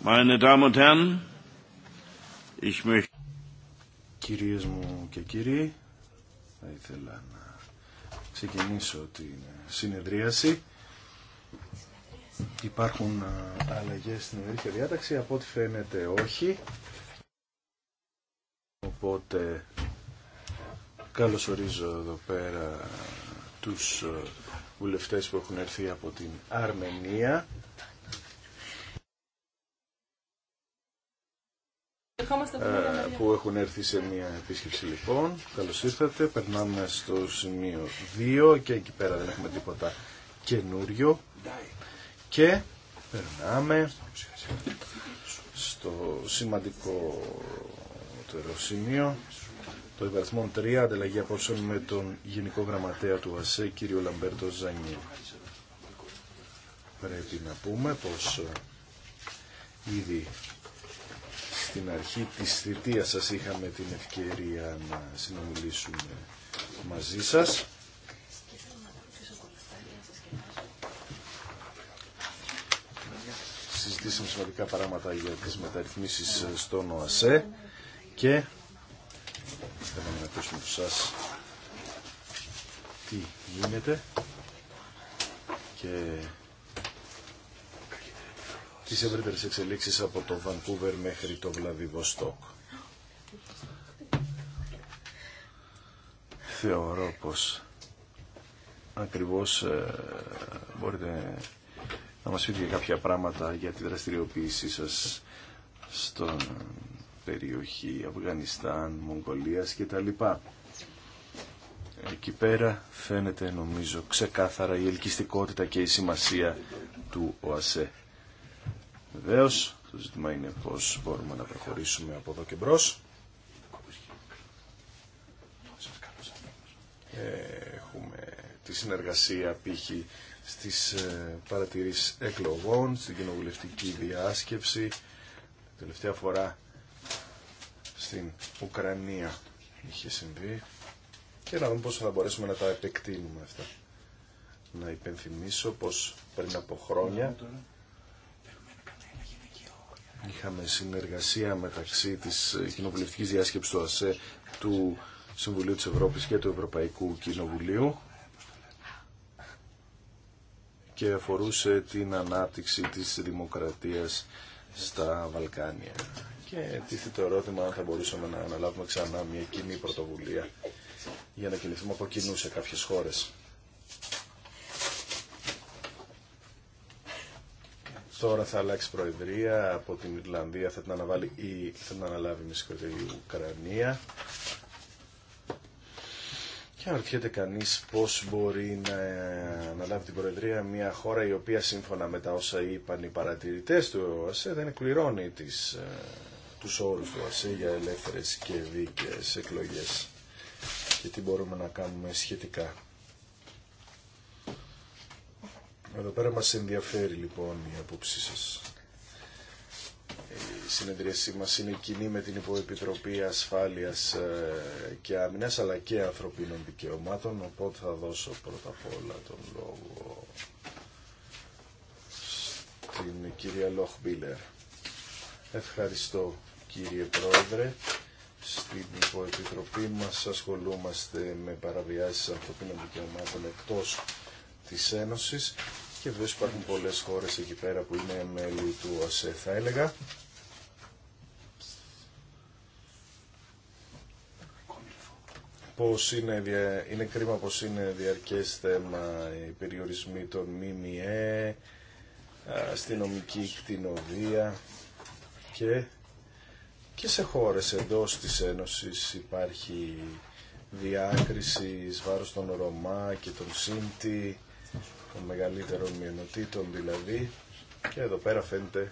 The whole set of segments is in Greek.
Meine Damen und Herren, μου και κύριοι, θα ήθελα να ξεκινήσω την συνεδρίαση. Υπάρχουν αλλαγές στην ενέργεια διάταξη, από ό,τι φαίνεται όχι. Οπότε καλωσορίζω εδώ πέρα τους βουλευτές που έχουν έρθει από την Αρμενία έχουν έρθει σε μια επίσκεψη λοιπόν. Καλώ ήρθατε. Περνάμε στο σημείο 2 και εκεί πέρα δεν έχουμε τίποτα καινούριο. Και περνάμε στο σημαντικό σημείο το υπαριθμό 3 ανταλλαγή απόψεων με τον Γενικό Γραμματέα του ΑΣΕ κύριο Λαμπέρτο Ζανί. Πρέπει να πούμε πως ε, ήδη στην αρχή της θητείας σας είχαμε την ευκαιρία να συνομιλήσουμε μαζί σας. Συζητήσαμε σημαντικά πράγματα για τις μεταρρυθμίσεις στον ΟΑΣΕ και θέλω να ακούσουμε από σας τι γίνεται και τις ευρύτερες εξελίξεις από το Βανκούβερ μέχρι το Βλαβιβοστόκ. Θεωρώ πως ακριβώς ε, μπορείτε να μας πείτε κάποια πράγματα για τη δραστηριοποίησή σας στον περιοχή Αφγανιστάν, Μογγολίας κτλ. Εκεί πέρα φαίνεται νομίζω ξεκάθαρα η ελκυστικότητα και η σημασία του ΟΑΣΕ. Βεβαίω, Το ζήτημα είναι πώς μπορούμε να προχωρήσουμε από εδώ και μπρο. Έχουμε τη συνεργασία π.χ. στις ε, παρατηρήσεις εκλογών, στην κοινοβουλευτική διάσκεψη, τελευταία φορά στην Ουκρανία είχε συμβεί και να δούμε πώς θα μπορέσουμε να τα επεκτείνουμε αυτά. Να υπενθυμίσω πως πριν από χρόνια ναι, Είχαμε συνεργασία μεταξύ της κοινοβουλευτικής διάσκεψης του ΑΣΕ του Συμβουλίου της Ευρώπης και του Ευρωπαϊκού Κοινοβουλίου και αφορούσε την ανάπτυξη της δημοκρατίας στα Βαλκάνια. Και τίθεται ερώτημα αν θα μπορούσαμε να αναλάβουμε ξανά μια κοινή πρωτοβουλία για να κινηθούμε από κοινού σε κάποιες χώρες. Τώρα θα αλλάξει προεδρία από την Ιρλανδία, θα την, αναβάλει, ή θα την αναλάβει με η Ουκρανία. Και αναρωτιέται κανείς πώς μπορεί να αναλάβει την Προεδρία μια χώρα η οποία σύμφωνα με τα όσα είπαν οι παρατηρητές του ΟΑΣΕ δεν εκπληρώνει τις, ε, τους όρους του ΟΑΣΕ για ελεύθερες και δίκαιες εκλογές και τι μπορούμε να κάνουμε σχετικά. Εδώ πέρα μας ενδιαφέρει λοιπόν η απόψη σας. Η συνεδρίασή μας είναι κοινή με την Υποεπιτροπή Ασφάλειας ε, και Άμυνας αλλά και Ανθρωπίνων Δικαιωμάτων, οπότε θα δώσω πρώτα απ' όλα τον λόγο στην κυρία Μπίλερ. Ευχαριστώ κύριε Πρόεδρε. Στην Υποεπιτροπή μας ασχολούμαστε με παραβιάσεις ανθρωπίνων δικαιωμάτων εκτός της Ένωσης και υπάρχουν πολλές χώρες εκεί πέρα που είναι μέλη του ΟΣΕ θα έλεγα. Πώς είναι, είναι κρίμα πως είναι διαρκές θέμα οι περιορισμοί των ΜΜΕ, αστυνομική κτηνοδία και, και σε χώρες εντό τη Ένωση υπάρχει διάκριση εις βάρος των Ρωμά και των Σύντη των μεγαλύτερων μειονοτήτων δηλαδή και εδώ πέρα φαίνεται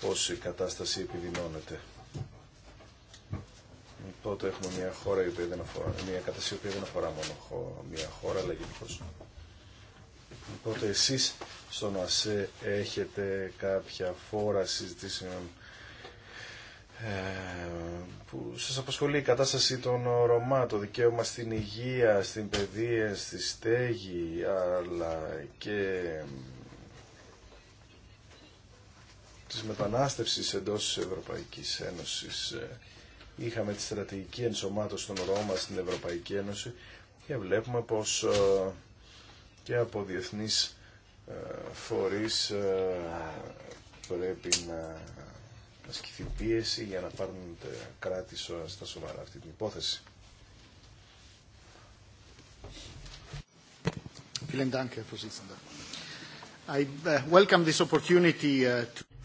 πως η κατάσταση επιδεινώνεται. οπότε έχουμε μια χώρα η οποία δεν αφορά, μια κατάσταση η οποία δεν αφορά μόνο μια χώρα αλλά γενικώ. Οπότε εσείς στον ΑΣΕ έχετε κάποια φόρα συζητήσεων ε, που σας απασχολεί η κατάσταση των Ρωμά, το δικαίωμα στην υγεία, στην παιδεία, στη στέγη, αλλά και της μετανάστευσης εντός της Ευρωπαϊκής Ένωσης. Ε, είχαμε τη στρατηγική ενσωμάτωση των Ρώμα στην Ευρωπαϊκή Ένωση και βλέπουμε πως ε, και από διεθνείς φορείς πρέπει να ασκηθεί πίεση για να πάρουν τα κράτη στα σοβαρά αυτή την υπόθεση.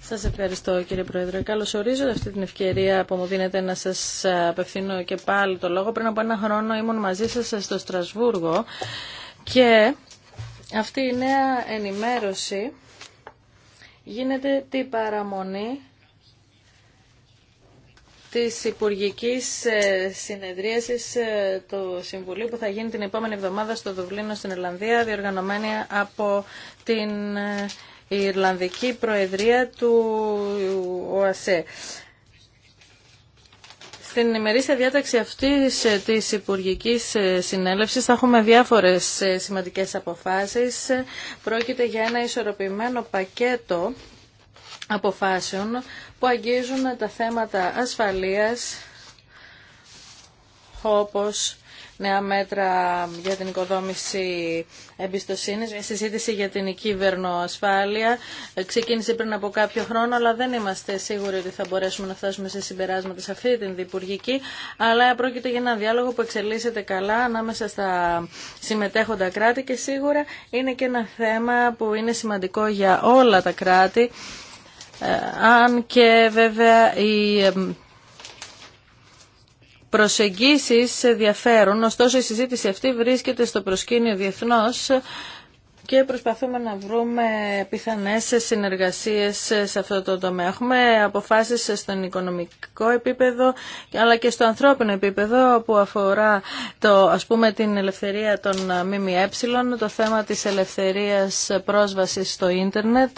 Σας ευχαριστώ κύριε Πρόεδρε. Καλώς ορίζω αυτή την ευκαιρία που μου δίνετε να σας uh, απευθύνω και πάλι το λόγο. Πριν από ένα χρόνο ήμουν μαζί σας ε, στο Στρασβούργο και αυτή η νέα ενημέρωση γίνεται την παραμονή της Υπουργικής ε, Συνεδρίασης ε, του Συμβουλίου που θα γίνει την επόμενη εβδομάδα στο Δουβλίνο στην Ιρλανδία, διοργανωμένη από την ε, Ιρλανδική Προεδρία του ΟΑΣΕ. Στην ημερήσια διάταξη αυτής της Υπουργικής Συνέλευσης θα έχουμε διάφορες σημαντικές αποφάσεις. Πρόκειται για ένα ισορροπημένο πακέτο αποφάσεων που αγγίζουν τα θέματα ασφαλείας όπως νέα μέτρα για την οικοδόμηση εμπιστοσύνης, μια συζήτηση για την κυβερνοασφάλεια. Ξεκίνησε πριν από κάποιο χρόνο, αλλά δεν είμαστε σίγουροι ότι θα μπορέσουμε να φτάσουμε σε συμπεράσματα σε αυτή την διπουργική, αλλά πρόκειται για ένα διάλογο που εξελίσσεται καλά ανάμεσα στα συμμετέχοντα κράτη και σίγουρα είναι και ένα θέμα που είναι σημαντικό για όλα τα κράτη ε, αν και βέβαια οι ε, προσεγγίσεις διαφέρουν, ωστόσο η συζήτηση αυτή βρίσκεται στο προσκήνιο διεθνώς και προσπαθούμε να βρούμε πιθανές συνεργασίες σε αυτό το τομέα. Έχουμε αποφάσεις στον οικονομικό επίπεδο αλλά και στο ανθρώπινο επίπεδο που αφορά το, ας πούμε, την ελευθερία των ΜΜΕ, το θέμα της ελευθερίας πρόσβασης στο ίντερνετ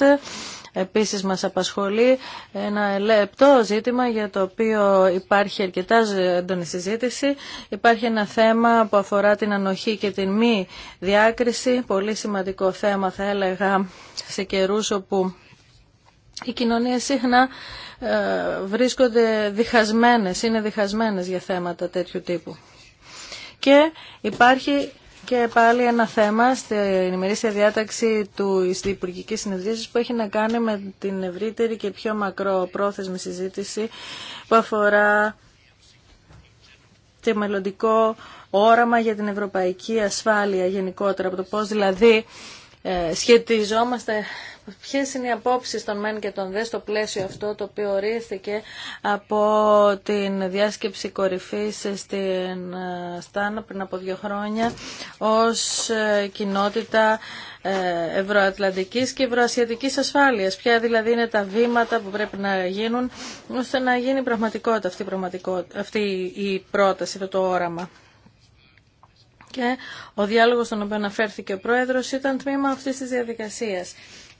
Επίσης μας απασχολεί ένα λεπτό ζήτημα για το οποίο υπάρχει αρκετά έντονη συζήτηση. Υπάρχει ένα θέμα που αφορά την ανοχή και την μη διάκριση. Πολύ σημαντικό θέμα θα έλεγα σε καιρούς όπου οι κοινωνίες συχνά ε, βρίσκονται διχασμένες, είναι διχασμένες για θέματα τέτοιου τύπου. Και υπάρχει και πάλι ένα θέμα στην ημερήσια διάταξη του Υπουργική Συνεδρίας που έχει να κάνει με την ευρύτερη και πιο μακρό πρόθεσμη συζήτηση που αφορά το μελλοντικό όραμα για την ευρωπαϊκή ασφάλεια γενικότερα, από το πώς δηλαδή ε, σχετιζόμαστε Ποιε είναι οι απόψει των ΜΕΝ και των ΔΕ στο πλαίσιο αυτό το οποίο ορίστηκε από την διάσκεψη κορυφή στην ε, Στάνα πριν από δύο χρόνια ως ε, κοινότητα ε, ευρωατλαντικής και ευρωασιατικής ασφάλειας. Ποια δηλαδή είναι τα βήματα που πρέπει να γίνουν ώστε να γίνει πραγματικότητα αυτή, πραγματικότητα, αυτή η πρόταση, αυτό το όραμα. Και ο διάλογος στον οποίο αναφέρθηκε ο Πρόεδρος ήταν τμήμα αυτής της διαδικασίας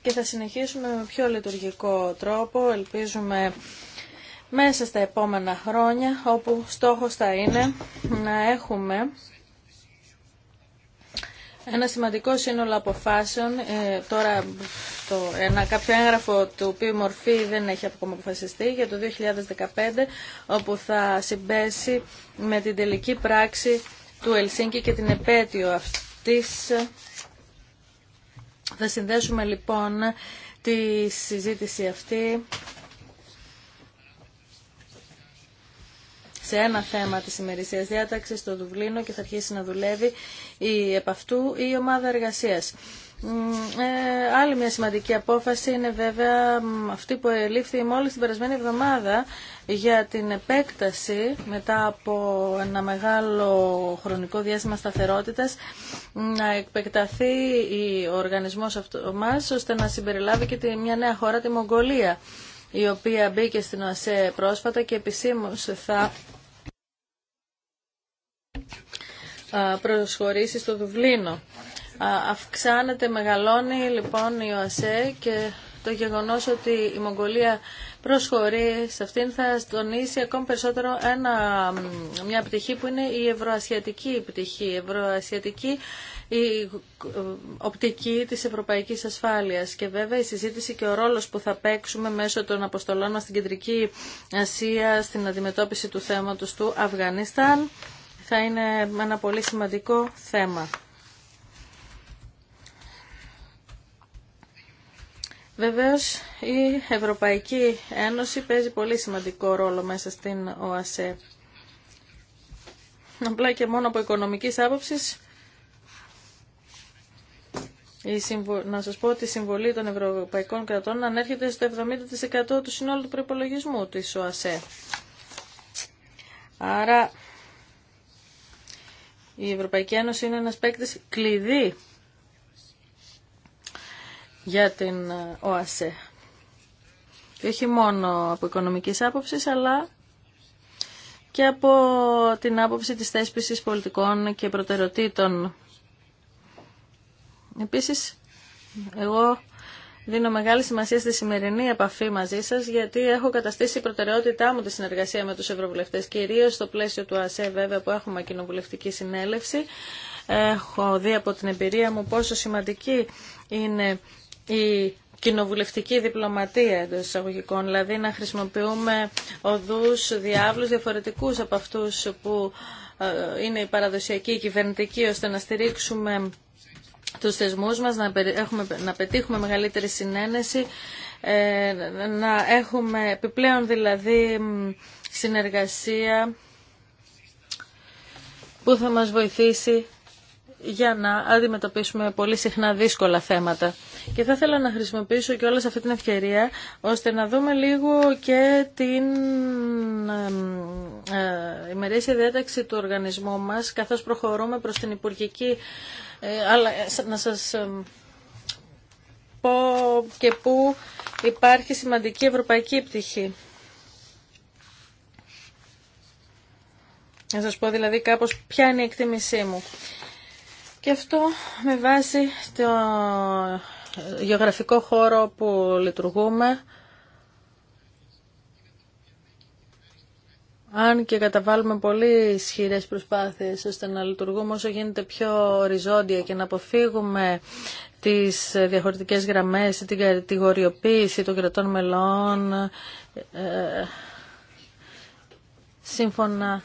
και θα συνεχίσουμε με πιο λειτουργικό τρόπο, ελπίζουμε μέσα στα επόμενα χρόνια, όπου στόχος θα είναι να έχουμε ένα σημαντικό σύνολο αποφάσεων, ε, τώρα το, ένα, κάποιο έγγραφο του οποίου μορφή δεν έχει ακόμα αποφασιστεί, για το 2015, όπου θα συμπέσει με την τελική πράξη του Ελσίνκη και την επέτειο αυτής θα συνδέσουμε λοιπόν τη συζήτηση αυτή σε ένα θέμα της ημερησίας διάταξης στο Δουβλίνο και θα αρχίσει να δουλεύει η, επ' αυτού η ομάδα εργασίας. Ε, άλλη μια σημαντική απόφαση είναι βέβαια αυτή που ελήφθη μόλις την περασμένη εβδομάδα για την επέκταση μετά από ένα μεγάλο χρονικό διάστημα σταθερότητας να επεκταθεί ο οργανισμός αυτό μας ώστε να συμπεριλάβει και μια νέα χώρα τη Μογγολία η οποία μπήκε στην ΟΑΣΕ πρόσφατα και επισήμως θα προσχωρήσει στο Δουβλίνο. Αυξάνεται, μεγαλώνει λοιπόν η ΟΑΣΕ και το γεγονός ότι η Μογγολία προσχωρεί σε αυτήν θα τονίσει ακόμη περισσότερο ένα, μια πτυχή που είναι η ευρωασιατική πτυχή, η ευρωασιατική η ε, οπτική της ευρωπαϊκής ασφάλειας και βέβαια η συζήτηση και ο ρόλος που θα παίξουμε μέσω των αποστολών μας στην Κεντρική Ασία στην αντιμετώπιση του θέματος του Αφγανιστάν θα είναι ένα πολύ σημαντικό θέμα. Βεβαίως η Ευρωπαϊκή Ένωση παίζει πολύ σημαντικό ρόλο μέσα στην ΟΑΣΕ. Απλά και μόνο από οικονομικής άποψης να σας πω ότι η συμβολή των ευρωπαϊκών κρατών ανέρχεται στο 70% του συνόλου του προϋπολογισμού της ΟΑΣΕ. Άρα η Ευρωπαϊκή Ένωση είναι ένας παίκτης κλειδί για την ε, ΟΑΣΕ. Και όχι μόνο από οικονομικής άποψης, αλλά και από την άποψη της θέσπισης πολιτικών και προτεραιοτήτων. Επίσης, εγώ δίνω μεγάλη σημασία στη σημερινή επαφή μαζί σας, γιατί έχω καταστήσει προτεραιότητά μου τη συνεργασία με τους ευρωβουλευτές, κυρίως στο πλαίσιο του ΟΑΣΕ, βέβαια που έχουμε κοινοβουλευτική συνέλευση. Έχω δει από την εμπειρία μου πόσο σημαντική είναι η κοινοβουλευτική διπλωματία εντό εισαγωγικών, δηλαδή να χρησιμοποιούμε οδούς, διάβλους διαφορετικούς από αυτούς που ε, είναι η παραδοσιακή κυβερνητική, ώστε να στηρίξουμε τους θεσμούς μας, να, έχουμε, να πετύχουμε μεγαλύτερη συνένεση, ε, να έχουμε επιπλέον δηλαδή συνεργασία που θα μας βοηθήσει για να αντιμετωπίσουμε πολύ συχνά δύσκολα θέματα. Και θα ήθελα να χρησιμοποιήσω και όλα σε αυτή την ευκαιρία, ώστε να δούμε λίγο και την ε, ημερήσια διάταξη του οργανισμού μας, καθώς προχωρούμε προς την Υπουργική... Ε, αλλά ε, να σας πω και πού υπάρχει σημαντική ευρωπαϊκή πτυχή. Να σας πω δηλαδή κάπως ποια είναι η εκτίμησή μου. Και αυτό με βάση το γεωγραφικό χώρο που λειτουργούμε, αν και καταβάλουμε πολύ ισχυρέ προσπάθειες ώστε να λειτουργούμε όσο γίνεται πιο οριζόντια και να αποφύγουμε τις διαχωριστικές γραμμές την κατηγοριοποίηση των κρατών μελών ε, ε, σύμφωνα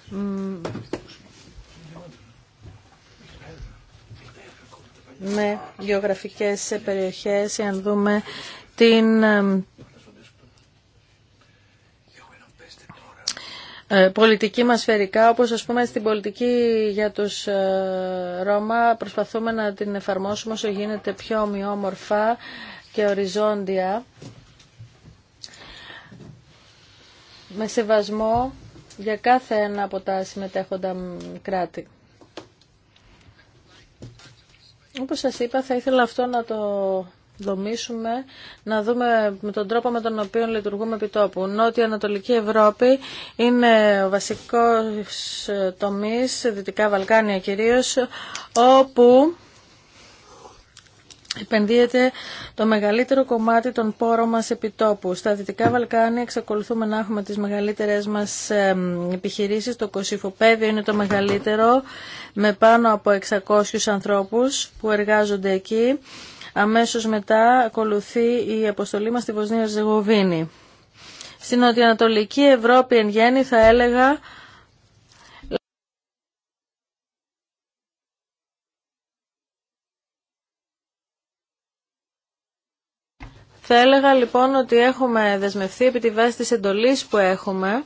με γεωγραφικές περιοχές, αν δούμε την ε, πολιτική μας σφαιρικά, όπως ας πούμε στην πολιτική για τους ε, Ρώμα προσπαθούμε να την εφαρμόσουμε όσο γίνεται πιο ομοιόμορφα και οριζόντια με σεβασμό για κάθε ένα από τα συμμετέχοντα κράτη. Όπως σας είπα, θα ήθελα αυτό να το δομήσουμε, να δούμε με τον τρόπο με τον οποίο λειτουργούμε επί τόπου. Νότια Ανατολική Ευρώπη είναι ο βασικός τομής, Δυτικά Βαλκάνια κυρίως, όπου επενδύεται το μεγαλύτερο κομμάτι των πόρων μας επιτόπου. Στα Δυτικά Βαλκάνια εξακολουθούμε να έχουμε τις μεγαλύτερες μας επιχειρήσεις. Το Κωσυφοπέδιο είναι το μεγαλύτερο με πάνω από 600 ανθρώπους που εργάζονται εκεί. Αμέσως μετά ακολουθεί η αποστολή μας στη Βοσνία Ζεγοβίνη. Στην Νοτιοανατολική Ευρώπη εν γέννη θα έλεγα Θα έλεγα λοιπόν ότι έχουμε δεσμευθεί επί τη βάση της εντολής που έχουμε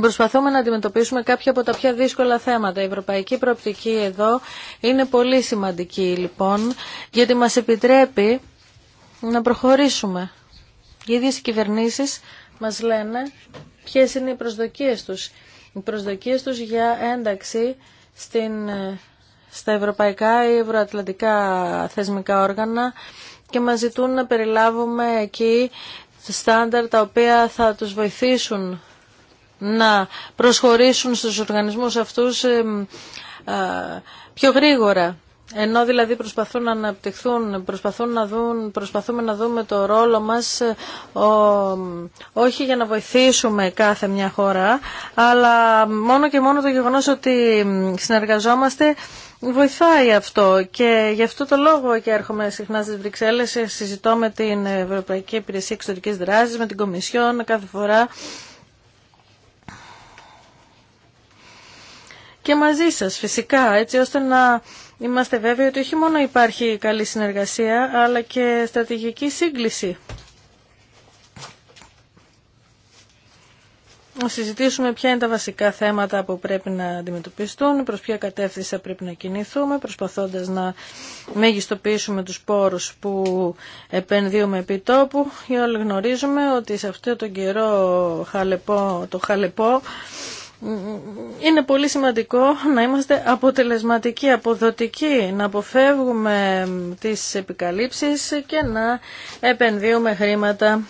Προσπαθούμε να αντιμετωπίσουμε κάποια από τα πιο δύσκολα θέματα. Η ευρωπαϊκή προοπτική εδώ είναι πολύ σημαντική λοιπόν, γιατί μας επιτρέπει να προχωρήσουμε. Οι ίδιες οι κυβερνήσεις μας λένε ποιες είναι οι προσδοκίες τους. Οι προσδοκίες τους για ένταξη στην, ε, στα ευρωπαϊκά ή ευρωατλαντικά θεσμικά όργανα και μας ζητούν να περιλάβουμε εκεί στάνταρ τα οποία θα τους βοηθήσουν να προσχωρήσουν στους οργανισμούς αυτούς ε, πιο γρήγορα. Ενώ δηλαδή προσπαθούν να αναπτυχθούν, προσπαθούν να δουν, προσπαθούμε να δούμε το ρόλο μας ε, όχι για να βοηθήσουμε κάθε μια χώρα, αλλά μόνο και μόνο το γεγονός ότι συνεργαζόμαστε Βοηθάει αυτό και γι' αυτό το λόγο και έρχομαι συχνά στις Βρυξέλλες, συζητώ με την Ευρωπαϊκή Υπηρεσία Εξωτερικής Δράσης, με την Κομισιόν κάθε φορά και μαζί σας φυσικά, έτσι ώστε να είμαστε βέβαιοι ότι όχι μόνο υπάρχει καλή συνεργασία, αλλά και στρατηγική σύγκληση. να συζητήσουμε ποια είναι τα βασικά θέματα που πρέπει να αντιμετωπιστούν, προς ποια κατεύθυνση θα πρέπει να κινηθούμε, προσπαθώντας να μεγιστοποιήσουμε τους πόρους που επενδύουμε επί τόπου. Όλοι γνωρίζουμε ότι σε αυτό τον καιρό χαλεπό, το χαλεπό είναι πολύ σημαντικό να είμαστε αποτελεσματικοί, αποδοτικοί, να αποφεύγουμε τις επικαλύψεις και να επενδύουμε χρήματα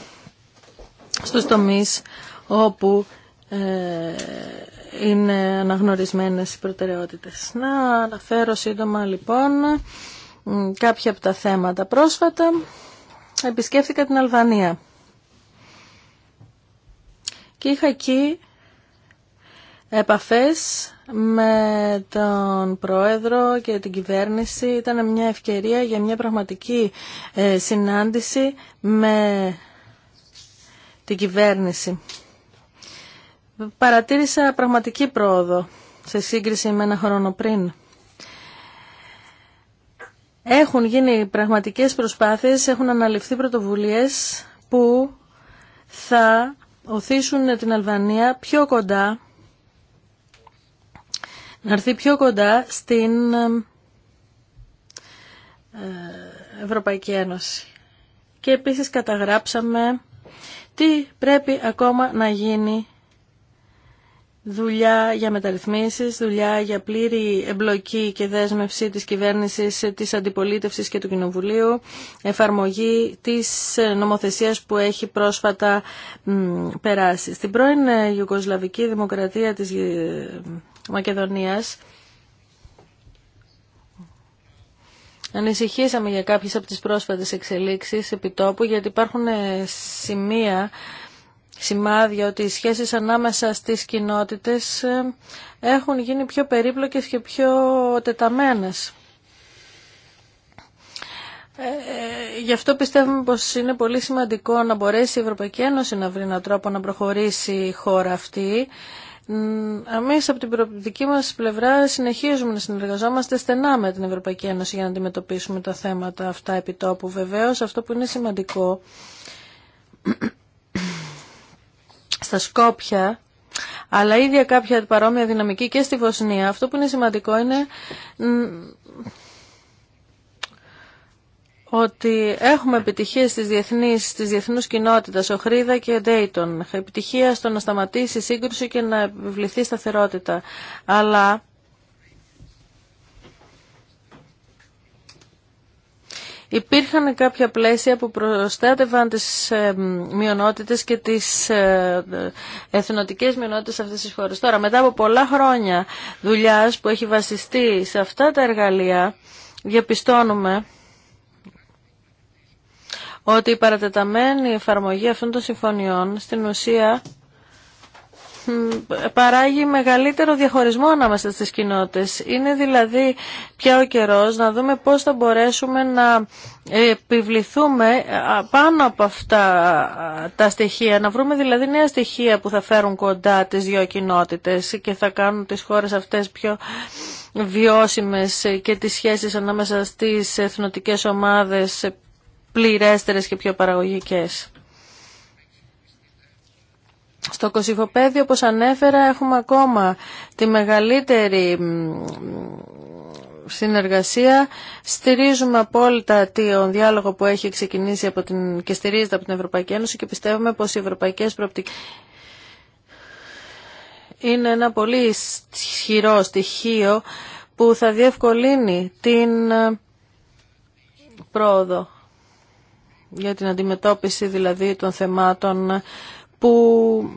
στους τομείς όπου ε, είναι αναγνωρισμένες οι προτεραιότητες. Να αναφέρω σύντομα λοιπόν κάποια από τα θέματα. Πρόσφατα επισκέφθηκα την Αλβανία και είχα εκεί επαφές με τον Πρόεδρο και την κυβέρνηση. Ήταν μια ευκαιρία για μια πραγματική ε, συνάντηση με την κυβέρνηση παρατήρησα πραγματική πρόοδο σε σύγκριση με ένα χρόνο πριν. Έχουν γίνει πραγματικές προσπάθειες, έχουν αναλυφθεί πρωτοβουλίες που θα οθήσουν την Αλβανία πιο κοντά, να έρθει πιο κοντά στην ε, Ευρωπαϊκή Ένωση. Και επίσης καταγράψαμε τι πρέπει ακόμα να γίνει δουλειά για μεταρρυθμίσεις, δουλειά για πλήρη εμπλοκή και δέσμευση της κυβέρνησης, της αντιπολίτευσης και του Κοινοβουλίου, εφαρμογή της νομοθεσίας που έχει πρόσφατα περάσει. Στην πρώην Ιουγκοσλαβική Δημοκρατία της ε, Μακεδονίας, Ανησυχήσαμε για κάποιες από τις πρόσφατες εξελίξεις επιτόπου γιατί υπάρχουν ε, σημεία σημάδια ότι οι σχέσεις ανάμεσα στις κοινότητες ε, έχουν γίνει πιο περίπλοκες και πιο τεταμένες. Ε, ε, γι' αυτό πιστεύουμε πως είναι πολύ σημαντικό να μπορέσει η Ευρωπαϊκή Ένωση να βρει έναν τρόπο να προχωρήσει η χώρα αυτή. Εμείς από την δική μας πλευρά συνεχίζουμε να συνεργαζόμαστε στενά με την Ευρωπαϊκή Ένωση για να αντιμετωπίσουμε τα θέματα αυτά επιτόπου. Βεβαίως αυτό που είναι σημαντικό στα Σκόπια αλλά ίδια κάποια παρόμοια δυναμική και στη Βοσνία. Αυτό που είναι σημαντικό είναι ότι έχουμε επιτυχίες στις διεθνείς, στις διεθνούς ο Οχρίδα και Ντέιτον. Επιτυχία στο να σταματήσει η σύγκρουση και να επιβληθεί σταθερότητα. Αλλά Υπήρχαν κάποια πλαίσια που προστάτευαν τις ε, μειονότητες και τις ε, εθνοτικές μειονότητες αυτές τις χώρες. Τώρα, μετά από πολλά χρόνια δουλειάς που έχει βασιστεί σε αυτά τα εργαλεία, διαπιστώνουμε ότι η παρατεταμένη εφαρμογή αυτών των συμφωνιών στην ουσία παράγει μεγαλύτερο διαχωρισμό ανάμεσα στις κοινότητες. Είναι δηλαδή πια ο καιρός να δούμε πώς θα μπορέσουμε να επιβληθούμε ε, πάνω από αυτά ε, τα στοιχεία, να βρούμε δηλαδή νέα στοιχεία που θα φέρουν κοντά τις δύο κοινότητες και θα κάνουν τις χώρες αυτές πιο βιώσιμες ε, και τις σχέσεις ανάμεσα στις εθνοτικές ομάδες πληρέστερες και πιο παραγωγικές. Στο Κωσυφοπέδιο, όπως ανέφερα, έχουμε ακόμα τη μεγαλύτερη συνεργασία. Στηρίζουμε απόλυτα τον διάλογο που έχει ξεκινήσει από την... και στηρίζεται από την Ευρωπαϊκή Ένωση και πιστεύουμε πως οι ευρωπαϊκές προοπτικές είναι ένα πολύ ισχυρό στοιχείο που θα διευκολύνει την ε, πρόοδο για την αντιμετώπιση δηλαδή των θεμάτων που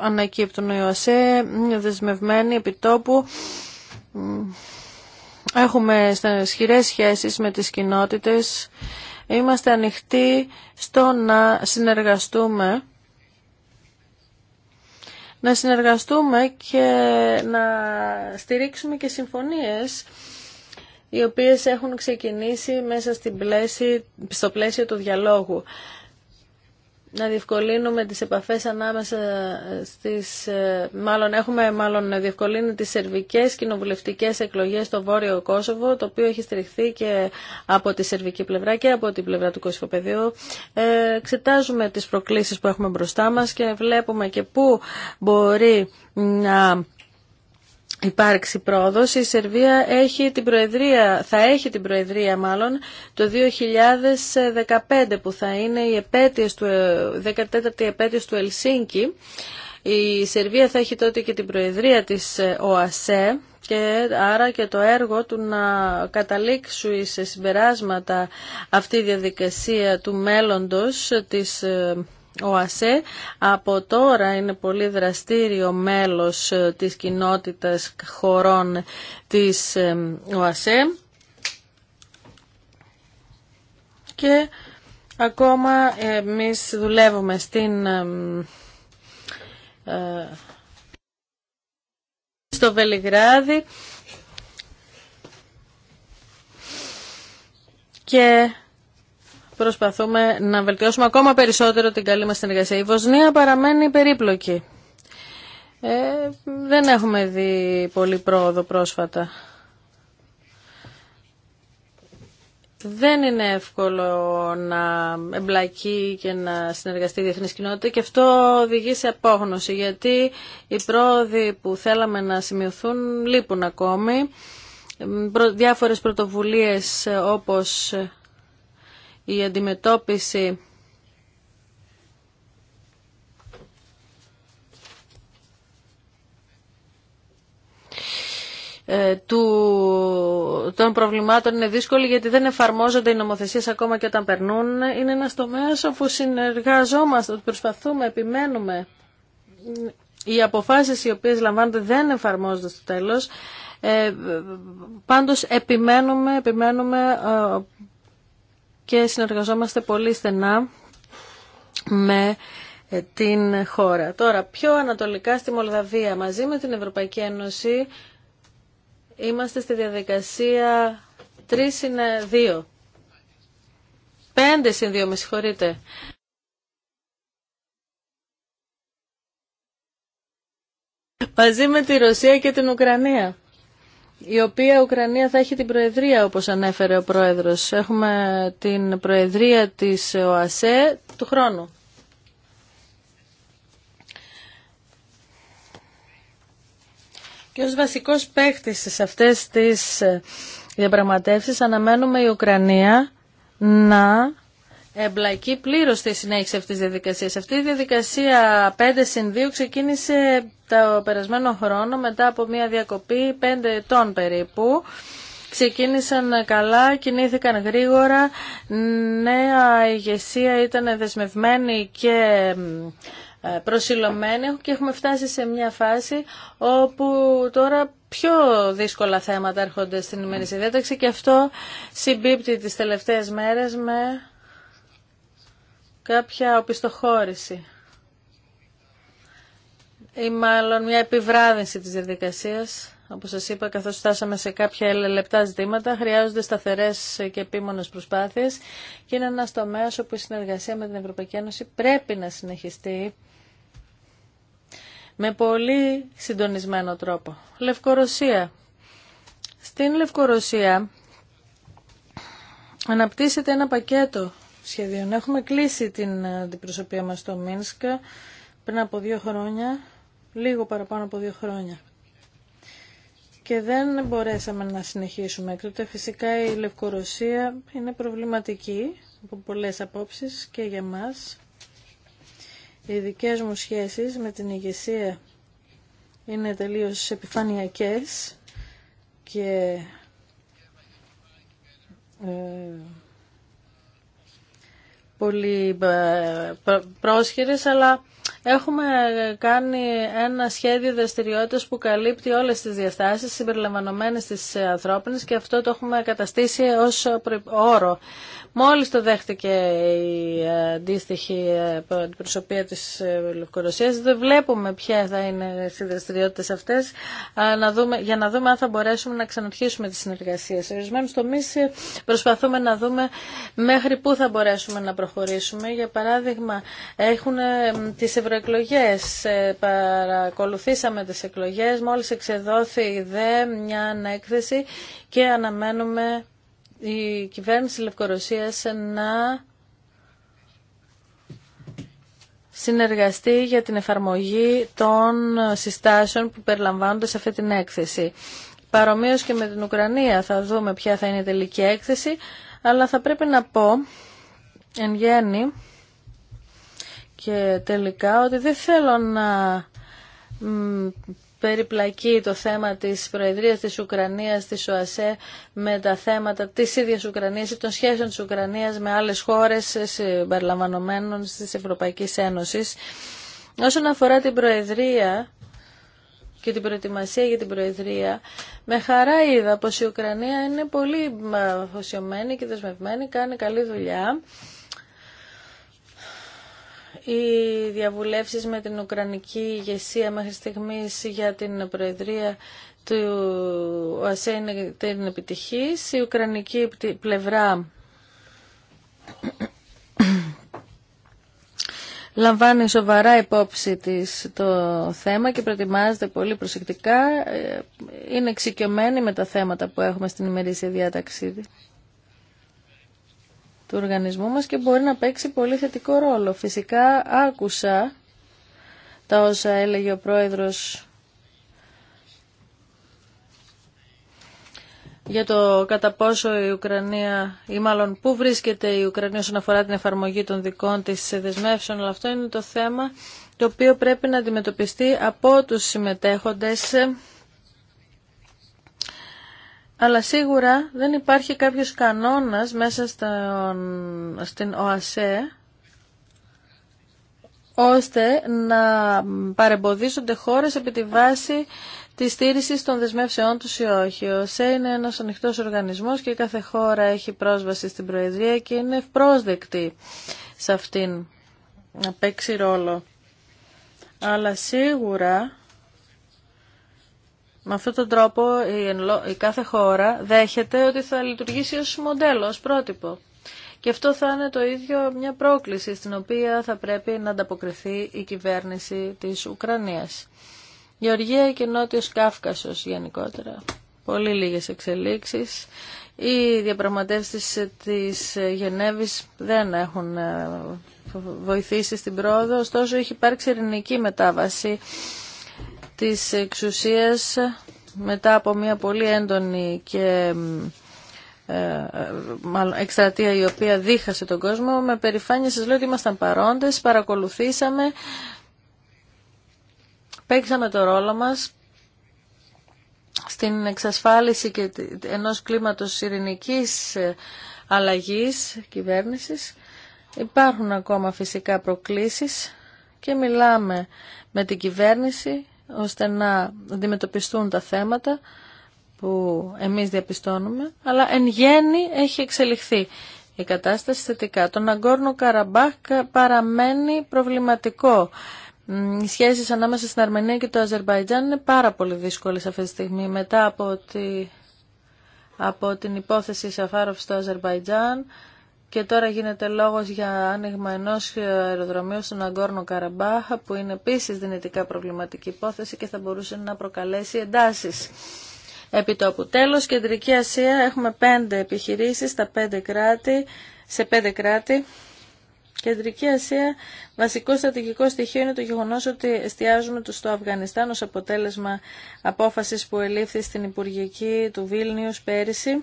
ανακύπτουν οι ΟΑΣΕ, δεσμευμένοι τόπου Έχουμε ισχυρέ σχέσεις με τις κοινότητες. Είμαστε ανοιχτοί στο να συνεργαστούμε να συνεργαστούμε και να στηρίξουμε και συμφωνίες οι οποίες έχουν ξεκινήσει μέσα στην πλαίση, στο πλαίσιο του διαλόγου να διευκολύνουμε τις επαφές ανάμεσα στις... Ε, μάλλον έχουμε μάλλον διευκολύνει τις σερβικές κοινοβουλευτικές εκλογές στο Βόρειο Κόσοβο, το οποίο έχει στηριχθεί και από τη σερβική πλευρά και από την πλευρά του Κωσυφοπεδίου. Ε, εξετάζουμε τις προκλήσεις που έχουμε μπροστά μας και βλέπουμε και πού μπορεί να υπάρξει πρόοδος. Η Σερβία έχει την προεδρία, θα έχει την προεδρία μάλλον το 2015 που θα είναι η του, 14η επέτειος του Ελσίνκη. Η Σερβία θα έχει τότε και την προεδρία της ΟΑΣΕ και άρα και το έργο του να καταλήξει σε συμπεράσματα αυτή η διαδικασία του μέλλοντος της ε, ο ΑΣΕ από τώρα είναι πολύ δραστήριο μέλος ε, της κοινότητας χωρών της ε, ΟΑΣΕ και ακόμα εμείς δουλεύουμε στην ε, στο Βελιγράδι και προσπαθούμε να βελτιώσουμε ακόμα περισσότερο την καλή μας συνεργασία. Η Βοσνία παραμένει περίπλοκη. Ε, δεν έχουμε δει πολύ πρόοδο πρόσφατα. Δεν είναι εύκολο να εμπλακεί και να συνεργαστεί η διεθνής κοινότητα και αυτό οδηγεί σε απόγνωση γιατί οι πρόοδοι που θέλαμε να σημειωθούν λείπουν ακόμη. Διάφορες πρωτοβουλίες ε, όπως η αντιμετώπιση ε, του, των προβλημάτων είναι δύσκολη γιατί δεν εφαρμόζονται οι νομοθεσίες ακόμα και όταν περνούν. Είναι ένας τομέας όπου συνεργαζόμαστε, προσπαθούμε, επιμένουμε. Οι αποφάσεις οι οποίες λαμβάνονται δεν εφαρμόζονται στο τέλος. Ε, πάντως επιμένουμε, επιμένουμε ε, και συνεργαζόμαστε πολύ στενά με ε, την χώρα. Τώρα, πιο ανατολικά στη Μολδαβία, μαζί με την Ευρωπαϊκή Ένωση, είμαστε στη διαδικασία 3 συν 2. 5 συν 2, με συγχωρείτε. Μαζί με τη Ρωσία και την Ουκρανία η οποία η Ουκρανία θα έχει την Προεδρία, όπως ανέφερε ο Πρόεδρος. Έχουμε την Προεδρία της ΟΑΣΕ του χρόνου. Και ως βασικός παίχτης σε αυτές τις διαπραγματεύσεις αναμένουμε η Ουκρανία να εμπλακεί πλήρω στη συνέχιση αυτή τη διαδικασία. Αυτή η διαδικασία 5 συν 2 ξεκίνησε το περασμένο χρόνο μετά από μια διακοπή 5 ετών περίπου. Ξεκίνησαν καλά, κινήθηκαν γρήγορα, νέα ηγεσία ήταν δεσμευμένη και ε, προσιλωμένη και έχουμε φτάσει σε μια φάση όπου τώρα πιο δύσκολα θέματα έρχονται στην ημερήσια διάταξη και αυτό συμπίπτει τις τελευταίες μέρες με κάποια οπισθοχώρηση ή μάλλον μια επιβράδυνση της διαδικασίας. Όπως σας είπα, καθώς στάσαμε σε κάποια λεπτά ζητήματα, χρειάζονται σταθερές και επίμονες προσπάθειες και είναι ένας τομέας όπου η συνεργασία με την Ευρωπαϊκή Ένωση πρέπει να συνεχιστεί με πολύ συντονισμένο τρόπο. Λευκορωσία. Στην Λευκορωσία αναπτύσσεται ένα πακέτο Έχουμε κλείσει την αντιπροσωπεία μας στο Μίνσκα πριν από δύο χρόνια, λίγο παραπάνω από δύο χρόνια. Και δεν μπορέσαμε να συνεχίσουμε. Εκτότε φυσικά η Λευκορωσία είναι προβληματική από πολλές απόψεις και για μας. Οι δικές μου σχέσεις με την ηγεσία είναι τελείως επιφανειακές και ε, πολύ ε, πρόσχερες, αλλά Έχουμε κάνει ένα σχέδιο δραστηριότητας που καλύπτει όλες τις διαστάσεις συμπεριλαμβανομένες τη ανθρώπινης και αυτό το έχουμε καταστήσει ως όρο. Μόλις το δέχτηκε η αντίστοιχη προσωπία της Λευκορωσίας, δεν βλέπουμε ποια θα είναι οι δραστηριότητε αυτές για να δούμε αν θα μπορέσουμε να ξαναρχίσουμε τις συνεργασίες. Σε ορισμένους τομείς προσπαθούμε να δούμε μέχρι πού θα μπορέσουμε να προχωρήσουμε. Για παράδειγμα, έχουν ε, τις Εκλογές. Ε, παρακολουθήσαμε τις εκλογές, μόλις εξεδόθη δε μια ανέκθεση και αναμένουμε η κυβέρνηση Λευκορωσίας να συνεργαστεί για την εφαρμογή των συστάσεων που περιλαμβάνονται σε αυτή την έκθεση. Παρομοίως και με την Ουκρανία θα δούμε ποια θα είναι η τελική έκθεση, αλλά θα πρέπει να πω εν γέννη και τελικά ότι δεν θέλω να περιπλακεί το θέμα της Προεδρίας της Ουκρανίας, της ΟΑΣΕ, με τα θέματα της ίδιας Ουκρανίας ή των σχέσεων της Ουκρανίας με άλλες χώρες συμπεριλαμβανομένων της Ευρωπαϊκής Ένωσης. Όσον αφορά την Προεδρία και την προετοιμασία για την Προεδρία, με χαρά είδα πως η Ουκρανία είναι πολύ αφοσιωμένη και δεσμευμένη, κάνει καλή δουλειά. Οι διαβουλεύσεις με την Ουκρανική ηγεσία μέχρι στιγμής για την Προεδρία του ΟΑΣΕ είναι την επιτυχής. Η Ουκρανική πλευρά λαμβάνει σοβαρά υπόψη της το θέμα και προετοιμάζεται πολύ προσεκτικά. Ε, είναι εξοικειωμένη με τα θέματα που έχουμε στην ημερήσια διάταξη του οργανισμού μας και μπορεί να παίξει πολύ θετικό ρόλο. Φυσικά άκουσα τα όσα έλεγε ο πρόεδρος για το κατά πόσο η Ουκρανία ή μάλλον πού βρίσκεται η Ουκρανία όσον αφορά την εφαρμογή των δικών της δεσμεύσεων αλλά αυτό είναι το θέμα το οποίο πρέπει να αντιμετωπιστεί από τους συμμετέχοντες αλλά σίγουρα δεν υπάρχει κάποιος κανόνας μέσα στην ΟΑΣΕ ώστε να παρεμποδίζονται χώρες επί τη βάση τη στήριξη των δεσμεύσεών του ή όχι. Ο ΣΕ είναι ένας ανοιχτός οργανισμός και κάθε χώρα έχει πρόσβαση στην Προεδρία και είναι ευπρόσδεκτη σε αυτήν να παίξει ρόλο. Αλλά σίγουρα με αυτόν τον τρόπο η κάθε χώρα δέχεται ότι θα λειτουργήσει ως μοντέλο, ως πρότυπο. Και αυτό θα είναι το ίδιο μια πρόκληση στην οποία θα πρέπει να ανταποκριθεί η κυβέρνηση της Ουκρανίας. Γεωργία και Νότιος Κάφκασος γενικότερα. Πολύ λίγες εξελίξεις. Οι διαπραγματεύσεις της Γενέβης δεν έχουν ε, βοηθήσει στην πρόοδο, ωστόσο έχει υπάρξει ειρηνική μετάβαση της εξουσίας μετά από μια πολύ έντονη και ε, εκστρατεία η οποία δίχασε τον κόσμο. Με περηφάνεια σας λέω ότι ήμασταν παρόντες, παρακολουθήσαμε, παίξαμε το ρόλο μας στην εξασφάλιση και ενός κλίματος ειρηνικής αλλαγής κυβέρνησης. Υπάρχουν ακόμα φυσικά προκλήσεις και μιλάμε με την κυβέρνηση ώστε να αντιμετωπιστούν τα θέματα που εμείς διαπιστώνουμε, αλλά εν γέννη έχει εξελιχθεί η κατάσταση θετικά. Το Ναγκόρνο Καραμπάχ παραμένει προβληματικό. Οι σχέσεις ανάμεσα στην Αρμενία και το Αζερβαϊτζάν είναι πάρα πολύ δύσκολες αυτή τη στιγμή. Μετά από, από την υπόθεση Σαφάροφ στο Αζερβαϊτζάν, και τώρα γίνεται λόγος για άνοιγμα ενός αεροδρομίου στον Αγκόρνο Καραμπάχα που είναι επίσης δυνητικά προβληματική υπόθεση και θα μπορούσε να προκαλέσει εντάσεις. Επί τόπου τέλος, Κεντρική Ασία έχουμε πέντε επιχειρήσεις στα πέντε κράτη, σε πέντε κράτη. Κεντρική Ασία, βασικό στρατηγικό στοιχείο είναι το γεγονό ότι εστιάζουμε του στο Αφγανιστάν ω αποτέλεσμα απόφαση που ελήφθη στην Υπουργική του Βίλνιου πέρυσι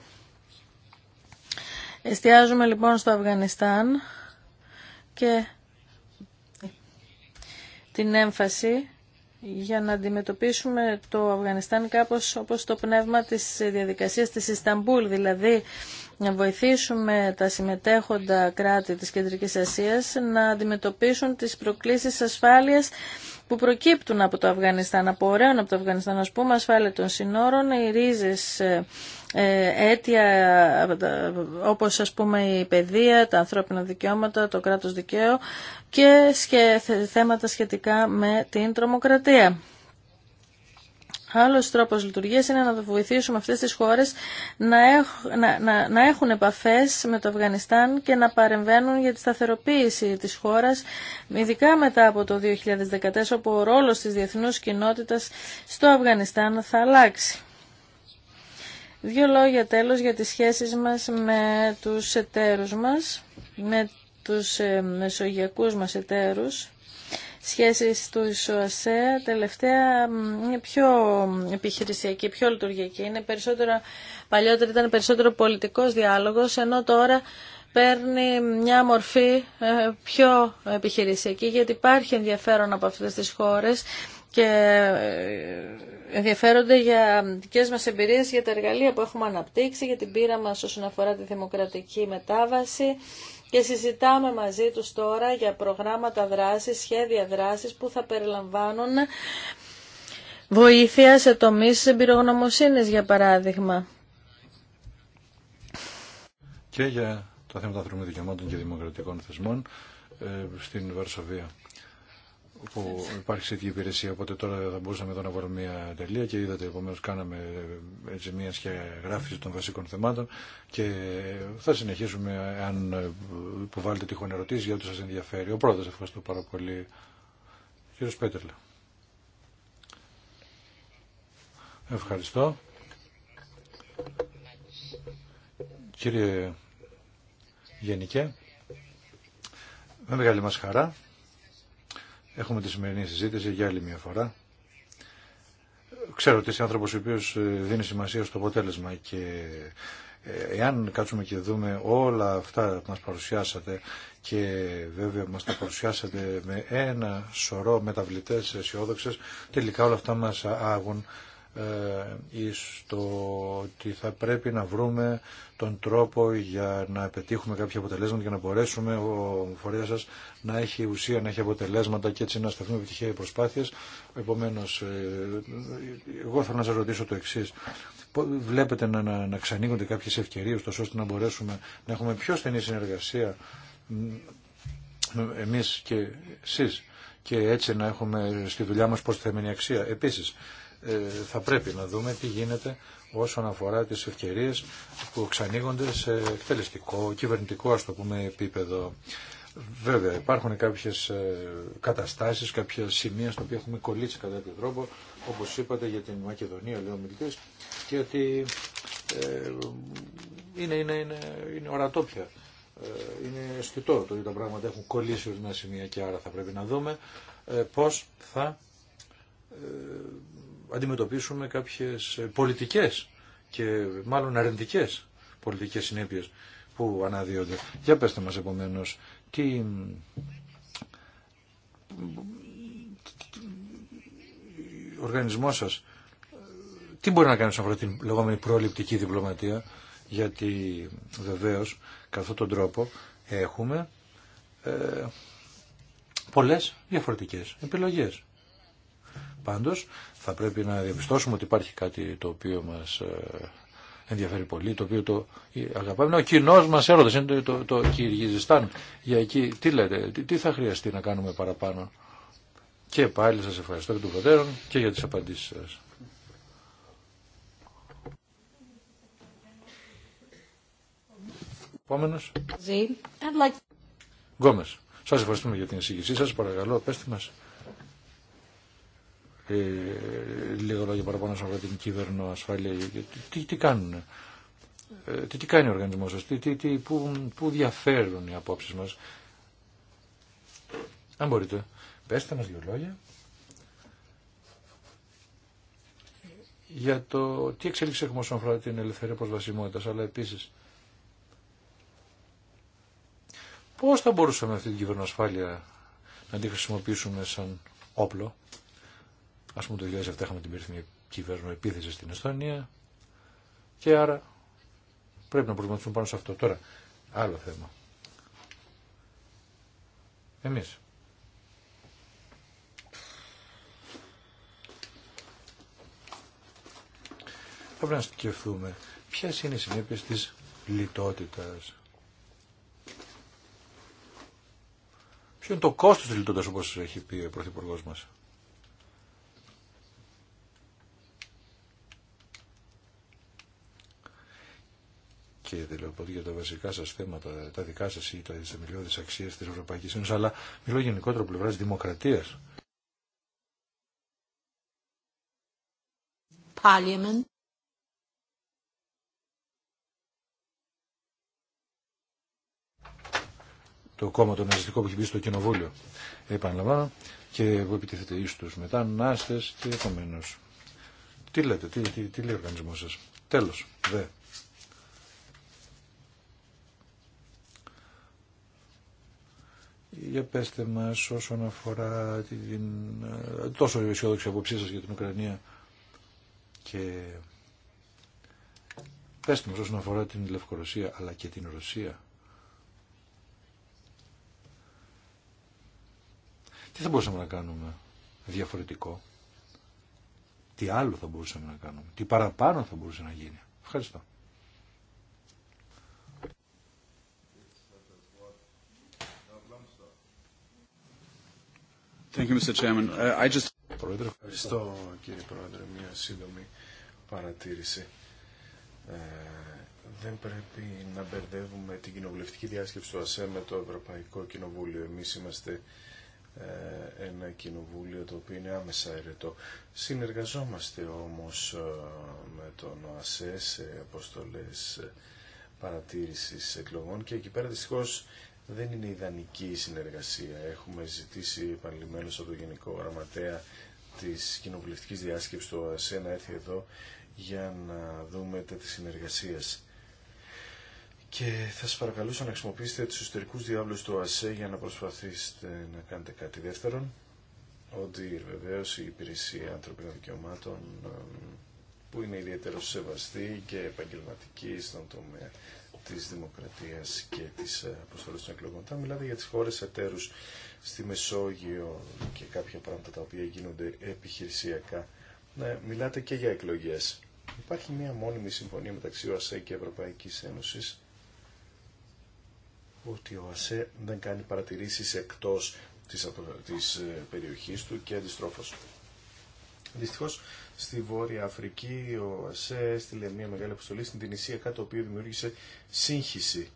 Εστιάζουμε λοιπόν στο Αφγανιστάν και την έμφαση για να αντιμετωπίσουμε το Αφγανιστάν κάπως όπως το πνεύμα της διαδικασίας της Ισταμπούλ, δηλαδή να βοηθήσουμε τα συμμετέχοντα κράτη της Κεντρικής Ασίας να αντιμετωπίσουν τις προκλήσεις ασφάλειας που προκύπτουν από το Αφγανιστάν, από ωραίων από το Αφγανιστάν, ας πούμε, ασφάλεια των συνόρων, οι ρίζες ε, ε, αίτια όπως ας πούμε η παιδεία, τα ανθρώπινα δικαιώματα, το κράτος δικαίου και θέματα σχετικά με την τρομοκρατία. Άλλο τρόπο λειτουργία είναι να βοηθήσουμε αυτέ τι χώρε να έχουν επαφές με το Αφγανιστάν και να παρεμβαίνουν για τη σταθεροποίηση της χώρας, ειδικά μετά από το 2014, όπου ο ρόλο της διεθνούς κοινότητας στο Αφγανιστάν θα αλλάξει. Δύο λόγια τέλος για τις σχέσεις μας με τους εταίρους μας, με τους ε, μεσογειακούς μας εταίρους σχέσεις του ΣΟΑΣΕ τελευταία είναι πιο επιχειρησιακή, πιο λειτουργική. Είναι περισσότερο, παλιότερα ήταν περισσότερο πολιτικός διάλογος, ενώ τώρα παίρνει μια μορφή ε, πιο επιχειρησιακή, γιατί υπάρχει ενδιαφέρον από αυτές τις χώρες και ε, ενδιαφέρονται για δικέ μας εμπειρίες, για τα εργαλεία που έχουμε αναπτύξει, για την πείρα μας όσον αφορά τη δημοκρατική μετάβαση και συζητάμε μαζί τους τώρα για προγράμματα δράσης, σχέδια δράσης που θα περιλαμβάνουν βοήθεια σε τομείς εμπειρογνωμοσύνης για παράδειγμα. Και για τα θέματα ανθρωπίνων δικαιωμάτων και δημοκρατικών θεσμών ε, στην Βαρσοβία που υπάρχει σε υπηρεσία, οπότε τώρα θα μπορούσαμε εδώ να βάλουμε μια τελεία και είδατε επομένως κάναμε ε, έτσι μια σχεγράφηση των βασικών θεμάτων και θα συνεχίσουμε αν υποβάλλετε ε, τυχόν ερωτήσεις για ό,τι σας ενδιαφέρει. Ο πρώτος ευχαριστώ πάρα πολύ. Κύριος Πέτερλα. Ευχαριστώ. Κύριε Γενικέ, με μεγάλη μας χαρά Έχουμε τη σημερινή συζήτηση για άλλη μια φορά. Ξέρω ότι είσαι άνθρωπος ο οποίος ε, δίνει σημασία στο αποτέλεσμα και ε, εάν κάτσουμε και δούμε όλα αυτά που μας παρουσιάσατε και βέβαια μας τα παρουσιάσατε με ένα σωρό μεταβλητές αισιόδοξε, τελικά όλα αυτά μας άγουν στο ε, ότι θα πρέπει να βρούμε τον τρόπο για να πετύχουμε κάποια αποτελέσματα και να μπορέσουμε ο φορέας σας να έχει ουσία, να έχει αποτελέσματα και έτσι να σταθούμε επιτυχία οι προσπάθειες. Επομένως, ε, εγώ θέλω να σας ρωτήσω το εξή. Βλέπετε να, να, να ξανοίγονται κάποιες ευκαιρίες ώστε να μπορέσουμε να έχουμε πιο στενή συνεργασία εμείς και εσείς και έτσι να έχουμε στη δουλειά μας προσθεμένη αξία. Επίσης, ε, θα πρέπει να δούμε τι γίνεται όσον αφορά τις ευκαιρίες που ξανοίγονται σε εκτελεστικό, κυβερνητικό ας το πούμε επίπεδο. Βέβαια υπάρχουν κάποιες ε, καταστάσεις, κάποια σημεία στα οποία έχουμε κολλήσει κατά τον τρόπο, όπως είπατε για την Μακεδονία λέω μιλτής, και ότι ε, είναι, είναι, είναι, είναι ορατό ε, είναι αισθητό το ότι τα πράγματα έχουν κολλήσει ορισμένα σημεία και άρα θα πρέπει να δούμε ε, πώς θα αντιμετωπίσουμε κάποιες πολιτικές και μάλλον αρνητικές πολιτικές συνέπειες που αναδύονται. Για πέστε μας επομένως, τι, ο οργανισμός σας, τι μπορεί να κάνει σε αυτή την λεγόμενη προληπτική διπλωματία, γιατί βεβαίως καθ' αυτόν τον τρόπο έχουμε ε, πολλές διαφορετικές επιλογές. Πάντως θα πρέπει να διαπιστώσουμε ότι υπάρχει κάτι το οποίο μας ε, ενδιαφέρει πολύ, το οποίο το ε, αγαπάμε. Είναι ο κοινό μα έρωτα, είναι το, το, το Κυργιζιστάν. Για εκεί, τι λέτε, τι, θα χρειαστεί να κάνουμε παραπάνω. Και πάλι σα ευχαριστώ εκ των προτέρων και για τι απαντήσει σα. Επόμενο. Γκόμε. Σα ευχαριστούμε για την εισήγησή σα. Παρακαλώ, πέστε μας ε, λίγο λόγια παραπάνω από την κυβερνοασφάλεια. Ε, τι, τι κάνουν, ε, τι, τι κάνει ο οργανισμός σας, τι, τι, τι, πού, πού διαφέρουν οι απόψεις μας. Αν μπορείτε, πέστε μας δύο λόγια για το τι εξέλιξη έχουμε όσον αφορά την ελευθερία προσβασιμότητας, αλλά επίσης πώς θα μπορούσαμε αυτή την κυβερνοασφάλεια να τη χρησιμοποιήσουμε σαν όπλο. Ας πούμε το 2007 είχαμε την περίφημη κυβέρνηση επίθεση στην Εσθονία. και άρα πρέπει να προβληματιστούμε πάνω σε αυτό. Τώρα, άλλο θέμα. Εμείς. Θα πρέπει να σκεφτούμε ποιε είναι οι συνέπειε τη λιτότητα. Ποιο είναι το κόστος τη λιτότητα όπως έχει πει ο Πρωθυπουργός μας. οπότε για τα βασικά σα θέματα, τα δικά σα ή τα θεμελιώδει αξίες τη Ευρωπαϊκή Ένωση, αλλά μιλώ γενικότερα πλευρά δημοκρατία. Το κόμμα το ναζιστικό που έχει μπει στο κοινοβούλιο. Επαναλαμβάνω και που επιτίθεται ει του μετανάστε και επομένω. Τι λέτε, τι, τι, τι λέει ο οργανισμό σα. Τέλος, δε. Για πέστε μας όσον αφορά την τόσο αισιόδοξη αποψή σας για την Ουκρανία και πέστε μας όσον αφορά την Λευκορωσία αλλά και την Ρωσία. Τι θα μπορούσαμε να κάνουμε διαφορετικό. Τι άλλο θα μπορούσαμε να κάνουμε. Τι παραπάνω θα μπορούσε να γίνει. Ευχαριστώ. Uh, ευχαριστώ κύριε Πρόεδρε. Μια σύντομη παρατήρηση. Ε, δεν πρέπει να μπερδεύουμε την κοινοβουλευτική διάσκεψη του ΑΣΕ με το Ευρωπαϊκό Κοινοβούλιο. Εμείς είμαστε ε, ένα κοινοβούλιο το οποίο είναι άμεσα αιρετό. Συνεργαζόμαστε όμως ε, με τον ΟΑΣΕ σε αποστολές παρατήρησης εκλογών και εκεί πέρα δυστυχώς δεν είναι ιδανική η συνεργασία. Έχουμε ζητήσει επανειλημμένω από το Γενικό Γραμματέα της κοινοβουλευτική διάσκεψης του ΟΑΣΕ να έρθει εδώ για να δούμε τέτοιες συνεργασίες. Και θα σας παρακαλούσα να χρησιμοποιήσετε τους εσωτερικούς διάβλους του ΟΑΣΕ για να προσπαθήσετε να κάνετε κάτι δεύτερον. Ότι βεβαίω η υπηρεσία ανθρωπίνων δικαιωμάτων ε, που είναι ιδιαίτερο σεβαστή και επαγγελματική στον τομέα της δημοκρατίας και της ε, αποστολής των εκλογών. Τα μιλάτε για τις χώρες εταίρους στη Μεσόγειο και κάποια πράγματα τα οποία γίνονται επιχειρησιακά, ε, μιλάτε και για εκλογές. Υπάρχει μια μόνιμη συμφωνία μεταξύ ΟΑΣΕ και Ευρωπαϊκής Ένωσης ότι ο ΑΣΕ δεν κάνει παρατηρήσεις εκτός της, της ε, περιοχής του και αντιστρόφως. Δυστυχώς στη Βόρεια Αφρική, ο ΑΣΕ έστειλε μια μεγάλη αποστολή στην Τινησία, κάτι το οποίο δημιούργησε σύγχυση.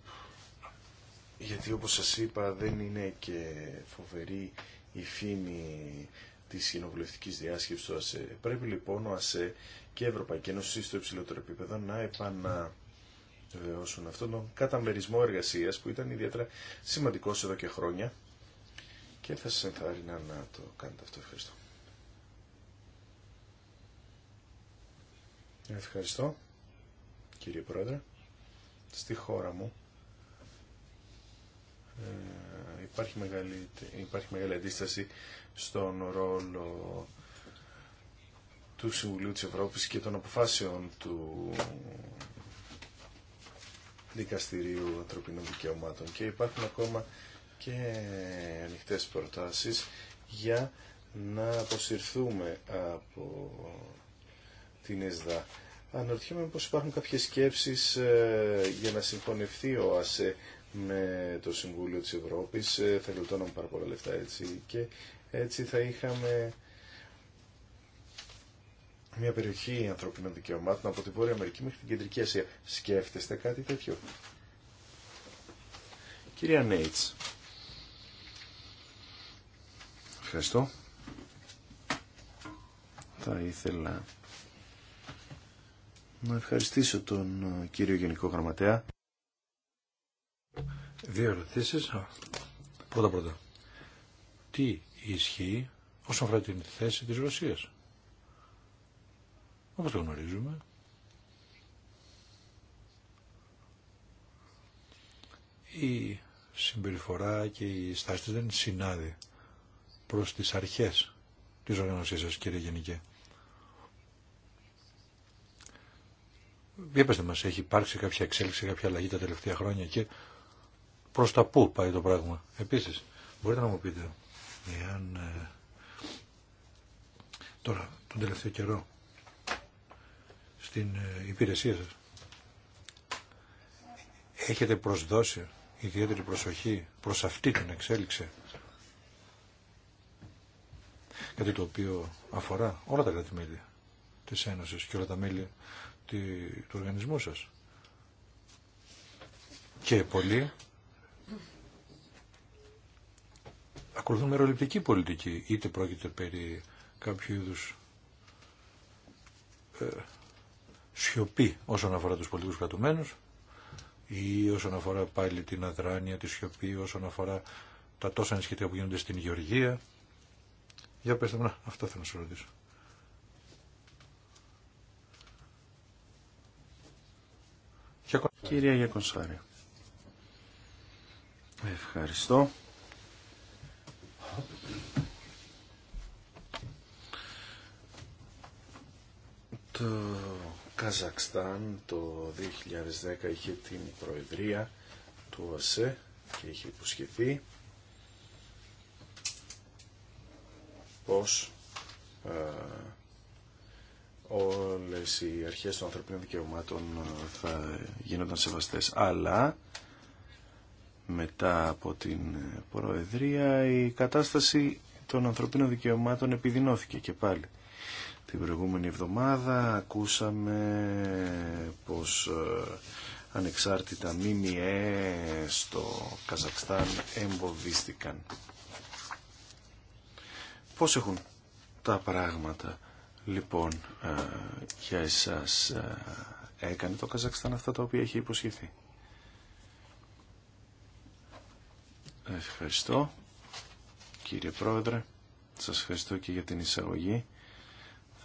Γιατί όπως σας είπα δεν είναι και φοβερή η φήμη της κοινοβουλευτικής διάσκεψης του ΑΣΕ. Πρέπει λοιπόν ο ΑΣΕ και η Ευρωπαϊκή Ένωση στο υψηλότερο επίπεδο να επανα αυτόν τον καταμερισμό εργασίας που ήταν ιδιαίτερα σημαντικός εδώ και χρόνια και θα σας ενθάρρυνα να το κάνετε αυτό. Ευχαριστώ. Ευχαριστώ, κύριε Πρόεδρε. Στη χώρα μου ε, υπάρχει, μεγάλη, υπάρχει μεγάλη αντίσταση στον ρόλο του Συμβουλίου της Ευρώπης και των αποφάσεων του Δικαστηρίου Ανθρωπίνων Δικαιωμάτων και υπάρχουν ακόμα και ανοιχτές προτάσεις για να αποσυρθούμε από την ΕΣΔΑ. Αναρωτιέμαι πως υπάρχουν κάποιες σκέψεις ε, για να συμφωνηθεί ο ΑΣΕ με το Συμβούλιο της Ευρώπης. Ε, θα γλιτώναμε πάρα πολλά λεφτά έτσι και έτσι θα είχαμε μια περιοχή ανθρωπίνων δικαιωμάτων από την Βόρεια Αμερική μέχρι την Κεντρική Ασία. Σκέφτεστε κάτι τέτοιο. Κυρία Νέιτς. Ευχαριστώ. Θα ήθελα να ευχαριστήσω τον ε, κύριο Γενικό Γραμματέα. Δύο ερωτήσεις. Πρώτα πρώτα. Τι ισχύει όσον αφορά την θέση της Ρωσίας. Όπως το γνωρίζουμε. Η συμπεριφορά και η στάση δεν συνάδει προς τις αρχές της οργανωσίας σας κύριε Γενικέ. Για μας, έχει υπάρξει κάποια εξέλιξη, κάποια αλλαγή τα τελευταία χρόνια και προς τα πού πάει το πράγμα. Επίσης, μπορείτε να μου πείτε, εάν ε, τώρα, τον τελευταίο καιρό, στην ε, υπηρεσία σας, έχετε προσδώσει ιδιαίτερη προσοχή προς αυτή την εξέλιξη, κάτι το οποίο αφορά όλα τα κράτη-μέλη της Ένωσης και όλα τα μέλη του οργανισμού σας. Και πολλοί ακολουθούν μεροληπτική πολιτική, είτε πρόκειται περί κάποιου είδους ε, σιωπή όσον αφορά τους πολιτικούς κρατουμένους ή όσον αφορά πάλι την αδράνεια, τη σιωπή, όσον αφορά τα τόσα ανησυχητικά που γίνονται στην Γεωργία. Για πέστε μου, αυτό θέλω να σας ρωτήσω. Κυρία Γιακονσάρη. Ευχαριστώ. Το Καζακστάν το 2010 είχε την προεδρία του ΟΣΕ και είχε υποσχεθεί πως όλες οι αρχές των ανθρωπίνων δικαιωμάτων ε, θα γίνονταν σεβαστές, αλλά μετά από την ε, Προεδρία η κατάσταση των ανθρωπίνων δικαιωμάτων επιδεινώθηκε και πάλι. Την προηγούμενη εβδομάδα ακούσαμε πως ε, ανεξάρτητα ΜΜΕ στο Καζακστάν εμποδίστηκαν. Πώς έχουν τα πράγματα λοιπόν ε, για εσάς ε, έκανε το Καζακστάν αυτά τα οποία έχει υποσχεθεί. Ευχαριστώ κύριε Πρόεδρε. Σας ευχαριστώ και για την εισαγωγή.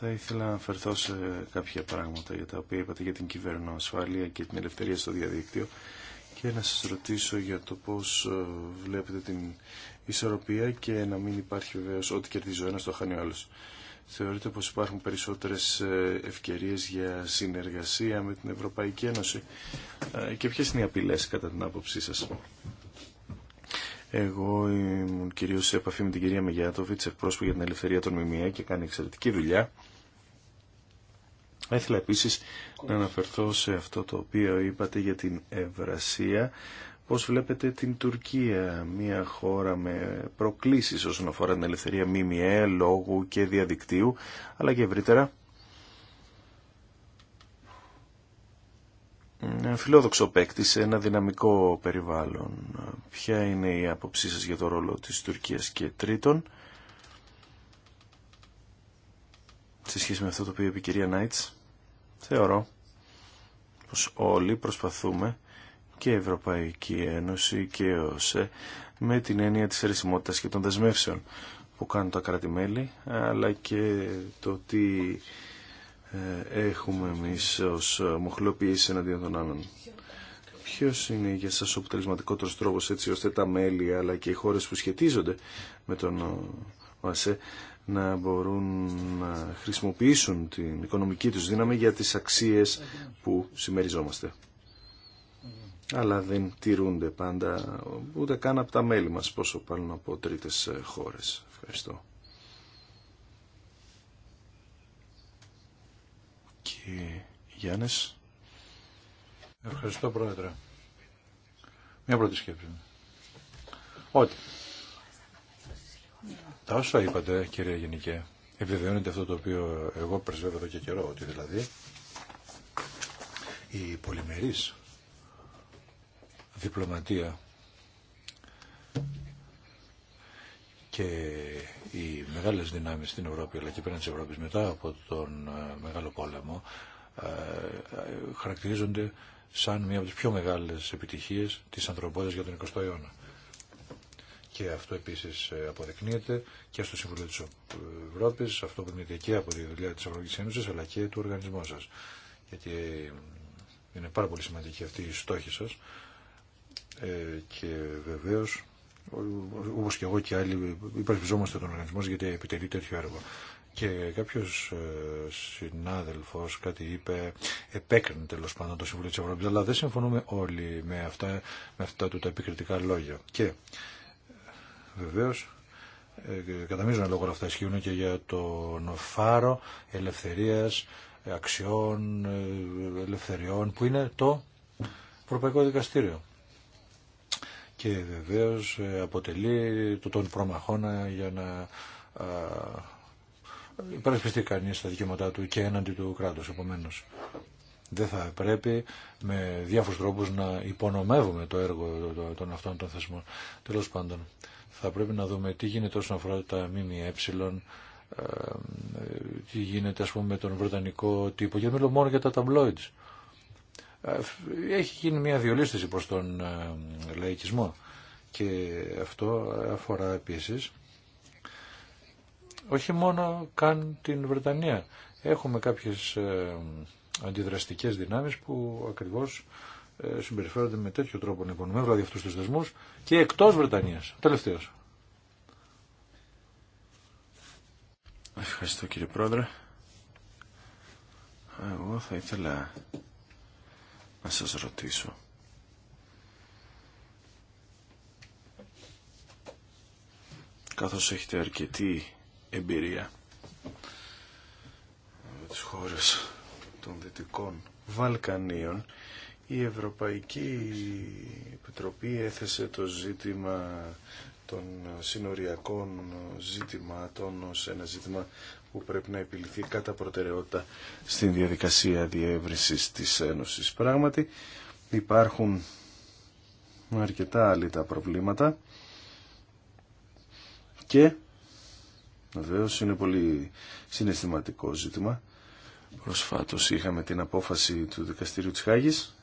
Θα ήθελα να αφαιρθώ σε κάποια πράγματα για τα οποία είπατε για την κυβερνοασφάλεια και την ελευθερία στο διαδίκτυο και να σας ρωτήσω για το πώς ε, βλέπετε την ισορροπία και να μην υπάρχει βεβαίω ότι κερδίζει ο ένας το χάνει ο άλλος θεωρείτε πως υπάρχουν περισσότερες ε, ευκαιρίες για συνεργασία με την Ευρωπαϊκή Ένωση ε, και ποιες είναι οι απειλές κατά την άποψή σας. Εγώ ήμουν κυρίω σε επαφή με την κυρία Μεγιάτοβιτ, εκπρόσωπο για την ελευθερία των ΜΜΕ και κάνει εξαιρετική δουλειά. Έθελα επίσης να αναφερθώ σε αυτό το οποίο είπατε για την Ευρασία πώς βλέπετε την Τουρκία, μια χώρα με προκλήσεις όσον αφορά την ελευθερία ΜΜΕ, λόγου και διαδικτύου, αλλά και ευρύτερα. Φιλόδοξο παίκτη σε ένα δυναμικό περιβάλλον. Ποια είναι η άποψή σας για το ρόλο της Τουρκίας και τρίτον, σε σχέση με αυτό το οποίο είπε η κυρία Νάιτς, θεωρώ πως όλοι προσπαθούμε και η Ευρωπαϊκή Ένωση και ΟΣΕ με την έννοια της αρισιμότητας και των δεσμεύσεων που κάνουν τα κράτη-μέλη αλλά και το τι ε, έχουμε εμείς ως μοχλοποίηση εναντίον των άλλων. Ποιος είναι για σας ο αποτελεσματικότερος τρόπος έτσι ώστε τα μέλη αλλά και οι χώρες που σχετίζονται με τον ΟΑΣΕ να μπορούν να χρησιμοποιήσουν την οικονομική τους δύναμη για τις αξίες που συμμεριζόμαστε αλλά δεν τηρούνται πάντα ούτε καν από τα μέλη μας πόσο πάλι από τρίτες ε, χώρες. Ευχαριστώ. Και Γιάννης. Ευχαριστώ Πρόεδρε. Μια πρώτη σκέψη. Ότι τα όσα είπατε κύριε Γενικέ επιβεβαιώνεται αυτό το οποίο εγώ πρεσβεύω εδώ και καιρό ότι δηλαδή οι πολυμερείς διπλωματία και οι μεγάλες δυνάμεις στην Ευρώπη αλλά και πέραν της Ευρώπης μετά από τον ε, Μεγάλο Πόλεμο ε, χαρακτηρίζονται σαν μία από τις πιο μεγάλες επιτυχίες της ανθρωπότητας για τον 20ο αιώνα. Και αυτό επίσης ε, αποδεικνύεται και στο Συμβουλίο της Ευρώπης, αυτό που είναι και από τη δουλειά της Ευρωπαϊκής Ένωσης αλλά και του οργανισμού σας. Γιατί είναι πάρα πολύ σημαντική αυτή η στόχη σας ε, και βεβαίω, όπως και εγώ και άλλοι υπερασπιζόμαστε τον οργανισμό γιατί επιτελεί τέτοιο έργο. Και κάποιος ε, συνάδελφο κάτι είπε, επέκρινε τέλο πάντων το Συμβουλίο τη Ευρώπη, αλλά δεν συμφωνούμε όλοι με αυτά, με του τα επικριτικά λόγια. Και βεβαίως ε, κατά μείζον λόγω αυτά ισχύουν και για τον φάρο ελευθερίας, αξιών, ελευθεριών που είναι το Ευρωπαϊκό Δικαστήριο και βεβαίως ε, αποτελεί το τον προμαχώνα για να υπερασπιστεί κανείς τα δικαιώματά του και έναντι του κράτους. Επομένως, δεν θα πρέπει με διάφορους τρόπους να υπονομεύουμε το έργο των αυτών των θεσμών. Τέλος πάντων, θα πρέπει να δούμε τι γίνεται όσον αφορά τα ΜΜΕ, ε, τι γίνεται ας πούμε με τον Βρετανικό τύπο, γιατί μιλώ μόνο για τα ταμπλόιτς. Ε, έχει γίνει μια διολίσθηση προς τον ε, λαϊκισμό και αυτό αφορά επίσης όχι μόνο καν την Βρετανία. Έχουμε κάποιες ε, αντιδραστικές δυνάμεις που ακριβώς συμπεριφέρονται με τέτοιο τρόπο να υπονομεύουν δηλαδή αυτούς τους δεσμούς και εκτός Βρετανίας. Τελευταίος. Ευχαριστώ κύριε Πρόεδρε. Εγώ θα ήθελα να σας ρωτήσω. Καθώς έχετε αρκετή εμπειρία από τις χώρες των Δυτικών Βαλκανίων, η Ευρωπαϊκή Επιτροπή έθεσε το ζήτημα των συνοριακών ζητημάτων ως ένα ζήτημα που πρέπει να επιληθεί κατά προτεραιότητα στην διαδικασία διεύρυνσης της Ένωσης. Πράγματι υπάρχουν αρκετά άλλη τα προβλήματα και βεβαίω είναι πολύ συναισθηματικό ζήτημα. Προσφάτως είχαμε την απόφαση του δικαστήριου της Χάγης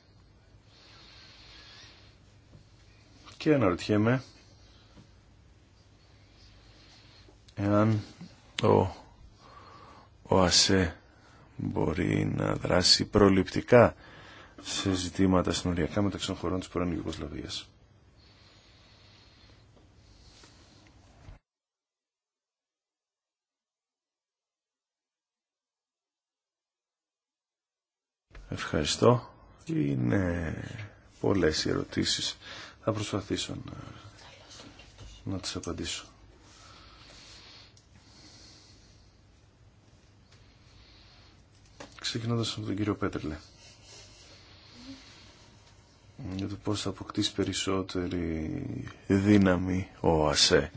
και αναρωτιέμαι εάν ο ο ΑΣΕ μπορεί να δράσει προληπτικά σε ζητήματα συνοριακά μεταξύ των χωρών της πρώην Ιουγκοσλαβίας. Ευχαριστώ. Είναι πολλές οι ερωτήσεις. Θα προσπαθήσω να, να τις απαντήσω. ξεκινώντας από τον κύριο Πέτρελε για το πώς θα αποκτήσει περισσότερη δύναμη ο ΑΣΕ.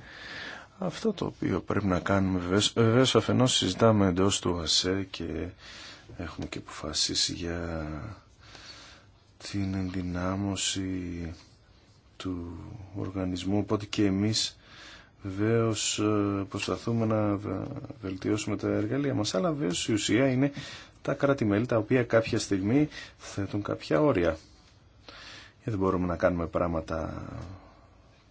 Αυτό το οποίο πρέπει να κάνουμε βεβαίως, αφενός συζητάμε εντό του ΑΣΕ και έχουμε και αποφασίσει για την ενδυνάμωση του οργανισμού, οπότε και εμείς Βεβαίω ε, προσπαθούμε να βελτιώσουμε τα εργαλεία μας, αλλά βεβαίως η ουσία είναι τα κράτη-μέλη τα οποία κάποια στιγμή θέτουν κάποια όρια. δεν μπορούμε να κάνουμε πράγματα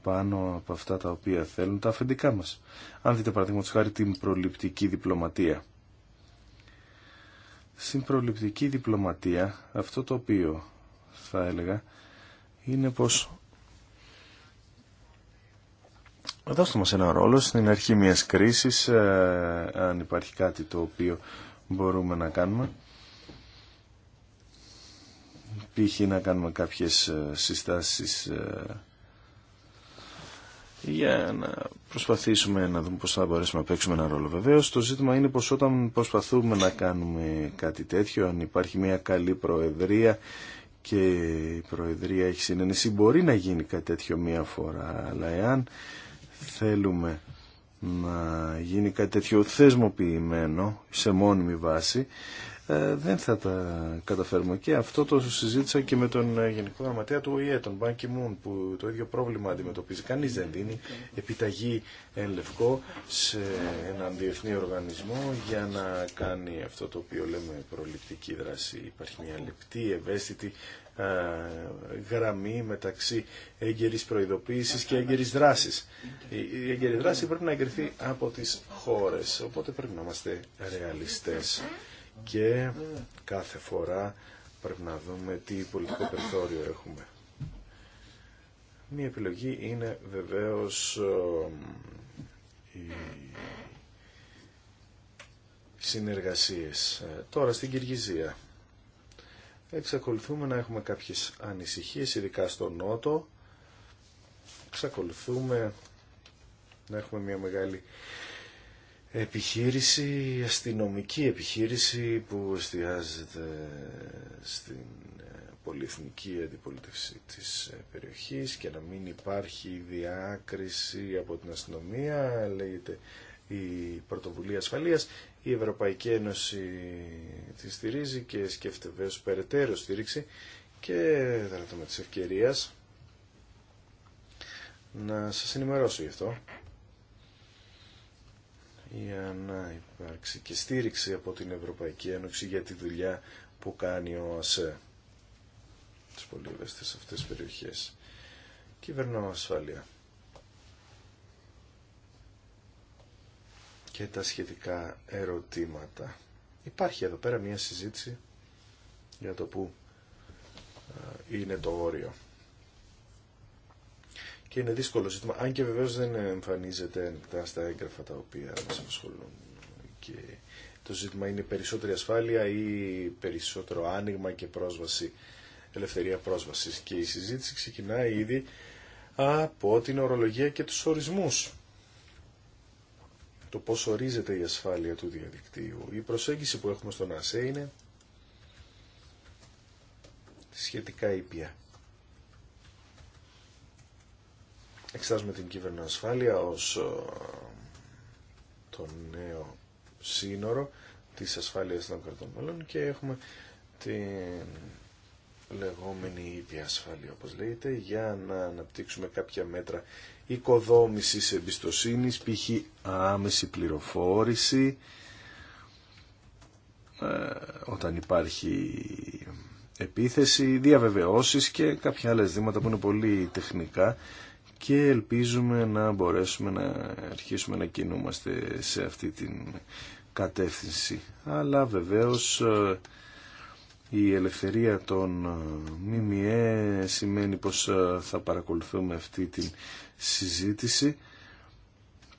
πάνω από αυτά τα οποία θέλουν τα αφεντικά μας. Αν δείτε παραδείγματος χάρη την προληπτική διπλωματία. Στην προληπτική διπλωματία αυτό το οποίο θα έλεγα είναι πως δώστε μας ένα ρόλο στην αρχή μιας κρίσης ε, αν υπάρχει κάτι το οποίο μπορούμε να κάνουμε. Π.χ. να κάνουμε κάποιες ε, συστάσεις ε, για να προσπαθήσουμε να δούμε πώς θα μπορέσουμε να παίξουμε ένα ρόλο. Βεβαίως το ζήτημα είναι πως όταν προσπαθούμε να κάνουμε κάτι τέτοιο, αν υπάρχει μια καλή προεδρία και η Προεδρία έχει συνένεση. Μπορεί να γίνει κάτι τέτοιο μία φορά, αλλά εάν θέλουμε να γίνει κάτι τέτοιο θεσμοποιημένο σε μόνιμη βάση ε, δεν θα τα καταφέρουμε και αυτό το συζήτησα και με τον ε, Γενικό Γραμματέα του ΟΗΕ, τον Μπαν Κιμούν που το ίδιο πρόβλημα αντιμετωπίζει κανεί δεν δίνει επιταγή εν λευκό σε έναν διεθνή οργανισμό για να κάνει αυτό το οποίο λέμε προληπτική δράση υπάρχει μια λεπτή, ευαίσθητη ε, γραμμή μεταξύ έγκαιρης προειδοποίησης και έγκαιρης δράσης. Η έγκαιρη δράση πρέπει να εγκριθεί από τις χώρες, οπότε πρέπει να είμαστε ρεαλιστές και κάθε φορά πρέπει να δούμε τι πολιτικό περιθώριο έχουμε. Μία επιλογή είναι βεβαίως οι ε, συνεργασίες. Ε, τώρα στην Κυργυζία εξακολουθούμε να έχουμε κάποιες ανησυχίες, ειδικά στο Νότο. Εξακολουθούμε να έχουμε μια μεγάλη επιχείρηση, αστυνομική επιχείρηση που εστιάζεται στην πολυεθνική αντιπολίτευση της περιοχής και να μην υπάρχει διάκριση από την αστυνομία, λέγεται η πρωτοβουλία ασφαλείας. Η Ευρωπαϊκή Ένωση τη στηρίζει και σκέφτεται βέβαια περαιτέρω στήριξη και με της ευκαιρίας να σας ενημερώσω γι' αυτό για να υπάρξει και στήριξη από την Ευρωπαϊκή Ένωση για τη δουλειά που κάνει ο ΑΣΕ τις πολύ αυτές τις περιοχές. Κυβερνό ασφάλεια. και τα σχετικά ερωτήματα. Υπάρχει εδώ πέρα μια συζήτηση για το που είναι το όριο. Και είναι δύσκολο ζήτημα, αν και βεβαίως δεν εμφανίζεται τα στα έγγραφα τα οποία μας ασχολούν. Και το ζήτημα είναι περισσότερη ασφάλεια ή περισσότερο άνοιγμα και πρόσβαση, ελευθερία πρόσβασης. Και η συζήτηση ξεκινάει ήδη από την ορολογία και τους ορισμούς το πώς ορίζεται η ασφάλεια του διαδικτύου. Η προσέγγιση που έχουμε στον ΑΣΕ είναι σχετικά ήπια. Εξετάζουμε την ασφάλεια ως ε, το νέο σύνορο της ασφάλειας των κρατών μελών και έχουμε την λεγόμενη ήπια ασφάλεια όπως λέγεται για να αναπτύξουμε κάποια μέτρα οικοδόμησης εμπιστοσύνης, π.χ. άμεση πληροφόρηση, ε, όταν υπάρχει επίθεση, διαβεβαιώσεις και κάποια άλλα ζητήματα που είναι πολύ τεχνικά και ελπίζουμε να μπορέσουμε να αρχίσουμε να κινούμαστε σε αυτή την κατεύθυνση. Αλλά βεβαίως ε, η ελευθερία των ε, ΜΜΕ σημαίνει πως θα παρακολουθούμε αυτή την συζήτηση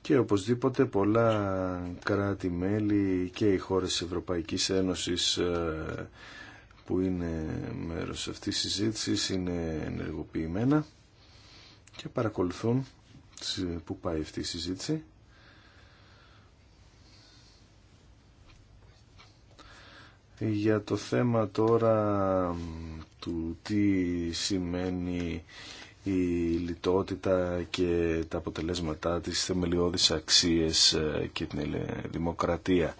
και οπωσδήποτε πολλά κράτη-μέλη και οι χώρες Ευρωπαϊκής Ένωσης ε, που είναι μέρος αυτής της συζήτησης είναι ενεργοποιημένα και παρακολουθούν που πάει αυτή η συζήτηση. Για το θέμα τώρα του τι σημαίνει η λιτότητα και τα αποτελέσματά της θεμελιώδεις αξίες ε, και την ε, δημοκρατία.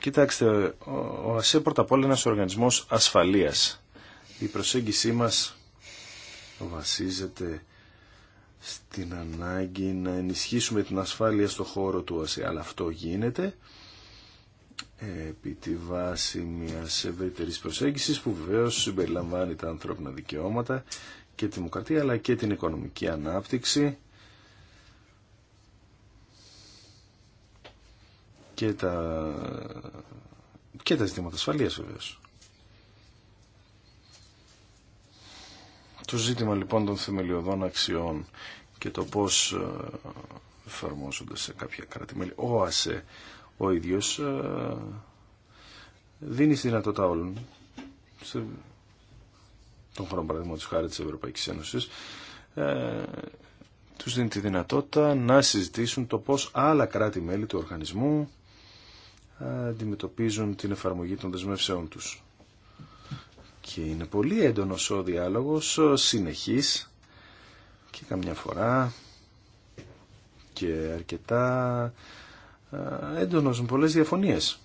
Κοιτάξτε, ο ΑΣΕ πρώτα απ' όλα είναι ένας οργανισμός ασφαλείας. Η προσέγγισή μας βασίζεται στην ανάγκη να ενισχύσουμε την ασφάλεια στο χώρο του ΑΣΕ. Αλλά αυτό γίνεται επί τη βάση μιας ευρύτερης προσέγγισης που βεβαίως συμπεριλαμβάνει τα ανθρώπινα δικαιώματα και τη δημοκρατία αλλά και την οικονομική ανάπτυξη και τα, και τα ζητήματα ασφαλείας βεβαίως. Το ζήτημα λοιπόν των θεμελιωδών αξιών και το πώς ε, εφαρμόζονται σε κάποια κράτη-μέλη. Ο ο ίδιος ε, δίνει τη δυνατότητα όλων σε τον χρόνο της χάρη της Ευρωπαϊκής Ένωσης ε, τους δίνει τη δυνατότητα να συζητήσουν το πώς άλλα κράτη-μέλη του οργανισμού ε, αντιμετωπίζουν την εφαρμογή των δεσμεύσεών τους. Και είναι πολύ έντονος ο διάλογος, συνεχής και καμιά φορά και αρκετά έντονος με πολλές διαφωνίες.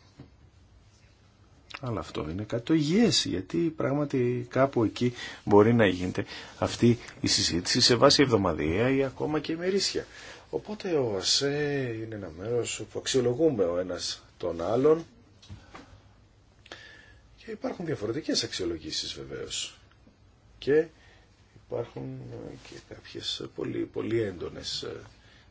Αλλά αυτό είναι κάτι το υγιές, γιατί πράγματι κάπου εκεί μπορεί να γίνεται αυτή η συζήτηση σε βάση εβδομαδιαία ή ακόμα και ημερήσια. Οπότε ο ΑΣΕ είναι ένα μέρος που αξιολογούμε ο ένας τον άλλον και υπάρχουν διαφορετικές αξιολογήσεις βεβαίως. Και υπάρχουν και κάποιες πολύ, πολύ έντονες ε,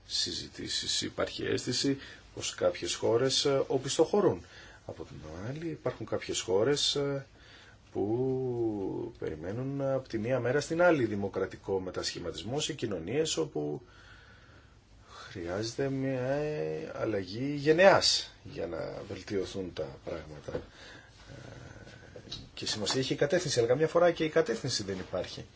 συζητήσεις. Υπάρχει αίσθηση ως κάποιες χώρες ε, οπισθοχωρούν. Από την άλλη υπάρχουν κάποιες χώρες ε, που περιμένουν ε, από τη μία μέρα στην άλλη δημοκρατικό μετασχηματισμό σε κοινωνίες όπου χρειάζεται μια αλλαγή γενεάς για να βελτιωθούν τα πράγματα. Και σημασία έχει η κατεύθυνση, αλλά καμιά φορά και η κατεύθυνση δεν υπάρχει.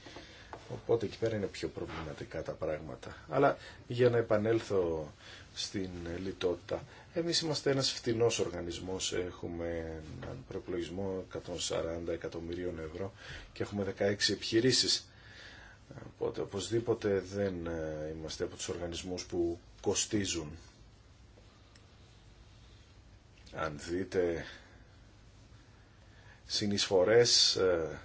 Οπότε εκεί πέρα είναι πιο προβληματικά τα πράγματα. Αλλά για να επανέλθω στην λιτότητα. Εμείς είμαστε ένας φτηνός οργανισμός, έχουμε έναν προεκλογισμό 140 εκατομμυρίων ευρώ και έχουμε 16 επιχειρήσεις. Οπότε οπωσδήποτε δεν ε, είμαστε από τους οργανισμούς που κοστίζουν. Αν δείτε συνεισφορές ε,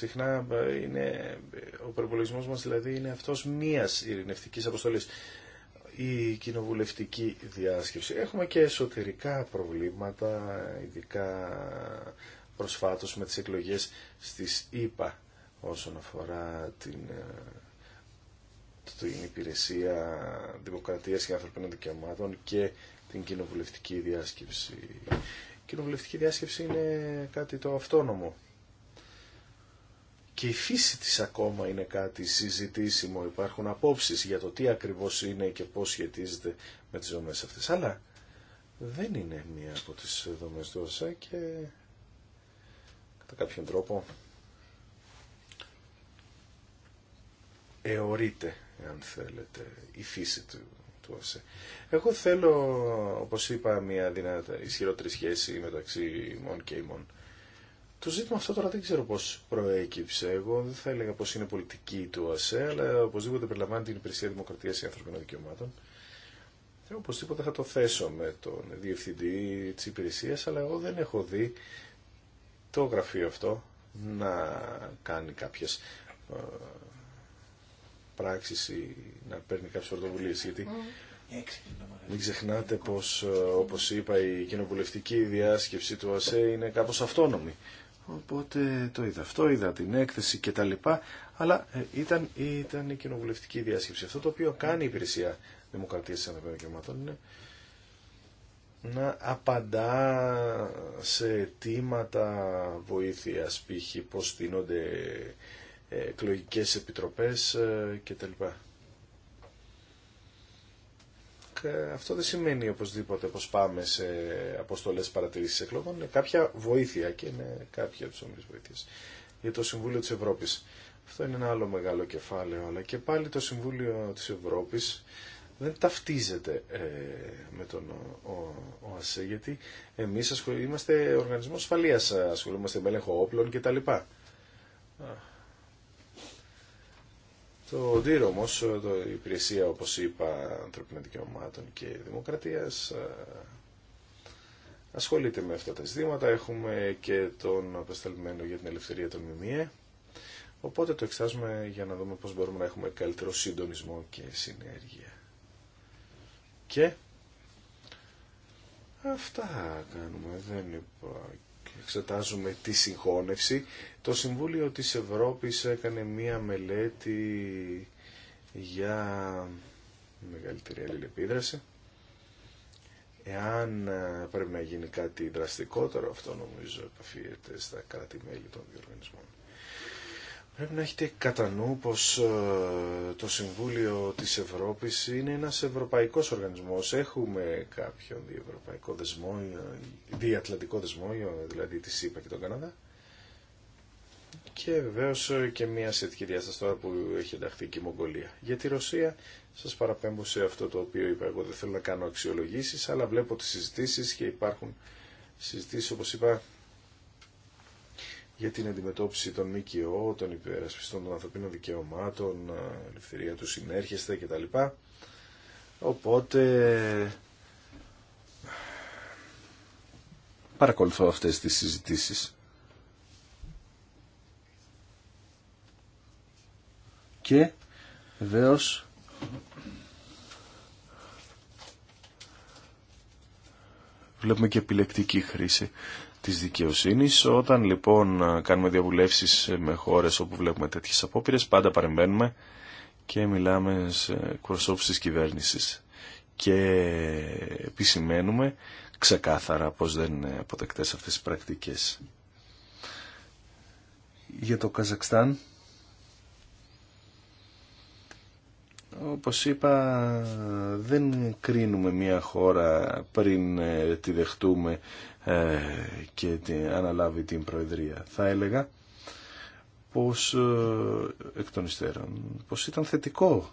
Συχνά ε, είναι, ο προπολογισμό μας δηλαδή είναι αυτός μίας ειρηνευτική αποστολή. η κοινοβουλευτική διάσκεψη. Έχουμε και εσωτερικά προβλήματα, ειδικά προσφάτως με τις εκλογές στις ΗΠΑ όσον αφορά την, ε, την υπηρεσία δημοκρατίας και ανθρωπίνων δικαιωμάτων και την κοινοβουλευτική διάσκεψη. Η κοινοβουλευτική διάσκεψη είναι κάτι το αυτόνομο και η φύση της ακόμα είναι κάτι συζητήσιμο. Υπάρχουν απόψεις για το τι ακριβώς είναι και πώς σχετίζεται με τις δομές αυτές. Αλλά δεν είναι μία από τις δομές του ΩΣΑ και κατά κάποιον τρόπο εωρείται, αν θέλετε, η φύση του, του Εγώ θέλω, όπως είπα, μια δυνατή ισχυρότερη σχέση μεταξύ ημών και ημών. Το ζήτημα αυτό τώρα δεν ξέρω πώς προέκυψε. Εγώ δεν θα έλεγα πως είναι πολιτική του ΟΑΣΕ, αλλά οπωσδήποτε περιλαμβάνει την υπηρεσία δημοκρατίας και ανθρωπινών δικαιωμάτων. Ε, οπωσδήποτε θα το θέσω με τον διευθυντή της υπηρεσίας, αλλά εγώ δεν έχω δει το γραφείο αυτό να κάνει κάποιες ε, πράξεις ή να παίρνει κάποιες πρωτοβουλίες, γιατί... Ε, μην ξεχνάτε πως, ε, όπως είπα, η κοινοβουλευτική διάσκεψη του ΟΑΣΕ είναι κάπως αυτόνομη. Οπότε το είδα αυτό, είδα την έκθεση και τα λοιπά, αλλά ε, ήταν, ήταν η κοινοβουλευτική διάσκεψη. Αυτό το οποίο κάνει η Υπηρεσία Δημοκρατίας και Δικαιωμάτων είναι να απαντά σε αιτήματα βοήθειας, π.χ. πώς δίνονται ε, εκλογικές επιτροπές ε, λοιπά. Ε, αυτό δεν σημαίνει οπωσδήποτε πως πάμε σε αποστολές παρατηρήσεις εκλογών. Είναι κάποια βοήθεια και είναι κάποια από τις βοήθειες για το Συμβούλιο της Ευρώπης. Αυτό είναι ένα άλλο μεγάλο κεφάλαιο, αλλά και πάλι το Συμβούλιο της Ευρώπης δεν ταυτίζεται ε, με τον ΟΑΣΕ, γιατί εμείς είμαστε οργανισμός ασφαλείας, ε, ασχολούμαστε με έλεγχο όπλων κτλ. Το ΟΔΙΡ όμως, η υπηρεσία όπω είπα ανθρωπινών δικαιωμάτων και δημοκρατία. Ε, ασχολείται με αυτά τα ζητήματα. Έχουμε και τον απεσταλμένο για την ελευθερία των ΜΜΕ. Οπότε το εξετάζουμε για να δούμε πώς μπορούμε να έχουμε καλύτερο συντονισμό και συνέργεια. Και αυτά κάνουμε. Δεν υπάρχει εξετάζουμε τη συγχώνευση, το Συμβούλιο της Ευρώπης έκανε μία μελέτη για μεγαλύτερη αλληλεπίδραση. Εάν ε, πρέπει να γίνει κάτι δραστικότερο, αυτό νομίζω επαφίεται στα κράτη-μέλη των διοργανισμών. Πρέπει να έχετε κατά νου πως ε, το Συμβούλιο της Ευρώπης είναι ένας ευρωπαϊκός οργανισμός. Έχουμε κάποιον διευρωπαϊκό δεσμό, διατλαντικό δεσμό, δηλαδή τη ΣΥΠΑ και τον Καναδά. Και βεβαίω ε, και μια σχετική διάσταση τώρα που έχει ενταχθεί και η Μογγολία. Για τη Ρωσία σας παραπέμπω σε αυτό το οποίο είπα. Εγώ δεν θέλω να κάνω αξιολογήσεις, αλλά βλέπω τις συζητήσεις και υπάρχουν συζητήσει, όπω είπα για την αντιμετώπιση των ΜΚΟ, των υπερασπιστών των ανθρωπίνων δικαιωμάτων, ελευθερία του συνέρχεστε κτλ. Οπότε παρακολουθώ αυτές τις συζητήσεις. Και βεβαίω. Βλέπουμε και επιλεκτική χρήση της δικαιοσύνης. Όταν λοιπόν κάνουμε διαβουλεύσεις με χώρες όπου βλέπουμε τέτοιες απόπειρες, πάντα παρεμβαίνουμε και μιλάμε σε εκπροσώπους της κυβέρνησης και επισημαίνουμε ξεκάθαρα πως δεν είναι αποτεκτές αυτές οι πρακτικές. Για το Καζακστάν Όπως είπα, δεν κρίνουμε μια χώρα πριν ε, τη δεχτούμε ε, και την αναλάβει την Προεδρία. Θα έλεγα πως ε, εκ πως ήταν θετικό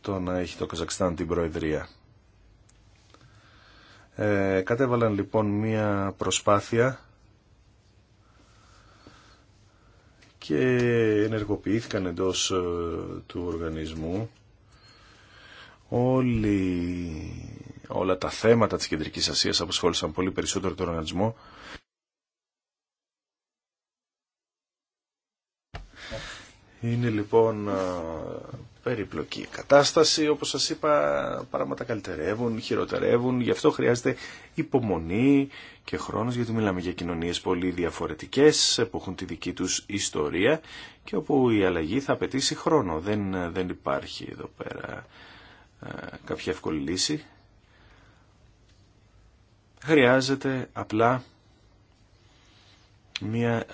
το να έχει το Καζακστάν την Προεδρία. Ε, κατέβαλαν λοιπόν μία προσπάθεια και ενεργοποιήθηκαν εντός ε, του οργανισμού όλοι, όλα τα θέματα της Κεντρικής Ασίας απασχόλησαν πολύ περισσότερο τον οργανισμό Είναι λοιπόν περιπλοκή κατάσταση. Όπως σας είπα, πράγματα καλυτερεύουν, χειροτερεύουν. Γι' αυτό χρειάζεται υπομονή και χρόνος, γιατί μιλάμε για κοινωνίες πολύ διαφορετικές, που έχουν τη δική τους ιστορία και όπου η αλλαγή θα απαιτήσει χρόνο. Δεν, δεν υπάρχει εδώ πέρα κάποια εύκολη λύση. Χρειάζεται απλά μία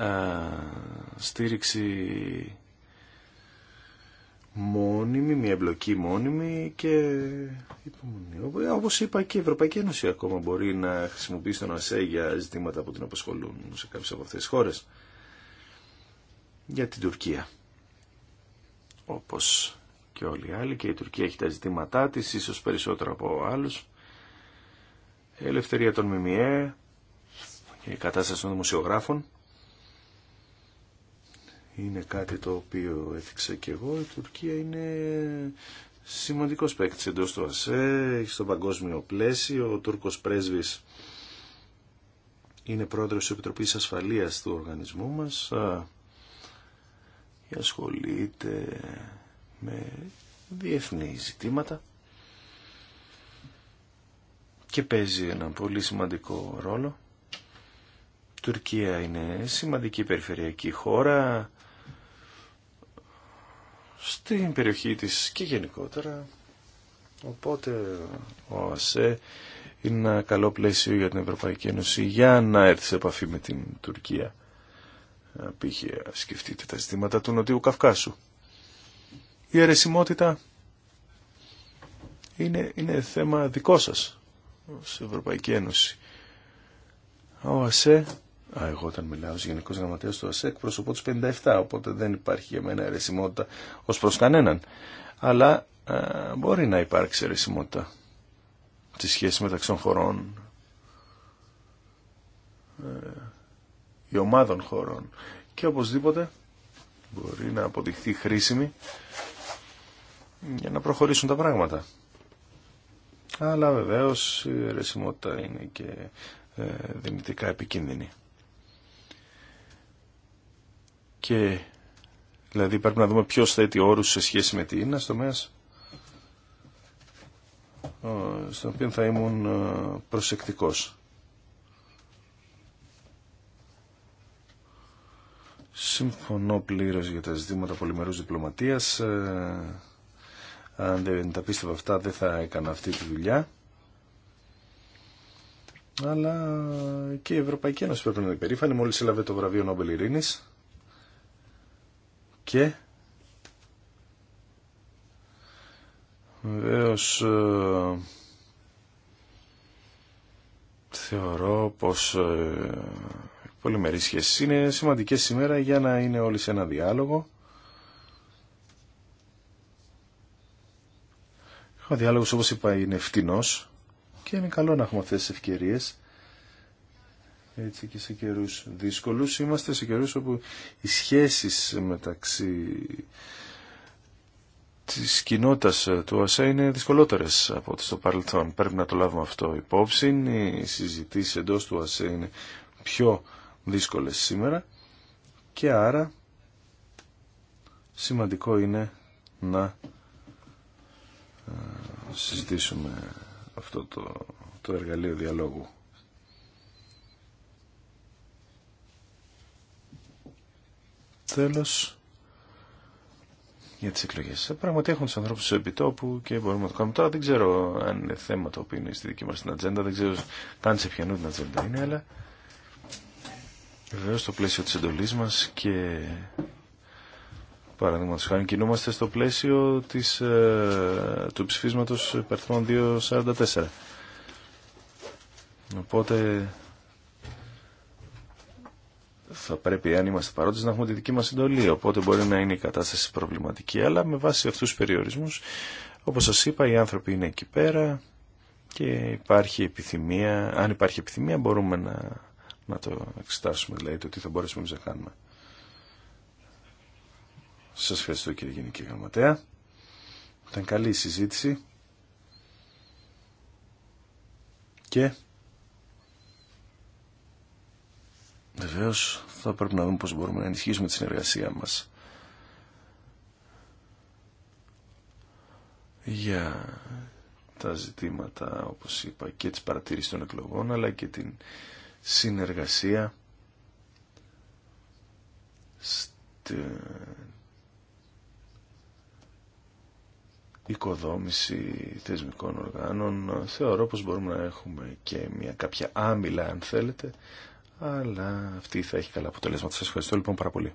στήριξη μόνιμη, μια εμπλοκή μόνιμη και υπομονή. Όπως είπα και η Ευρωπαϊκή Ένωση ακόμα μπορεί να χρησιμοποιήσει τον ΑΣΕ για ζητήματα που την αποσχολούν σε κάποιες από αυτές τις χώρες. Για την Τουρκία. Όπως και όλοι οι άλλοι και η Τουρκία έχει τα ζητήματά της, ίσως περισσότερο από άλλους. ελευθερία των ΜΜΕ και η κατάσταση των δημοσιογράφων είναι κάτι το οποίο έθιξα και εγώ. Η Τουρκία είναι σημαντικός παίκτη εντό του ΑΣΕ, στο παγκόσμιο πλαίσιο. Ο Τούρκος πρέσβης είναι πρόεδρος της Επιτροπής Ασφαλείας του οργανισμού μας και ασχολείται με διεθνή ζητήματα και παίζει ένα πολύ σημαντικό ρόλο. Τουρκία είναι σημαντική περιφερειακή χώρα, στην περιοχή της και γενικότερα. Οπότε ο ΑΣΕ είναι ένα καλό πλαίσιο για την Ευρωπαϊκή Ένωση για να έρθει σε επαφή με την Τουρκία. πήγε σκεφτείτε τα ζητήματα του Νοτιού Καυκάσου. Η αιρεσιμότητα είναι, είναι θέμα δικό σας ως Ευρωπαϊκή Ένωση. Ο ΑΣΕ εγώ όταν μιλάω ως Γενικός Γραμματέας του ΑΣΕΚ προσωπώ τους 57, οπότε δεν υπάρχει για μένα αιρεσιμότητα ως προς κανέναν. Αλλά μπορεί να υπάρξει αιρεσιμότητα στη σχέση μεταξύ των χωρών, ε, οι ομάδων χωρών και οπωσδήποτε μπορεί να αποδειχθεί χρήσιμη για να προχωρήσουν τα πράγματα. Αλλά βεβαίως η αιρεσιμότητα είναι και ε, δυνητικά επικίνδυνη. Και δηλαδή πρέπει να δούμε ποιο θέτει όρου σε σχέση με τι είναι στο μέσο στον οποίο θα ήμουν ε, προσεκτικός. Συμφωνώ πλήρως για τα ζητήματα πολυμερούς διπλωματίας. Ε, αν δεν τα πίστευα αυτά δεν θα έκανα αυτή τη δουλειά. Αλλά και η Ευρωπαϊκή Ένωση πρέπει να είναι περήφανη. Μόλις έλαβε το βραβείο Νόμπελ Ειρήνης και βεβαίω ε, θεωρώ πως ε, οι πολυμερείς σχέσεις είναι σημαντικές σήμερα για να είναι όλοι σε ένα διάλογο. Ο διάλογος όπως είπα είναι φτηνός και είναι καλό να έχουμε αυτές τις ευκαιρίες έτσι και σε καιρούς δύσκολους. Είμαστε σε καιρούς όπου οι σχέσεις μεταξύ της κοινότητας του ΑΣΕ είναι δυσκολότερες από ό,τι στο παρελθόν. Πρέπει να το λάβουμε αυτό υπόψη. Οι συζητήσεις εντός του ΑΣΕ είναι πιο δύσκολες σήμερα και άρα σημαντικό είναι να ε, συζητήσουμε αυτό το, το εργαλείο διαλόγου. Τέλος, για τις εκλογές. Ε, Πράγματι έχουν τους ανθρώπους σε επιτόπου και μπορούμε να το κάνουμε τώρα. Δεν ξέρω αν είναι θέμα το οποίο είναι στη δική μας την ατζέντα. Δεν ξέρω καν σε ποιανού την ατζέντα είναι, αλλά βεβαίω στο πλαίσιο της εντολής μας και παραδείγματος χάρη κινούμαστε στο πλαίσιο της, ε, του ψηφίσματος υπερθμών 244. Οπότε θα πρέπει, αν είμαστε παρόντες, να έχουμε τη δική μας εντολή. Οπότε μπορεί να είναι η κατάσταση προβληματική, αλλά με βάση αυτούς τους περιορισμούς, όπως σας είπα, οι άνθρωποι είναι εκεί πέρα και υπάρχει επιθυμία, αν υπάρχει επιθυμία μπορούμε να, να το εξετάσουμε, δηλαδή το τι θα μπορέσουμε να κάνουμε. Σας ευχαριστώ κύριε Γενική Γραμματέα. Ήταν καλή η συζήτηση. Και Βεβαίω θα πρέπει να δούμε πώς μπορούμε να ενισχύσουμε τη συνεργασία μας για τα ζητήματα, όπως είπα, και τις παρατήρησης των εκλογών, αλλά και την συνεργασία στην οικοδόμηση θεσμικών οργάνων. Θεωρώ πως μπορούμε να έχουμε και μια κάποια άμυλα, αν θέλετε, αλλά αυτή θα έχει καλά αποτελέσματα. Σας ευχαριστώ λοιπόν πάρα πολύ.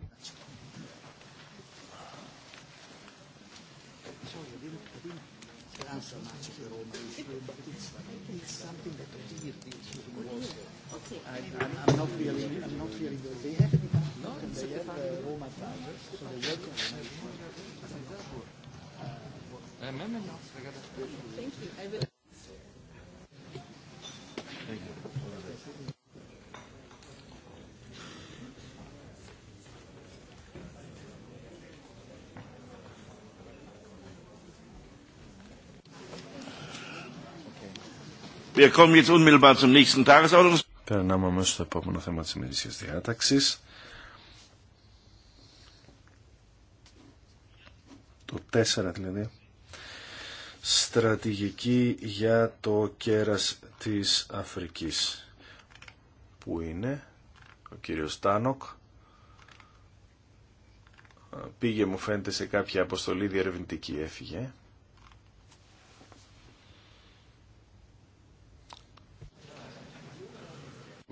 Ε, ναι, ναι, ναι. Περνάμε αμέσως στο επόμενο θέμα της ημερήσιας διάταξης. Το 4 δηλαδή. Στρατηγική για το κέρας της Αφρικής. Πού είναι ο κύριος Τάνοκ. Πήγε μου φαίνεται σε κάποια αποστολή διερευνητική έφυγε.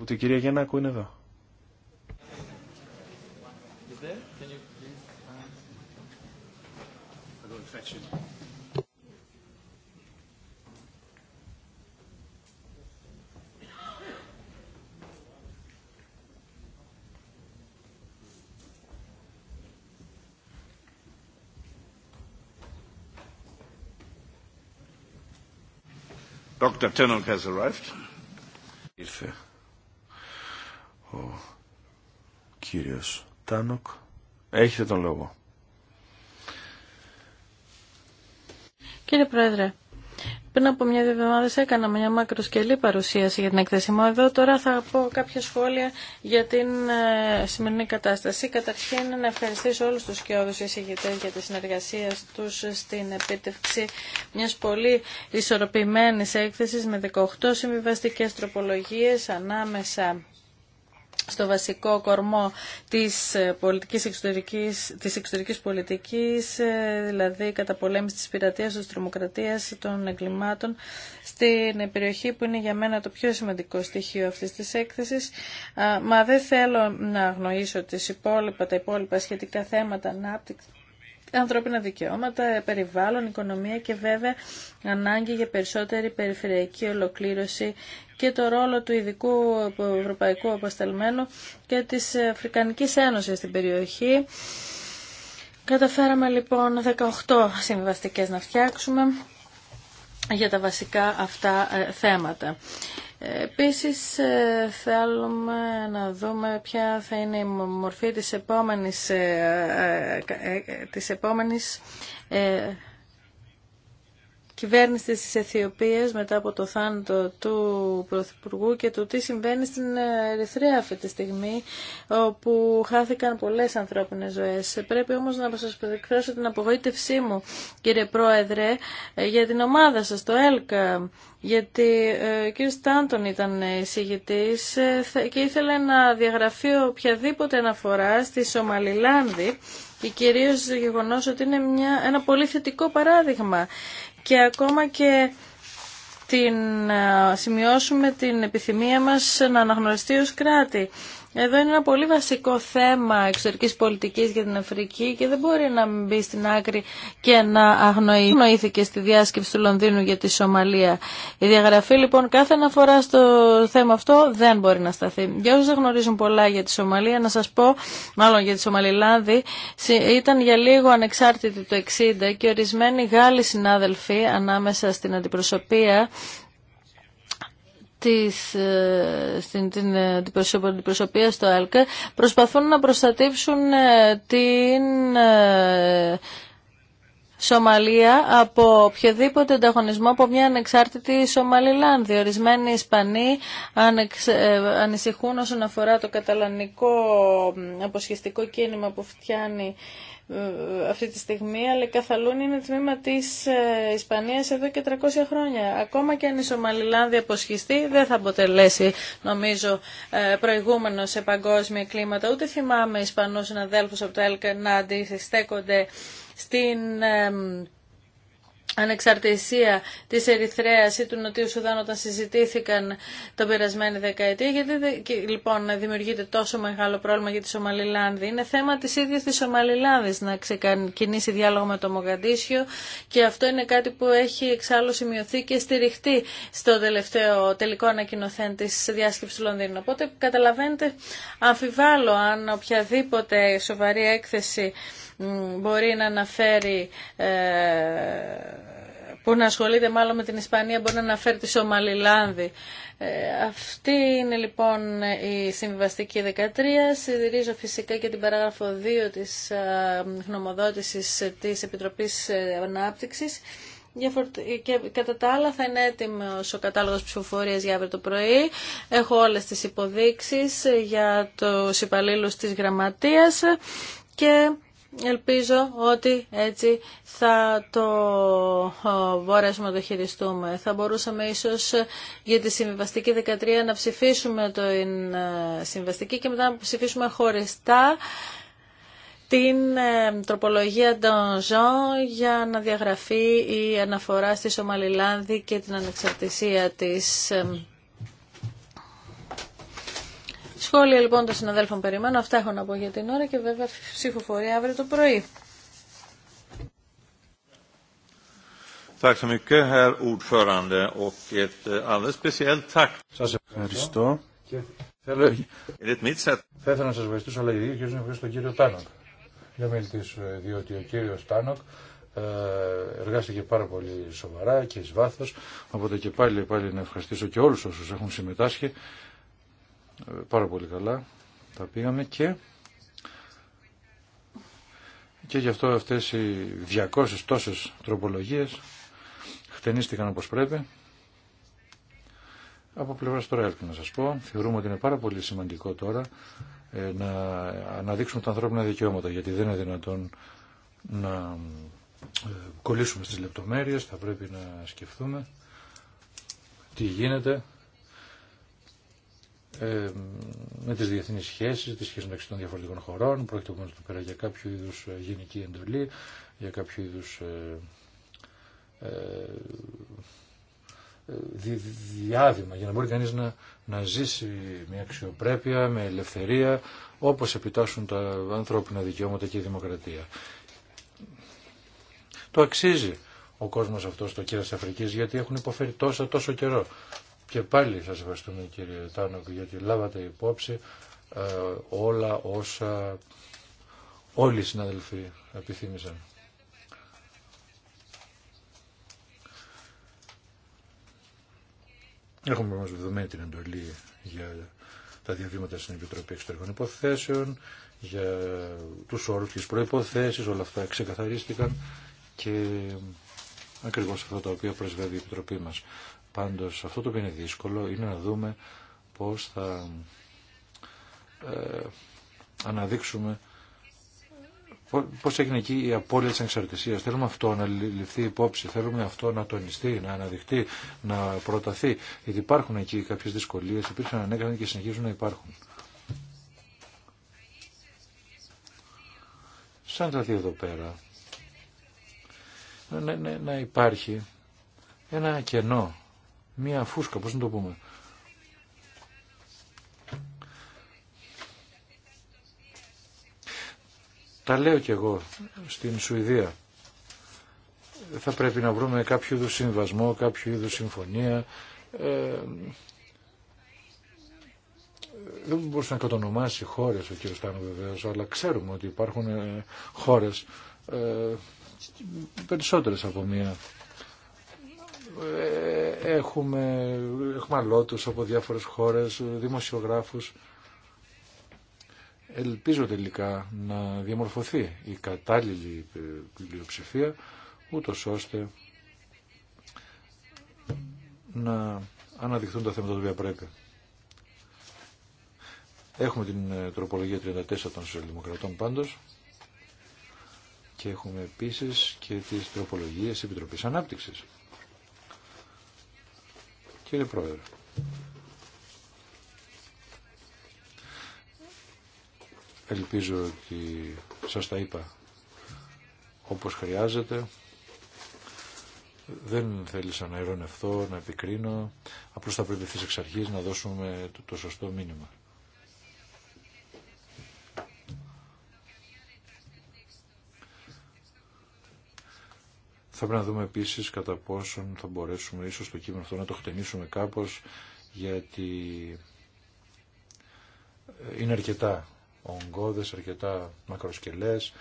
Ούτε η κυρία Γιαννάκου είναι εδώ. Dr. Tennant has arrived. Ήρθε ο κύριος Τάνοκ. Έχετε τον λόγο. Κύριε Πρόεδρε, πριν από μια-δύο εβδομάδε έκανα μια δυο εκανα παρουσίαση για την εκθέση Εδώ τώρα θα πω κάποια σχόλια για την ε, σημερινή κατάσταση. Καταρχήν να ευχαριστήσω όλους τους σκιώδου εισηγητέ για τη συνεργασία του στην επίτευξη μια πολύ ισορροπημένη έκθεση με 18 συμβιβαστικέ τροπολογίε ανάμεσα στο βασικό κορμό της ε, πολιτικής εξωτερικής, της εξωτερικής πολιτικής, ε, δηλαδή κατά πολέμηση της πειρατείας, της τρομοκρατίας, των εγκλημάτων, στην περιοχή που είναι για μένα το πιο σημαντικό στοιχείο αυτής της έκθεσης. Μα δεν θέλω να αγνοήσω τις υπόλοιπα, τα υπόλοιπα σχετικά θέματα ανάπτυξη ανθρώπινα δικαιώματα, περιβάλλον, οικονομία και βέβαια ανάγκη για περισσότερη περιφερειακή ολοκλήρωση και το ρόλο του ειδικού ευρωπαϊκού αποστελμένου και της Αφρικανικής Ένωσης στην περιοχή. Καταφέραμε λοιπόν 18 συμβαστικές να φτιάξουμε για τα βασικά αυτά ε, θέματα. Επίσης ε, θέλουμε να δούμε ποια θα είναι η μορφή της επόμενης, ε, της επόμενης κυβέρνηση της Αιθιοπίας μετά από το θάνατο του Πρωθυπουργού και το τι συμβαίνει στην Ερυθρέα αυτή τη στιγμή όπου χάθηκαν πολλές ανθρώπινες ζωές. Πρέπει όμως να σας προεκφράσω την απογοήτευσή μου κύριε Πρόεδρε για την ομάδα σας, το ΕΛΚΑ γιατί ε, ο κ. Στάντον ήταν εισηγητής ε, και ήθελε να διαγραφεί οποιαδήποτε αναφορά στη Σομαλιλάνδη και κυρίως το γεγονός ότι είναι ένα πολύ θετικό παράδειγμα και ακόμα και την, σημειώσουμε την επιθυμία μας να αναγνωριστεί ως κράτη. Εδώ είναι ένα πολύ βασικό θέμα εξωτερική πολιτικής για την Αφρική και δεν μπορεί να μπει στην άκρη και να αγνοήθηκε στη διάσκεψη του Λονδίνου για τη Σομαλία. Η διαγραφή λοιπόν κάθε αναφορά στο θέμα αυτό δεν μπορεί να σταθεί. Για όσους δεν γνωρίζουν πολλά για τη Σομαλία, να σας πω, μάλλον για τη Σομαλιλάνδη, ήταν για λίγο ανεξάρτητη το 1960 και ορισμένοι Γάλλοι συνάδελφοι ανάμεσα στην αντιπροσωπεία της, ε, στην την ε, αντιπροσωπεία στο ΕΛΚΕ προσπαθούν να προστατεύσουν ε, την Σομαλία από οποιοδήποτε ανταγωνισμό από μια ανεξάρτητη Σομαλιλάνδη. Ορισμένοι Ισπανοί ανησυχούν όσον αφορά το καταλανικό αποσχεστικό κίνημα που φτιάνει ε, αυτή τη στιγμή, αλλά η Καθαλούν είναι τμήμα της ε, Ισπανίας εδώ και 300 χρόνια. Ακόμα και αν η Σομαλιλάνδη αποσχιστεί, δεν θα αποτελέσει, νομίζω, ε, προηγούμενο σε παγκόσμια κλίματα. Ούτε θυμάμαι Ισπανού συναδέλφου από το ΕΛΚ να αντιστέκονται στην ανεξαρτησία της Ερυθρέας ή του Νοτιού Σουδάν όταν συζητήθηκαν τον περασμένη δεκαετία γιατί λοιπόν δημιουργείται τόσο μεγάλο πρόβλημα για τη Σομαλιλάνδη είναι θέμα της ίδιας της Σομαλιλάνδης να ξεκινήσει διάλογο με το Μογαντήσιο και αυτό είναι κάτι που έχει εξάλλου σημειωθεί και στηριχτεί στο τελευταίο τελικό ανακοινωθέν τη διάσκεψης του Λονδίνου οπότε καταλαβαίνετε αμφιβάλλω αν οποιαδήποτε σοβαρή έκθεση μπορεί να αναφέρει ε, που να ασχολείται μάλλον με την Ισπανία μπορεί να αναφέρει τη Σομαλιλάνδη. Ε, αυτή είναι λοιπόν η συμβιβαστική 13. Συντηρίζω φυσικά και την παράγραφο 2 της α, ε, γνωμοδότησης της Επιτροπής Ανάπτυξης. Και κατά τα άλλα θα είναι έτοιμος ο κατάλογος ψηφοφορίας για αύριο το πρωί. Έχω όλες τις υποδείξεις για τους υπαλλήλους της γραμματείας και Ελπίζω ότι έτσι θα το μπορέσουμε να το χειριστούμε. Θα μπορούσαμε ίσως για τη συμβιβαστική 13 να ψηφίσουμε το ε, συμβαστική και μετά να ψηφίσουμε χωριστά την ε, τροπολογία των Ζων για να διαγραφεί η αναφορά στη Σομαλιλάνδη και την ανεξαρτησία της. Ε, Σχόλια λοιπόν των συναδέλφων περιμένω. Αυτά έχω να πω για την ώρα και βέβαια ψηφοφορία αύριο το πρωί. Eh, σας ευχαριστώ. Θα ήθελα να σας ευχαριστήσω αλλά ιδίως να ευχαριστήσω τον κύριο Τάνοκ. Για μιλητής, ε, διότι ο κύριος Τάνοκ ε, εργάστηκε πάρα πολύ σοβαρά και εις βάθος, οπότε και πάλι, πάλι να ευχαριστήσω και όλους όσους έχουν συμμετάσχει πάρα πολύ καλά τα πήγαμε και και γι' αυτό αυτές οι 200 τόσες τροπολογίες χτενίστηκαν όπως πρέπει. Από πλευρά τώρα να σας πω, θεωρούμε ότι είναι πάρα πολύ σημαντικό τώρα ε, να αναδείξουμε τα ανθρώπινα δικαιώματα, γιατί δεν είναι δυνατόν να ε, κολλήσουμε στις λεπτομέρειες, θα πρέπει να σκεφτούμε τι γίνεται ε, με τις διεθνείς σχέσεις, τις σχέσεις μεταξύ των διαφορετικών χωρών, πρόκειται εδώ πέρα για κάποιο είδους ε, γενική εντολή, για κάποιο είδους ε, ε, ε δι, διάδημα, για να μπορεί κανείς να, να ζήσει με αξιοπρέπεια, με ελευθερία, όπως επιτάσσουν τα ανθρώπινα δικαιώματα και η δημοκρατία. Το αξίζει ο κόσμος αυτός το τη Αφρικής γιατί έχουν υποφέρει τόσα τόσο καιρό. Και πάλι σας ευχαριστούμε κύριε Τάνοκ γιατί λάβατε υπόψη ε, όλα όσα όλοι οι συναδελφοί επιθύμησαν. Έχουμε μας δεδομένη την εντολή για τα διαβήματα στην Επιτροπή Εξωτερικών Υποθέσεων, για τους όρους και τις προϋποθέσεις, όλα αυτά ξεκαθαρίστηκαν και ακριβώς αυτά τα οποία πρεσβεύει η Επιτροπή μας. Πάντως αυτό το οποίο είναι δύσκολο είναι να δούμε πώς θα ε, αναδείξουμε πώς έγινε εκεί η απώλεια της Θέλουμε αυτό να ληφθεί υπόψη, θέλουμε αυτό να τονιστεί, να αναδειχτεί, να προταθεί. Γιατί υπάρχουν εκεί κάποιες δυσκολίες, υπήρξαν ανέκαναν και συνεχίζουν να υπάρχουν. Σαν δηλαδή εδώ πέρα, να υπάρχει ένα κενό μία φούσκα, πώς να το πούμε. Τα λέω κι εγώ στην Σουηδία. Θα πρέπει να βρούμε κάποιο είδου συμβασμό, κάποιο είδου συμφωνία. Ε, δεν μπορούσε να κατονομάσει χώρες ο κ. Τάνο βεβαίως, αλλά ξέρουμε ότι υπάρχουν ε, χώρες ε, περισσότερες από μία ε, έχουμε, έχουμε από διάφορες χώρες, δημοσιογράφους. Ελπίζω τελικά να διαμορφωθεί η κατάλληλη ε, πλειοψηφία, ούτω ώστε να αναδειχθούν τα θέματα τα οποία πρέπει. Έχουμε την ε, τροπολογία 34 των Σοσιαλδημοκρατών πάντως και έχουμε επίσης και τις τροπολογίες Επιτροπής Ανάπτυξης. Κύριε Πρόεδρε. Ελπίζω ότι σας τα είπα όπως χρειάζεται. Δεν θέλησα να ειρωνευτώ, να επικρίνω. Απλώς θα πρέπει εξ αρχής να δώσουμε το, το σωστό μήνυμα. Θα πρέπει να δούμε επίσης κατά πόσον θα μπορέσουμε ίσως το κείμενο αυτό να το χτενίσουμε κάπως γιατί είναι αρκετά ογκώδες, αρκετά μακροσκελές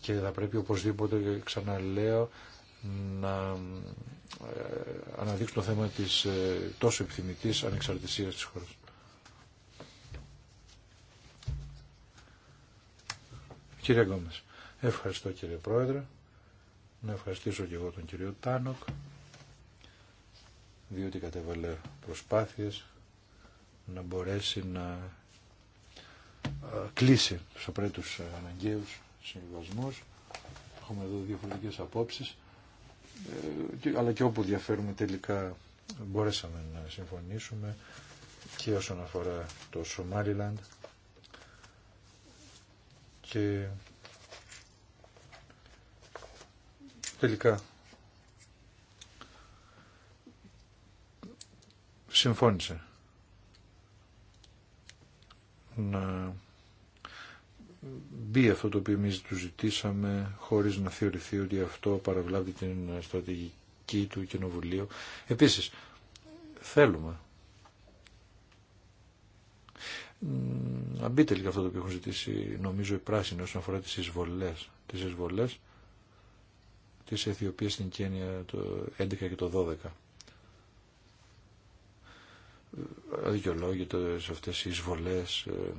και θα πρέπει οπωσδήποτε ξαναλέω να ε, αναδείξουν το θέμα της ε, τόσο επιθυμητής ανεξαρτησίας της χώρας. Κύριε Γκόμες, ευχαριστώ κύριε Πρόεδρε να ευχαριστήσω και εγώ τον κύριο Τάνοκ διότι κατέβαλε προσπάθειες να μπορέσει να ε, κλείσει τους απρέτους ε, αναγκαίους συμβιβασμούς. Έχουμε εδώ διαφορετικές απόψεις, ε, αλλά και όπου διαφέρουμε τελικά μπορέσαμε να συμφωνήσουμε και όσον αφορά το Σομάλιλαντ και τελικά συμφώνησε να μπει αυτό το οποίο εμείς του ζητήσαμε χωρίς να θεωρηθεί ότι αυτό παραβλάβει την στρατηγική του κοινοβουλίου. Επίσης, θέλουμε να μπει τελικά αυτό το οποίο έχουν ζητήσει νομίζω οι πράσινοι όσον αφορά τις εισβολές. Τις εισβολές της Αιθιοπίας στην Κένια το 11 και το 12. Αδικαιολόγητο σε αυτές οι εισβολές ε,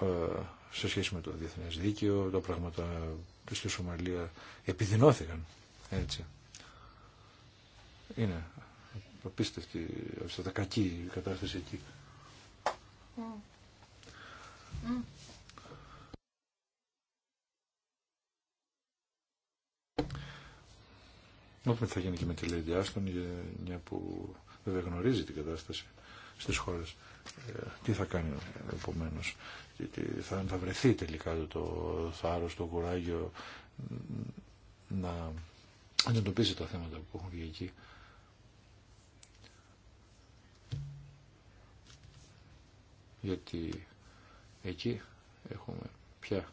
ε, σε σχέση με το διεθνές δίκαιο, τα πράγματα στη Σομαλία επιδεινώθηκαν. Έτσι. Είναι απίστευτη αυτή τα κακή η κατάσταση εκεί. Mm. Mm. Όπω θα γίνει και με τη Λέιντι Άστον, μια που βέβαια γνωρίζει την κατάσταση στις χώρες. Ε, τι θα κάνει επομένω, θα, θα βρεθεί τελικά το, το θάρρος, το κουράγιο να αντιμετωπίσει τα θέματα που έχουν βγει εκεί. Γιατί εκεί έχουμε πια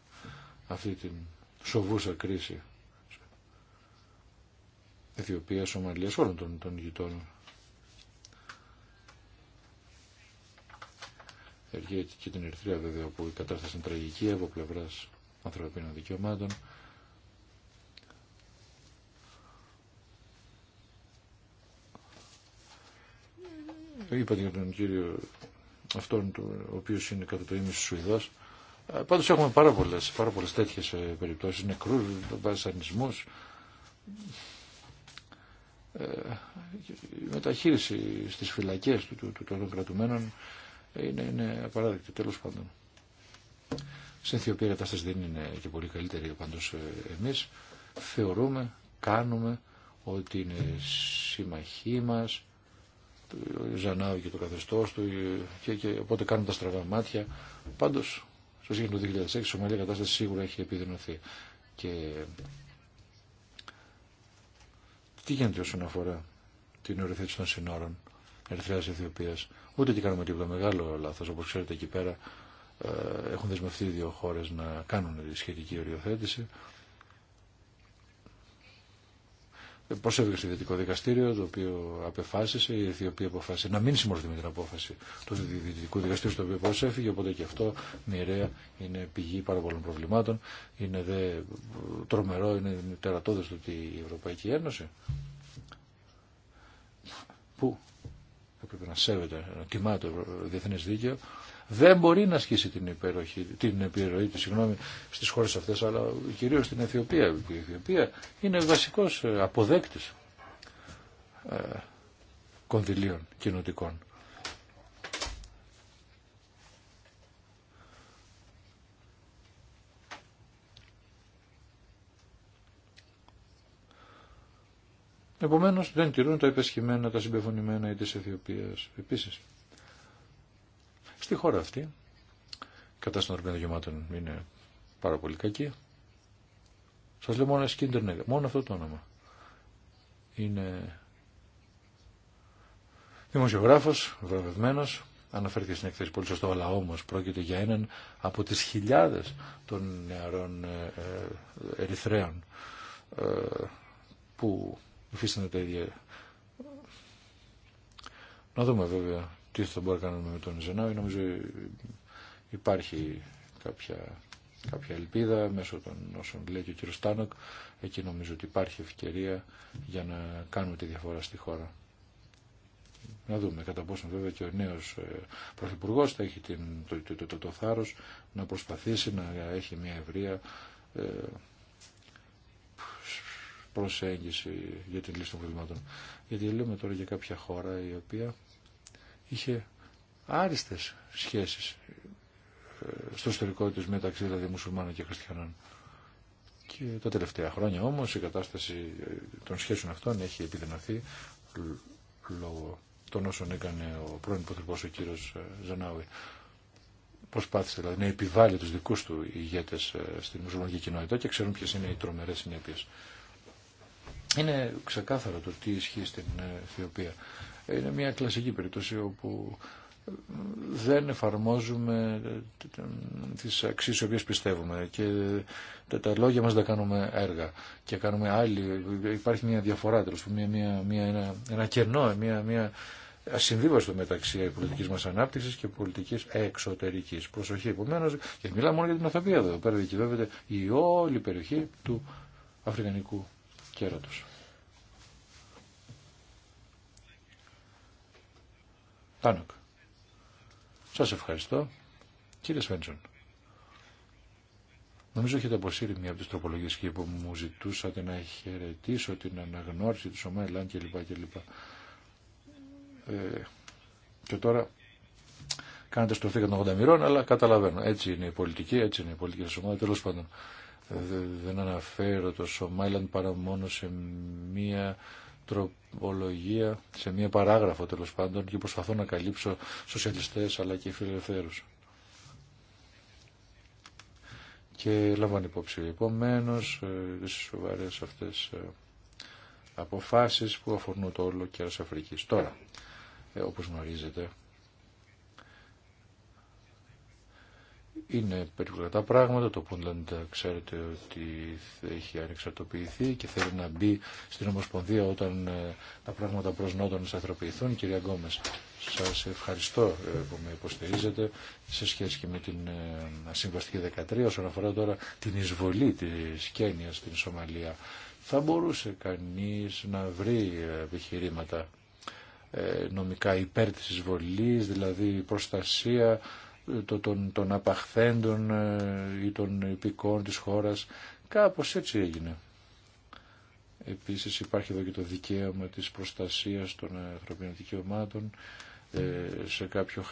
αυτή την σοβούσα κρίση Αιθιοπία, Σομαλία, όλων των, των γειτόνων. Εργία και την Ερυθρία βέβαια που η κατάσταση είναι τραγική από πλευρά ανθρωπίνων δικαιωμάτων. Είπα για τον κύριο αυτόν ο οποίος είναι κατά το ίμιση Σουηδάς. Ε, πάντως έχουμε πάρα πολλές, πάρα πολλές τέτοιες ε, περιπτώσεις, νεκρούς, βασανισμούς. Ε, η μεταχείριση στις φυλακές του, του, των κρατουμένων είναι, είναι απαράδεκτη τέλος πάντων. Στην Θεοπία η κατάσταση δεν είναι και πολύ καλύτερη πάντως ε, εμείς. Θεωρούμε, κάνουμε ότι είναι συμμαχοί μας, ζανάω και το καθεστώς του ε, και, και οπότε κάνουν τα στραβά μάτια. Πάντως, στο σύγχρονο 2006 η Σομαλία κατάσταση σίγουρα έχει επιδεινωθεί. Και τι γίνεται όσον αφορά την οριοθέτηση των συνόρων Ερυθρέας Αιθιοπίας. Ούτε τι κάνουμε τίποτα μεγάλο λάθος, όπως ξέρετε εκεί πέρα ε, έχουν δεσμευτεί οι δύο χώρες να κάνουν τη σχετική οριοθέτηση προσέφηκε στο Ιδιωτικό Δικαστήριο, το οποίο απεφάσισε, η Αιθιοπία αποφάσισε να μην συμμορφωθεί με την απόφαση του Ιδιωτικού Δικαστήριου, το οποίο προσέφηκε, οπότε και αυτό μοιραία είναι πηγή πάρα πολλών προβλημάτων. Είναι δε τρομερό, είναι τερατώδε το ότι η Ευρωπαϊκή Ένωση που έπρεπε να σέβεται, να τιμά το διεθνέ δίκαιο, δεν μπορεί να ασκήσει την, υπεροχή, την επιρροή του συγγνώμη, στις χώρες αυτές, αλλά κυρίως στην Αιθιοπία. Η Αιθιοπία είναι βασικός ε, αποδέκτης ε, κονδυλίων κοινοτικών. Επομένως δεν τηρούν τα υπεσχημένα, τα συμπεφωνημένα ή της Αιθιοπίας επίσης. Στη χώρα αυτή, η κατάσταση των ανθρωπίνων είναι πάρα πολύ κακή. Σας λέω μόνο ένα μόνο αυτό το όνομα. Είναι δημοσιογράφος, βραβευμένος, αναφέρθηκε στην εκθέση πολύ σωστό, αλλά όμως πρόκειται για έναν από τις χιλιάδες των νεαρών ε, ε, Ερυθρέων ε, που υφίστανται τα ίδια. Να δούμε βέβαια τι θα μπορούμε να κάνουμε με τον Ζενάου. Νομίζω υπάρχει κάποια, κάποια ελπίδα μέσω των όσων λέει και ο κύριος Τάνοκ. Εκεί νομίζω ότι υπάρχει ευκαιρία για να κάνουμε τη διαφορά στη χώρα. Να δούμε κατά πόσο βέβαια και ο νέος ε, πρωθυπουργός θα έχει την, το, το, το, το, θάρρος να προσπαθήσει να έχει μια ευρεία ε, προσέγγιση για την λύση των προβλημάτων. Γιατί λέμε τώρα για κάποια χώρα η οποία είχε άριστες σχέσεις ε, στο ιστορικό της μεταξύ δηλαδή μουσουλμάνων και χριστιανών. Και τα τελευταία χρόνια όμως η κατάσταση ε, των σχέσεων αυτών έχει επιδεινωθεί λόγω των όσων έκανε ο πρώην υποθυπός ο κύριος ε, Ζανάουι. Προσπάθησε δηλαδή να επιβάλλει τους δικούς του ηγέτες στην μουσουλμανική κοινότητα και ξέρουν ποιες είναι οι τρομερές συνέπειες. Είναι ξεκάθαρο το τι ισχύει στην Αιθιοπία είναι μια κλασική περίπτωση όπου δεν εφαρμόζουμε τις αξίες οι οποίες πιστεύουμε και τα, λόγια μας τα κάνουμε έργα και κάνουμε άλλη, υπάρχει μια διαφορά τέλος, μια, μια, μια, ένα, ένα κενό, μια, μια μεταξύ πολιτικής μας ανάπτυξης και πολιτικής εξωτερικής. Προσοχή επομένως, και μιλάμε μόνο για την Αθαπία εδώ, πέρα δικηβεύεται η όλη περιοχή του Αφρικανικού κέρατος. Τάνοκ. Σας ευχαριστώ. Κύριε Σβέντζον. Νομίζω έχετε αποσύρει μια από τι τροπολογίε και που μου ζητούσατε να χαιρετήσω την αναγνώριση του Σομαϊλάν κλπ. Ε, και τώρα κάνετε στροφή 180 μοιρών, αλλά καταλαβαίνω. Έτσι είναι η πολιτική, έτσι είναι η πολιτική σα ομάδα. Τέλο πάντων, δεν αναφέρω το Σομαϊλάν παρά μόνο σε μία τροπολογία σε μία παράγραφο τέλο πάντων και προσπαθώ να καλύψω σοσιαλιστές αλλά και φιλελευθέρους. Και λαμβάνει υπόψη επομένω ε, τις σοβαρές αυτές ε, αποφάσεις που αφορούν το όλο κέρας Αφρικής. Τώρα, ε, όπως γνωρίζετε, είναι περίπου τα πράγματα. Το Πούντλαντ ξέρετε ότι έχει ανεξαρτοποιηθεί και θέλει να μπει στην Ομοσπονδία όταν ε, τα πράγματα προσνόταν να σταθεροποιηθούν. Κυρία Γκόμες, σας ευχαριστώ ε, που με υποστηρίζετε σε σχέση και με την ε, Συμβαστική 13 όσον αφορά τώρα την εισβολή της Κένιας στην Σομαλία. Θα μπορούσε κανείς να βρει επιχειρήματα νομικά υπέρ της εισβολής, δηλαδή προστασία των, των απαχθέντων ε, ή των υπηκών της χώρας. Κάπως έτσι έγινε. Επίσης υπάρχει εδώ και το δικαίωμα της προστασίας των ανθρωπίνων δικαιωμάτων ε, σε κάποιο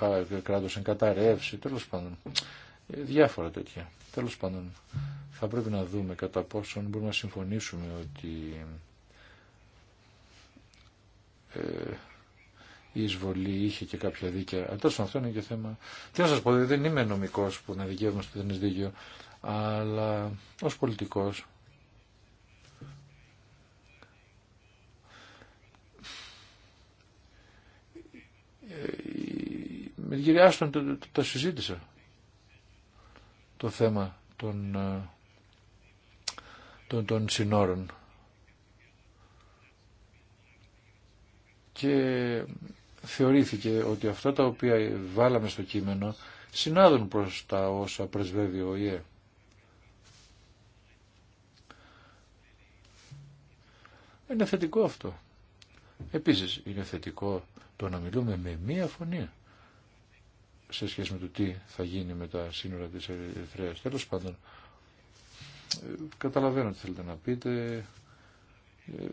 κράτος εγκαταρρεύσει, τέλος πάντων. Ε, διάφορα τέτοια. Τέλος πάντων, θα πρέπει να δούμε κατά πόσον μπορούμε να συμφωνήσουμε ότι η εισβολή είχε και κάποια δίκαια. Αλλά τόσο αυτό είναι και θέμα. Τι να σα πω, δεν είμαι νομικό που να δικαιούμαι στο διεθνές δίκαιο, αλλά ω πολιτικό. με την κυρία Άστον το, το, το, συζήτησα το θέμα των, ε, των, των συνόρων και θεωρήθηκε ότι αυτά τα οποία βάλαμε στο κείμενο συνάδουν προς τα όσα πρεσβεύει ο ΙΕ. Είναι θετικό αυτό. Επίσης είναι θετικό το να μιλούμε με μία φωνή σε σχέση με το τι θα γίνει με τα σύνορα της Ερυθρέας. Τέλος πάντων, ε, καταλαβαίνω τι θέλετε να πείτε, ε,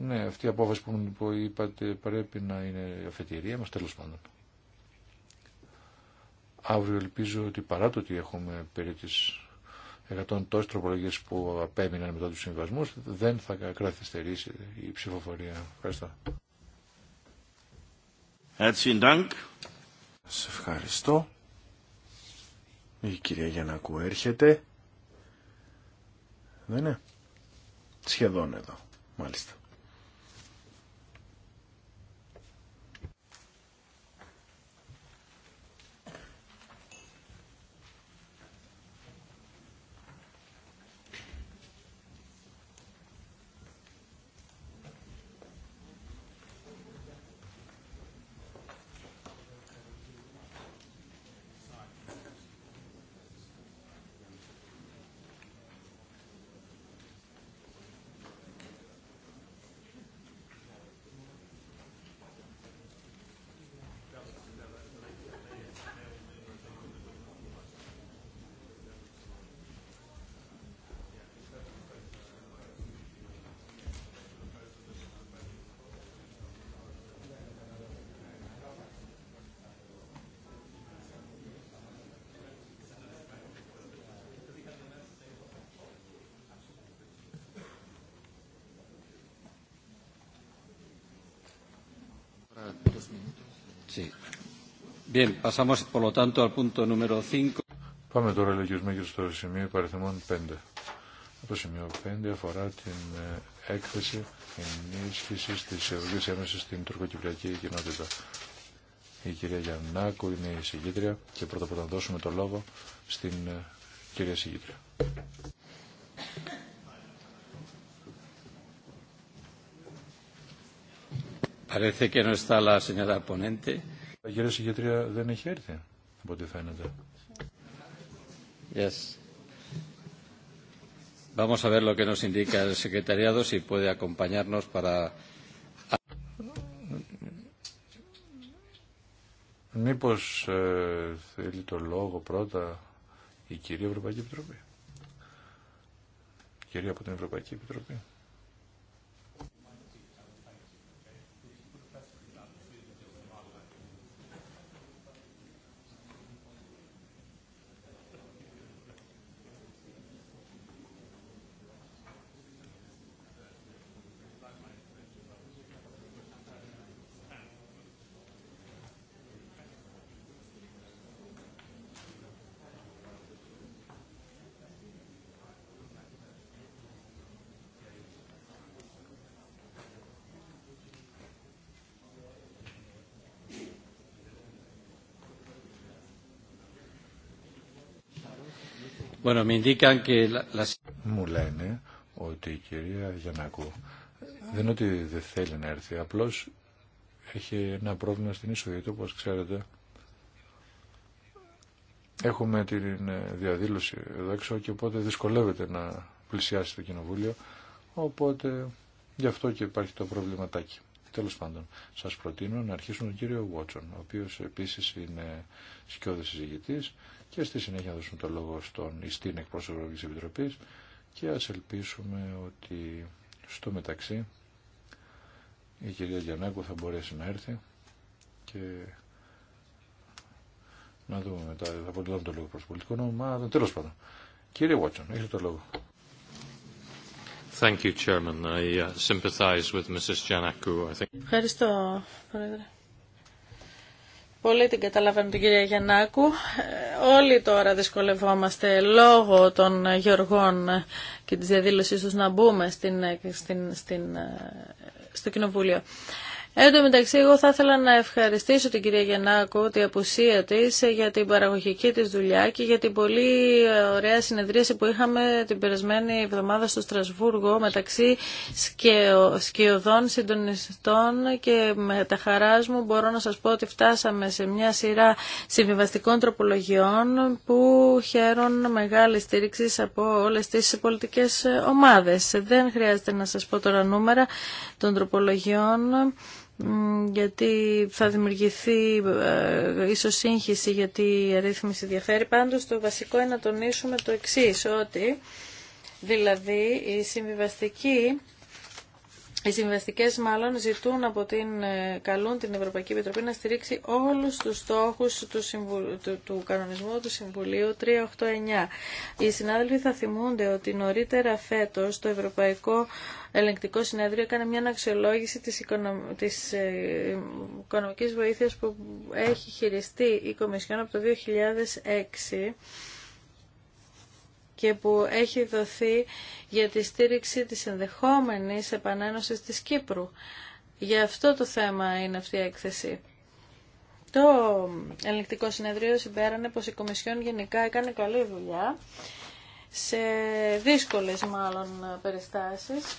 ναι, αυτή η απόφαση που είπατε πρέπει να είναι αφετηρία μας, τέλος πάντων. Αύριο ελπίζω ότι παρά το ότι έχουμε περί τις 100 τόσες τροπολογίες που απέμειναν μετά τους συμβασμούς, δεν θα καθυστερήσει η ψηφοφορία. Ευχαριστώ. Σε ευχαριστώ. Η κυρία Γιαννακού έρχεται. Δεν είναι. Σχεδόν εδώ. Μάλιστα. Πάμε τώρα, λέγιος Μέγιος, στο σημείο υπαριθμών 5. Το σημείο 5 αφορά την ε, έκθεση ενίσχυση τη Ευρωπαϊκή Ένωση στην τουρκοκυπριακή κοινότητα. Η κυρία Γιαννάκου είναι η συγκήτρια και πρώτα απ' όλα δώσουμε το λόγο στην ε, κυρία συγκήτρια. Parece que no está la señora ponente κυρία Συγγετρία δεν έχει έρθει, από ό,τι φαίνεται. Yes. Vamos a ver lo que nos indica el secretariado, si puede acompañarnos para... Μήπως ε, θέλει το λόγο πρώτα η κυρία Ευρωπαϊκή Επιτροπή. κυρία από την Ευρωπαϊκή Επιτροπή. Μου λένε ότι η κυρία Γιαννακού δεν είναι ότι δεν θέλει να έρθει, απλώς έχει ένα πρόβλημα στην είσοδο, του, όπως ξέρετε έχουμε την ε, διαδήλωση εδώ έξω και οπότε δυσκολεύεται να πλησιάσει το κοινοβούλιο, οπότε γι' αυτό και υπάρχει το προβληματάκι. Τέλος πάντων, σας προτείνω να αρχίσουμε τον κύριο Βότσον, ο οποίος επίσης είναι σκιώδης συζητητής και στη συνέχεια δώσουμε το λόγο στον Ιστίν εκπρόσωπο της Επιτροπής και ας ελπίσουμε ότι στο μεταξύ η κυρία Γιαννάκου θα μπορέσει να έρθει και να δούμε μετά, θα απολύτω το λόγο προς πολιτικό νόμο, τέλος πάντων. Κύριε Βότσον, έχετε το λόγο. Uh, Ευχαριστώ, Πρόεδρε. Πολύ την καταλαβαίνω την κυρία Γιαννάκου. Ε, όλοι τώρα δυσκολευόμαστε λόγω των γεωργών και της διαδήλωσή τους να μπούμε στην, στην, στην, ε, στο Κοινοβούλιο. Εν τω μεταξύ, εγώ θα ήθελα να ευχαριστήσω την κυρία Γεννάκο, την απουσία τη, για την παραγωγική τη δουλειά και για την πολύ ε, ωραία συνεδρίαση που είχαμε την περασμένη εβδομάδα στο Στρασβούργο μεταξύ σκιωδών συντονιστών και με τα χαρά μου μπορώ να σα πω ότι φτάσαμε σε μια σειρά συμβιβαστικών τροπολογιών που χαίρον μεγάλη στήριξη από όλε τι πολιτικέ ομάδε. Δεν χρειάζεται να σα πω τώρα νούμερα των τροπολογιών γιατί θα δημιουργηθεί ε, ίσως σύγχυση γιατί η αρρύθμιση διαφέρει. Πάντως το βασικό είναι να τονίσουμε το εξής, ότι δηλαδή η συμβιβαστική οι συμβαστικέ μάλλον ζητούν από την, ε, καλούν την Ευρωπαϊκή Επιτροπή να στηρίξει όλους τους στόχους του, συμβου, του, κανονισμού του Συμβουλίου 389. Οι συνάδελφοι θα θυμούνται ότι νωρίτερα φέτος το Ευρωπαϊκό Ελεγκτικό Συνέδριο έκανε μια αναξιολόγηση της, οικονομική της ε, οικονομικής βοήθειας που έχει χειριστεί η Κομισιόν από το 2006 και που έχει δοθεί για τη στήριξη της ενδεχόμενης επανένωσης της Κύπρου. Για αυτό το θέμα είναι αυτή η έκθεση. Το ελεγκτικό συνεδρίο συμπέρανε πως η Κομισιόν γενικά έκανε καλή δουλειά σε δύσκολες μάλλον περιστάσεις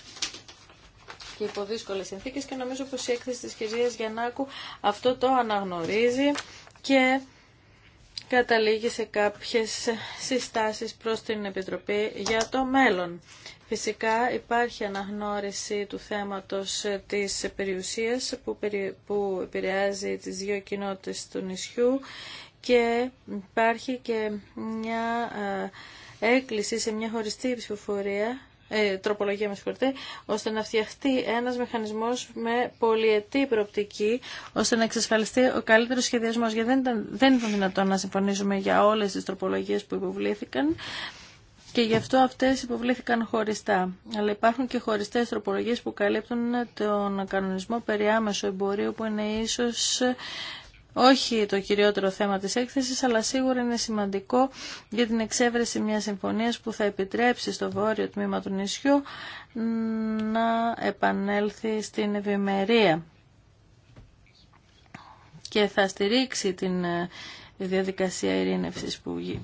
και υπό δύσκολες συνθήκες και νομίζω πως η έκθεση της κυρίας Γιαννάκου αυτό το αναγνωρίζει και καταλήγει σε κάποιες συστάσεις προς την Επιτροπή για το μέλλον. Φυσικά υπάρχει αναγνώριση του θέματος της περιουσίας που επηρεάζει τις δύο κοινότητες του νησιού και υπάρχει και μια ε, έκκληση σε μια χωριστή ψηφοφορία ε, τροπολογία με συγχωρείτε, ώστε να φτιαχτεί ένας μηχανισμός με πολυετή προοπτική, ώστε να εξασφαλιστεί ο καλύτερος σχεδιασμός. Γιατί δεν ήταν, δεν ήταν δυνατόν να συμφωνήσουμε για όλες τις τροπολογίες που υποβλήθηκαν. Και γι' αυτό αυτές υποβλήθηκαν χωριστά. Αλλά υπάρχουν και χωριστές τροπολογίες που καλύπτουν τον κανονισμό περί άμεσου εμπορίου που είναι ίσως όχι το κυριότερο θέμα της έκθεσης, αλλά σίγουρα είναι σημαντικό για την εξέβρεση μιας συμφωνίας που θα επιτρέψει στο βόρειο τμήμα του νησιού να επανέλθει στην ευημερία και θα στηρίξει την ε, διαδικασία ειρήνευσης που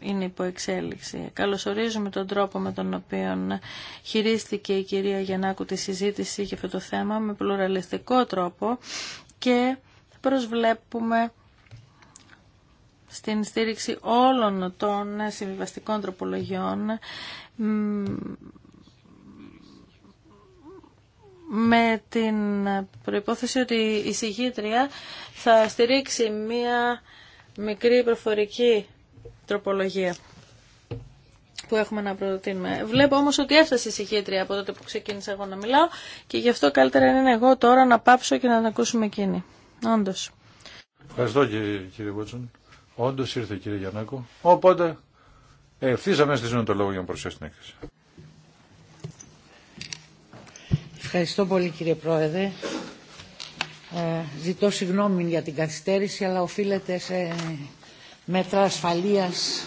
είναι υπό εξέλιξη. Καλωσορίζουμε τον τρόπο με τον οποίο χειρίστηκε η κυρία Γιαννάκου τη συζήτηση για αυτό το θέμα με πλουραλιστικό τρόπο και προσβλέπουμε στην στήριξη όλων των συμβιβαστικών τροπολογιών με την προϋπόθεση ότι η συγγήτρια θα στηρίξει μία μικρή προφορική τροπολογία που έχουμε να προτείνουμε. Βλέπω όμως ότι έφτασε η συγχύτρια από τότε που ξεκίνησα εγώ να μιλάω και γι' αυτό καλύτερα είναι εγώ τώρα να πάψω και να την ακούσουμε εκείνη. Όντω. Ευχαριστώ κύριε, κύριε Βότσον. Όντω ήρθε κύριε Γιαννάκο. Οπότε ευθύ αμέσω το λόγο για να προσθέσει την έκθεση. Ευχαριστώ πολύ κύριε Πρόεδρε. Ε, ζητώ συγγνώμη για την καθυστέρηση αλλά οφείλεται σε μέτρα ασφαλείας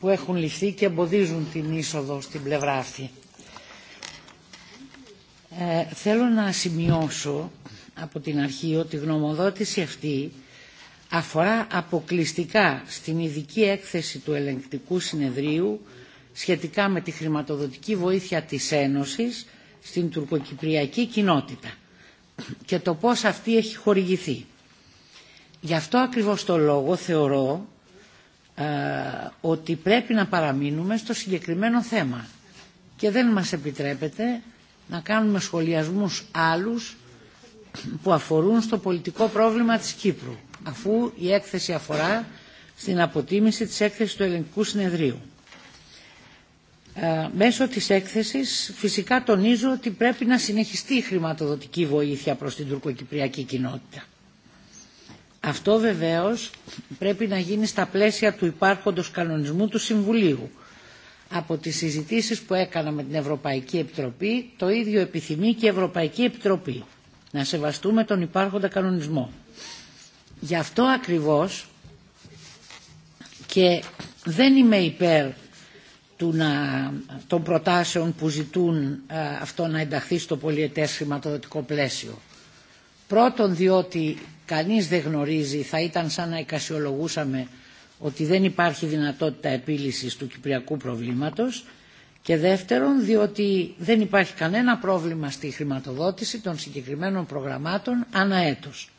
που έχουν ληφθεί και εμποδίζουν την είσοδο στην πλευρά αυτή. Ε, θέλω να σημειώσω από την αρχή ότι η γνωμοδότηση αυτή αφορά αποκλειστικά στην ειδική έκθεση του ελεγκτικού συνεδρίου σχετικά με τη χρηματοδοτική βοήθεια της Ένωσης στην τουρκοκυπριακή κοινότητα και το πώς αυτή έχει χορηγηθεί. Γι' αυτό ακριβώς το λόγο θεωρώ ε, ότι πρέπει να παραμείνουμε στο συγκεκριμένο θέμα και δεν μας επιτρέπεται να κάνουμε σχολιασμούς άλλους που αφορούν στο πολιτικό πρόβλημα της Κύπρου, αφού η έκθεση αφορά στην αποτίμηση της έκθεσης του Ελληνικού Συνεδρίου. Ε, μέσω της έκθεσης φυσικά τονίζω ότι πρέπει να συνεχιστεί η χρηματοδοτική βοήθεια προς την τουρκοκυπριακή κοινότητα. Αυτό βεβαίως πρέπει να γίνει στα πλαίσια του υπάρχοντος κανονισμού του Συμβουλίου. Από τις συζητήσεις που έκανα με την Ευρωπαϊκή Επιτροπή, το ίδιο επιθυμεί και η Ευρωπαϊκή Επιτροπή να σεβαστούμε τον υπάρχοντα κανονισμό. Γι' αυτό ακριβώς και δεν είμαι υπέρ του να, των προτάσεων που ζητούν ε, αυτό να ενταχθεί στο πολιετές χρηματοδοτικό πλαίσιο. Πρώτον διότι κανείς δεν γνωρίζει, θα ήταν σαν να εικασιολογούσαμε ότι δεν υπάρχει δυνατότητα επίλυσης του κυπριακού προβλήματος και δεύτερον διότι δεν υπάρχει κανένα πρόβλημα στη χρηματοδότηση των συγκεκριμένων προγραμμάτων ανά έτος.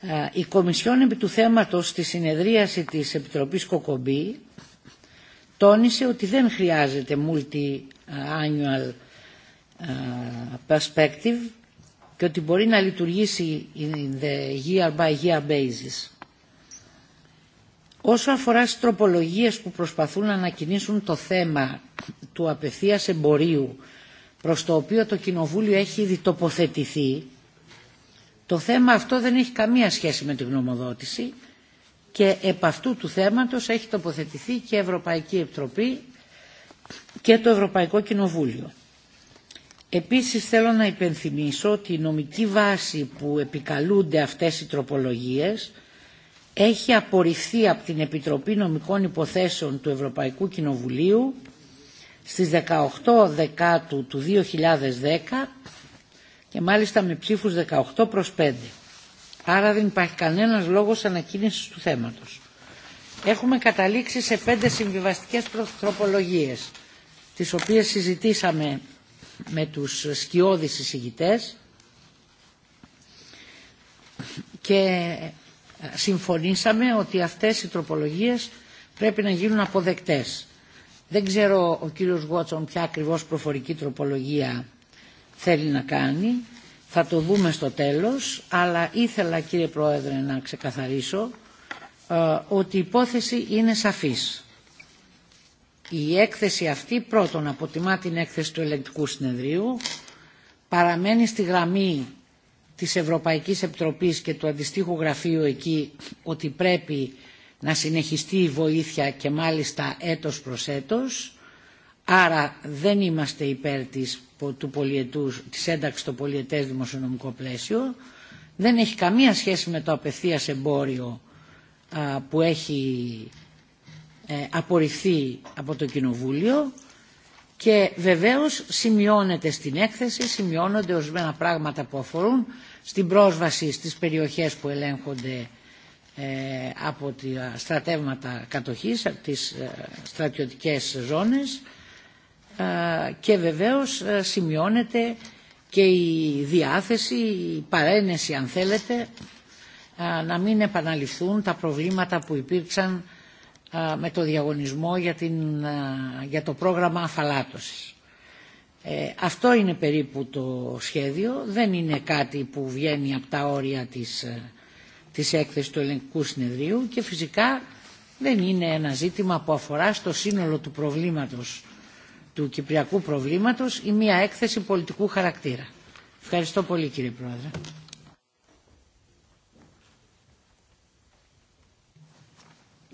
Ε, η Κομισιόν επί του θέματος στη συνεδρίαση της Επιτροπής Κοκομπή τόνισε ότι δεν χρειάζεται multi-annual ε, perspective και ότι μπορεί να λειτουργήσει in the year by year basis. Όσο αφορά στις τροπολογίες που προσπαθούν να ανακοινήσουν το θέμα του απευθείας εμπορίου προς το οποίο το Κοινοβούλιο έχει ήδη τοποθετηθεί, το θέμα αυτό δεν έχει καμία σχέση με την γνωμοδότηση και επ' αυτού του θέματος έχει τοποθετηθεί και η Ευρωπαϊκή Επιτροπή και το Ευρωπαϊκό Κοινοβούλιο. Επίσης θέλω να υπενθυμίσω ότι η νομική βάση που επικαλούνται αυτές οι τροπολογίες έχει απορριφθεί από την Επιτροπή Νομικών Υποθέσεων του Ευρωπαϊκού Κοινοβουλίου στις 18 Δεκάτου του 2010 και μάλιστα με ψήφους 18 προς 5. Άρα δεν υπάρχει κανένας λόγος ανακοίνησης του θέματος. Έχουμε καταλήξει σε πέντε συμβιβαστικές τροπολογίες τις οποίες συζητήσαμε με τους σκιώδεις εισηγητές και συμφωνήσαμε ότι αυτές οι τροπολογίες πρέπει να γίνουν αποδεκτές. Δεν ξέρω ο κύριος Γότσον ποια ακριβώς προφορική τροπολογία θέλει να κάνει. Θα το δούμε στο τέλος, αλλά ήθελα κύριε Πρόεδρε να ξεκαθαρίσω ε, ότι η υπόθεση είναι σαφής. Η έκθεση αυτή πρώτον αποτιμά την έκθεση του ελεγκτικού συνεδρίου, παραμένει στη γραμμή της Ευρωπαϊκής Επιτροπής και του αντιστοίχου γραφείου εκεί ότι πρέπει να συνεχιστεί η βοήθεια και μάλιστα έτος προς έτος. Άρα δεν είμαστε υπέρ της, του της ένταξης στο πολιετές δημοσιονομικό πλαίσιο. Δεν έχει καμία σχέση με το απευθείας εμπόριο που έχει ε, απορριφθεί από το Κοινοβούλιο και βεβαίως σημειώνεται στην έκθεση, σημειώνονται ορισμένα πράγματα που αφορούν στην πρόσβαση στις περιοχές που ελέγχονται ε, από τα ε, στρατεύματα κατοχής, από ε, τις στρατιωτικές ζώνες και βεβαίως σημειώνεται και η διάθεση, η παρένεση αν θέλετε να μην επαναληφθούν τα προβλήματα που υπήρξαν με το διαγωνισμό για, την, για το πρόγραμμα αφαλάτωσης. Ε, αυτό είναι περίπου το σχέδιο. Δεν είναι κάτι που βγαίνει από τα όρια της, της έκθεσης του Ελληνικού συνεδρίου και φυσικά δεν είναι ένα ζήτημα που αφορά στο σύνολο του προβλήματος, του κυπριακού προβλήματος ή μια έκθεση πολιτικού χαρακτήρα. Ευχαριστώ πολύ κύριε Πρόεδρε.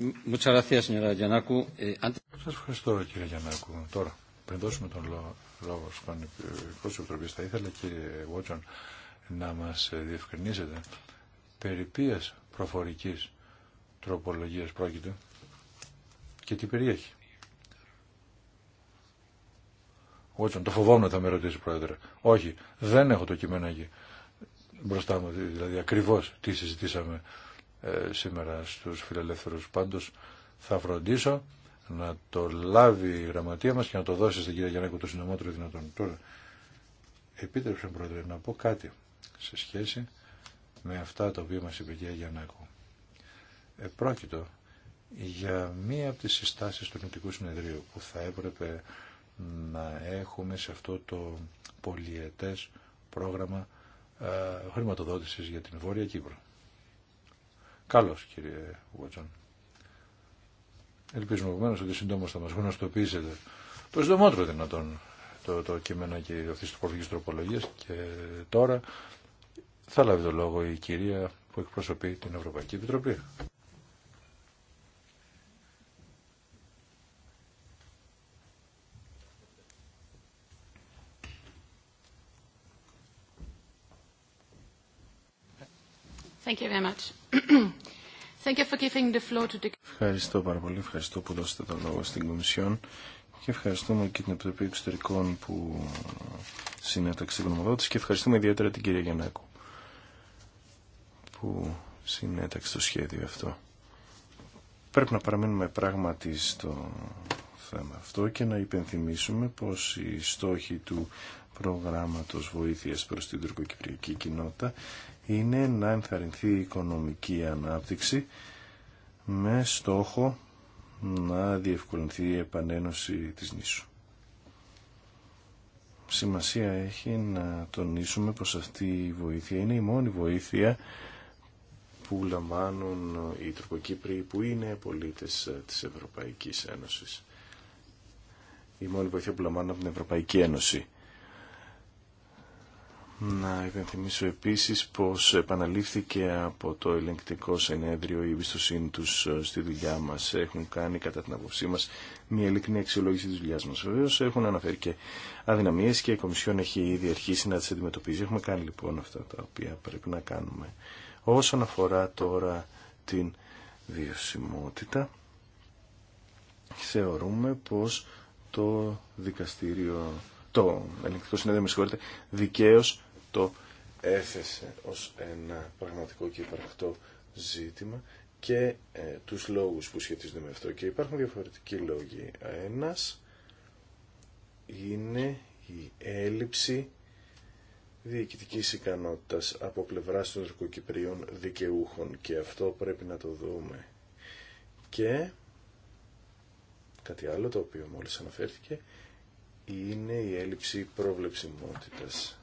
Eh, Σας ευχαριστώ κύριε Γιαννάκου. Τώρα, πριν δώσουμε τον λόγο στον Υπουργό Επιτροπή, θα ήθελα κύριε Βότσον να μας ε, διευκρινίσετε περί ποιες προφορικής τροπολογίας πρόκειται και τι περιέχει. Βότσον, το φοβόμουν θα με ρωτήσει πρόεδρε. Όχι, δεν έχω το κείμενο εκεί μπροστά μου, δηλαδή ακριβώς τι συζητήσαμε ε, σήμερα στους φιλελεύθερους. Πάντως θα φροντίσω να το λάβει η γραμματεία μας και να το δώσει στην κυρία Γιαννάκο το συντομότερο δυνατόν. Τώρα, επίτρεψε πρόεδρε να πω κάτι σε σχέση με αυτά τα οποία μας είπε η κυρία Γιαννάκο. Πρόκειτο για μία από τις συστάσεις του Νοτικού Συνεδρίου που θα έπρεπε να έχουμε σε αυτό το πολιετές πρόγραμμα ε, χρηματοδότησης για την Βόρεια Κύπρο. Καλώς κύριε Βουατσόν. Ελπίζουμε επομένω ότι συντόμω θα μας γνωστοποιήσετε το συντομότερο δυνατόν το, το κείμενο και αυτή τη πολιτική τροπολογία και τώρα θα λάβει το λόγο η κυρία που εκπροσωπεί την Ευρωπαϊκή Επιτροπή. Ευχαριστώ πάρα πολύ. Ευχαριστώ που δώσατε το λόγο στην Κομισιόν και ευχαριστούμε και την Επιτροπή Εξωτερικών που συνέταξε την γνωμοδότηση και ευχαριστούμε ιδιαίτερα την κυρία Γιαννάκου που συνέταξε το σχέδιο αυτό. Πρέπει να παραμείνουμε πράγματι στο θέμα αυτό και να υπενθυμίσουμε πως οι στόχοι του προγράμματος βοήθειας προς την τουρκοκυπριακή κοινότητα είναι να ενθαρρυνθεί η οικονομική ανάπτυξη με στόχο να διευκολυνθεί η επανένωση της νήσου. Σημασία έχει να τονίσουμε πως αυτή η βοήθεια είναι η μόνη βοήθεια που λαμβάνουν οι Τουρκοκύπροι που είναι πολίτες της Ευρωπαϊκής Ένωσης. Η μόνη βοήθεια που λαμβάνουν από την Ευρωπαϊκή Ένωση. Να υπενθυμίσω επίσης πως επαναλήφθηκε από το ελεγκτικό συνέδριο η εμπιστοσύνη τους ε, στη δουλειά μας. Έχουν κάνει κατά την απόψή μας μια ειλικρινή αξιολόγηση της δουλειάς μας. Βεβαίως έχουν αναφέρει και αδυναμίες και η Κομισιόν έχει ήδη αρχίσει να τις αντιμετωπίζει. Έχουμε κάνει λοιπόν αυτά τα οποία πρέπει να κάνουμε. Όσον αφορά τώρα την βιωσιμότητα, θεωρούμε πως το δικαστήριο το ελεγκτικό συνέδριο, με συγχωρείτε, δικαίως το έθεσε ως ένα πραγματικό και υπαρκτό ζήτημα και ε, τους λόγους που σχετίζονται με αυτό. Και υπάρχουν διαφορετικοί λόγοι. Ένας είναι η έλλειψη διοικητικής ικανότητας από πλευράς των Τουρκοκυπρίων δικαιούχων και αυτό πρέπει να το δούμε. Και κάτι άλλο το οποίο μόλις αναφέρθηκε είναι η έλλειψη προβλεψιμότητας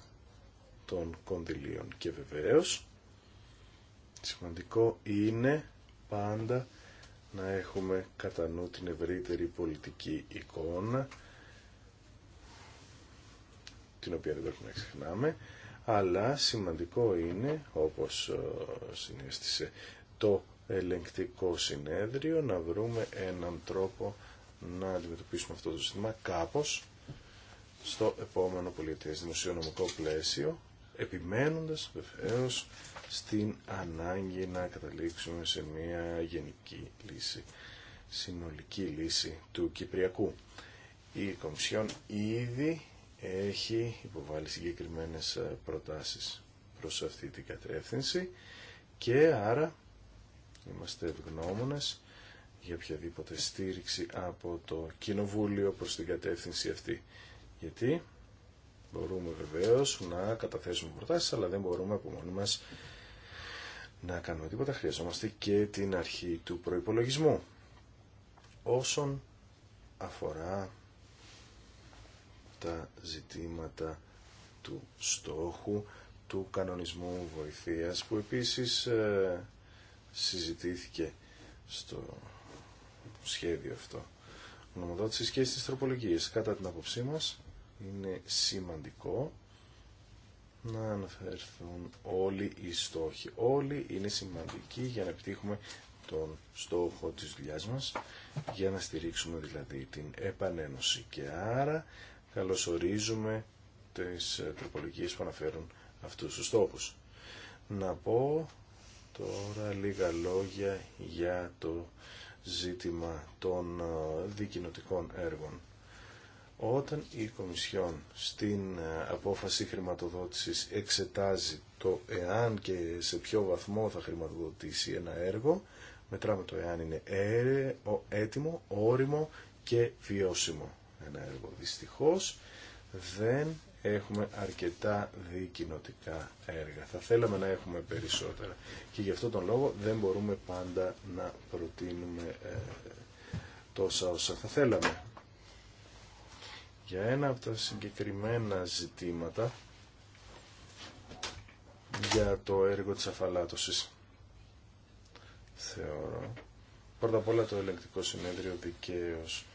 των κονδυλίων. Και βεβαίως, σημαντικό είναι πάντα να έχουμε κατά νου την ευρύτερη πολιτική εικόνα, την οποία δεν πρέπει να ξεχνάμε, αλλά σημαντικό είναι, όπως ε, συνέστησε το ελεγκτικό συνέδριο, να βρούμε έναν τρόπο να αντιμετωπίσουμε αυτό το ζήτημα κάπως στο επόμενο πολιτές δημοσιονομικό πλαίσιο επιμένοντας βεβαίως στην ανάγκη να καταλήξουμε σε μια γενική λύση, συνολική λύση του Κυπριακού. Η Κομισιόν ήδη έχει υποβάλει συγκεκριμένες ε, προτάσεις προς αυτή την κατεύθυνση και άρα είμαστε ευγνώμονες για οποιαδήποτε στήριξη από το Κοινοβούλιο προς την κατεύθυνση αυτή. Γιατί Μπορούμε βεβαίω να καταθέσουμε προτάσει, αλλά δεν μπορούμε από μόνοι μα να κάνουμε τίποτα. Χρειαζόμαστε και την αρχή του προπολογισμού, Όσον αφορά τα ζητήματα του στόχου, του κανονισμού βοηθείας, που επίσης ε, συζητήθηκε στο σχέδιο αυτό νομοδότησης και στις τροπολογίες. Κατά την άποψή μας, είναι σημαντικό να αναφερθούν όλοι οι στόχοι. Όλοι είναι σημαντικοί για να επιτύχουμε τον στόχο της δουλειάς μας, για να στηρίξουμε δηλαδή την επανένωση. Και άρα καλωσορίζουμε τις ε, τροπολογίες που αναφέρουν αυτούς τους στόχους. Να πω τώρα λίγα λόγια για το ζήτημα των ε, δικοινοτικών έργων. Όταν η Κομισιόν στην ε, απόφαση χρηματοδότησης εξετάζει το εάν και σε ποιο βαθμό θα χρηματοδοτήσει ένα έργο, μετράμε το εάν είναι έτοιμο, όριμο και βιώσιμο ένα έργο. Δυστυχώς δεν έχουμε αρκετά δικοινοτικά έργα. Θα θέλαμε να έχουμε περισσότερα. Και γι' αυτό τον λόγο δεν μπορούμε πάντα να προτείνουμε ε, τόσα όσα θα θέλαμε. Για ένα από τα συγκεκριμένα ζητήματα για το έργο της αφαλάτωσης. Θεωρώ. Πρώτα απ' όλα το ελεγκτικό συνέδριο δικαίως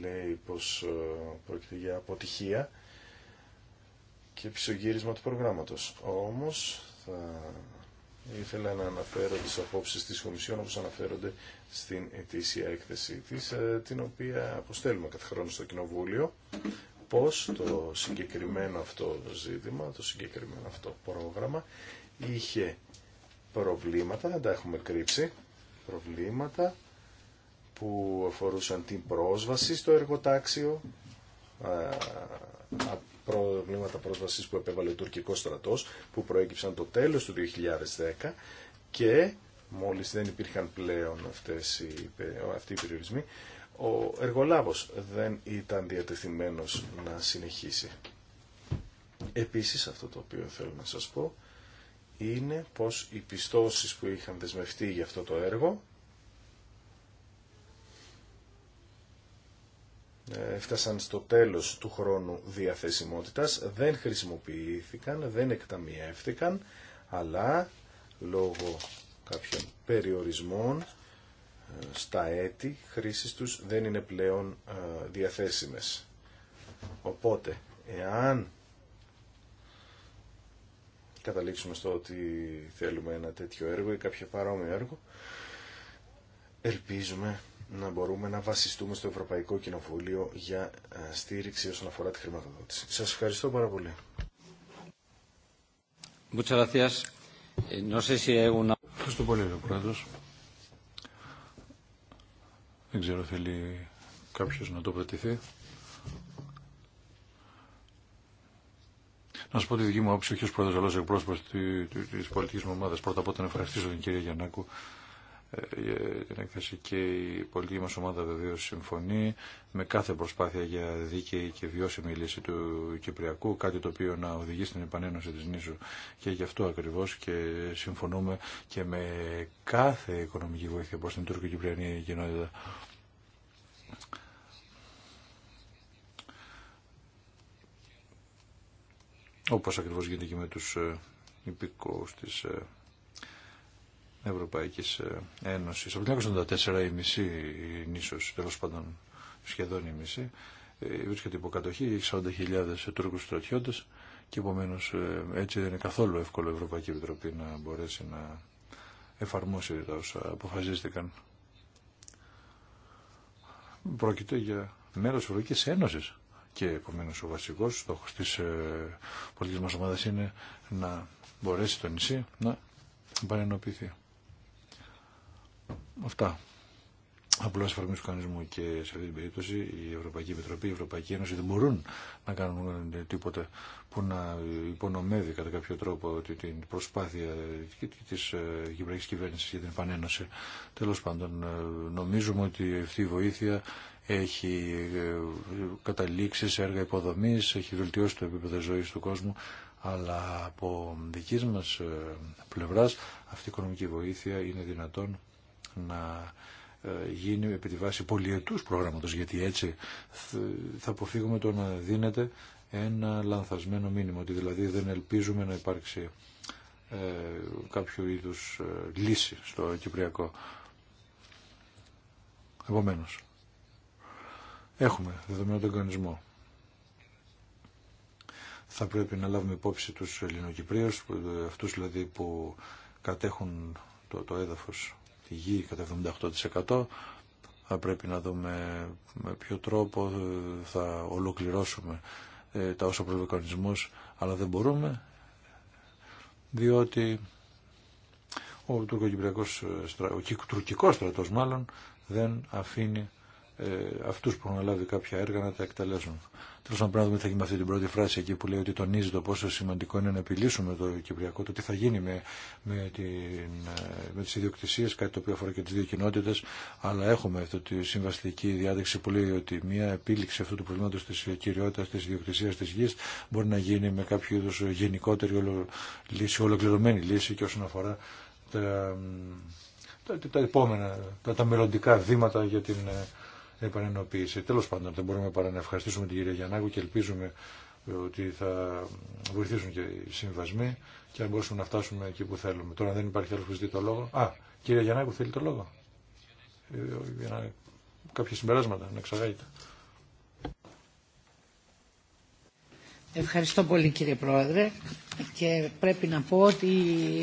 λέει πως ε, πρόκειται για αποτυχία και πισωγύρισμα του προγράμματος. Όμως θα ήθελα να αναφέρω τις απόψεις της Κομισιόν όπως αναφέρονται στην ετήσια έκθεση της, ε, την οποία αποστέλουμε κάθε χρόνο στο Κοινοβούλιο, πώς το συγκεκριμένο αυτό ζήτημα, το συγκεκριμένο αυτό πρόγραμμα είχε προβλήματα, δεν τα έχουμε κρύψει, προβλήματα που αφορούσαν την πρόσβαση στο εργοτάξιο, προβλήματα πρόσβασης που επέβαλε ο τουρκικός στρατός που προέκυψαν το τέλος του 2010 και μόλις δεν υπήρχαν πλέον αυτές οι, αυτοί οι περιορισμοί ο εργολάβος δεν ήταν διατεθειμένος να συνεχίσει. Επίσης αυτό το οποίο θέλω να σας πω είναι πως οι πιστώσεις που είχαν δεσμευτεί για αυτό το έργο Ε, έφτασαν στο τέλος του χρόνου διαθεσιμότητας, δεν χρησιμοποιήθηκαν, δεν εκταμιεύτηκαν, αλλά λόγω κάποιων περιορισμών ε, στα έτη χρήσης τους δεν είναι πλέον ε, διαθέσιμες. Οπότε, εάν καταλήξουμε στο ότι θέλουμε ένα τέτοιο έργο ή κάποιο παρόμοιο έργο, ελπίζουμε να μπορούμε να βασιστούμε στο Ευρωπαϊκό Κοινοβούλιο για ε, στήριξη όσον αφορά τη χρηματοδότηση. Σας ευχαριστώ πάρα πολύ. Eh, ευχαριστώ πολύ, ο Πρόεδρος. Δεν ξέρω, θέλει κάποιος να το πρατηθεί. Να σου πω τη δική μου άποψη, όχι ως πρόεδρος, αλλά ως εκπρόσωπος της πολιτικής μου ομάδας. Πρώτα απ' όλα ευχαριστήσω την κυρία Γιαννάκου ε, ε, την έκθεση και η πολιτική μας ομάδα βεβαίως συμφωνεί με κάθε προσπάθεια για δίκαιη και βιώσιμη λύση του Κυπριακού, κάτι το οποίο να οδηγεί στην επανένωση της νήσου και γι' αυτό ακριβώς και συμφωνούμε και με κάθε οικονομική βοήθεια προς την τουρκο-κυπριανή κοινότητα. Όπως ακριβώς γίνεται και με τους ε, υπηκόους της Ευρωπαϊκή ε, Ένωση, Από το 1984 η μισή νήσο, τέλο πάντων σχεδόν η μισή, ε, βρίσκεται υπό κατοχή, 40.000 Τούρκου στρατιώτε και επομένω ε, έτσι δεν είναι καθόλου εύκολο η Ευρωπαϊκή Επιτροπή να μπορέσει να εφαρμόσει τα όσα αποφασίστηκαν. Πρόκειται για μέρο τη Ευρωπαϊκή Ένωσης και επομένω ο βασικό στόχος της ε, πολιτικής μας ομάδας είναι να μπορέσει το νησί να επανενοποιηθεί. Αυτά. Απλώ εφαρμίζω του μου και σε αυτή την περίπτωση η Ευρωπαϊκή Επιτροπή, η Ευρωπαϊκή Ένωση δεν μπορούν να κάνουν τίποτα που να υπονομεύει κατά κάποιο τρόπο την προσπάθεια τη Κυπριακή ε, Κυβέρνηση για την επανένωση. Τέλο πάντων, ε, νομίζουμε ότι αυτή η βοήθεια έχει ε, καταλήξει σε έργα υποδομή, έχει βελτιώσει το επίπεδο ζωή του κόσμου, αλλά από δική μα πλευρά αυτή η οικονομική βοήθεια είναι δυνατόν να ε, γίνει επί τη βάση πολιετούς προγράμματος γιατί έτσι θα αποφύγουμε το να δίνεται ένα λανθασμένο μήνυμα ότι δηλαδή δεν ελπίζουμε να υπάρξει ε, κάποιο είδους ε, λύση στο Κυπριακό. Επομένως, έχουμε δεδομένο τον κανονισμό. Θα πρέπει να λάβουμε υπόψη τους Ελληνοκυπρίους, ε, αυτούς δηλαδή που κατέχουν το, το έδαφος γη κατά 78%. Θα πρέπει να δούμε με ποιο τρόπο θα ολοκληρώσουμε ε, τα όσα προβλεκονισμούς, αλλά δεν μπορούμε, διότι ο τουρκοκυπριακός, ε, ο τουρκικός στρατός μάλλον, δεν αφήνει ε, αυτού που έχουν λάβει κάποια έργα να τα εκτελέσουν. Τέλο, να πρέπει να δούμε τι θα γίνει με αυτή την πρώτη φράση εκεί που λέει ότι τονίζει το πόσο σημαντικό είναι να επιλύσουμε το Κυπριακό, το τι θα γίνει με, με, την, ε, με τι ιδιοκτησίε, κάτι το οποίο αφορά και τι δύο κοινότητε. Αλλά έχουμε αυτή τη συμβαστική διάδεξη που λέει ότι μια επίλυξη αυτού του προβλήματο τη κυριότητα, τη ιδιοκτησία τη γη μπορεί να γίνει με κάποιο είδου γενικότερη λύση, ολοκληρωμένη λύση και όσον αφορά τα, τα, τα επόμενα, τα μελλοντικά βήματα για την ε, επανενοποίηση. Τέλο πάντων, δεν μπορούμε παρά να ευχαριστήσουμε την κυρία Γιαννάκου και ελπίζουμε ε, ότι θα βοηθήσουν και οι συμβασμοί και να μπορούμε να φτάσουμε εκεί που θέλουμε. Τώρα δεν υπάρχει άλλο που ζητεί το λόγο. Α, κυρία Γιαννάκου θέλει το λόγο. Ε, για να... Κάποια συμπεράσματα να εξαγάγεται. Ευχαριστώ πολύ κύριε Πρόεδρε και πρέπει να πω ότι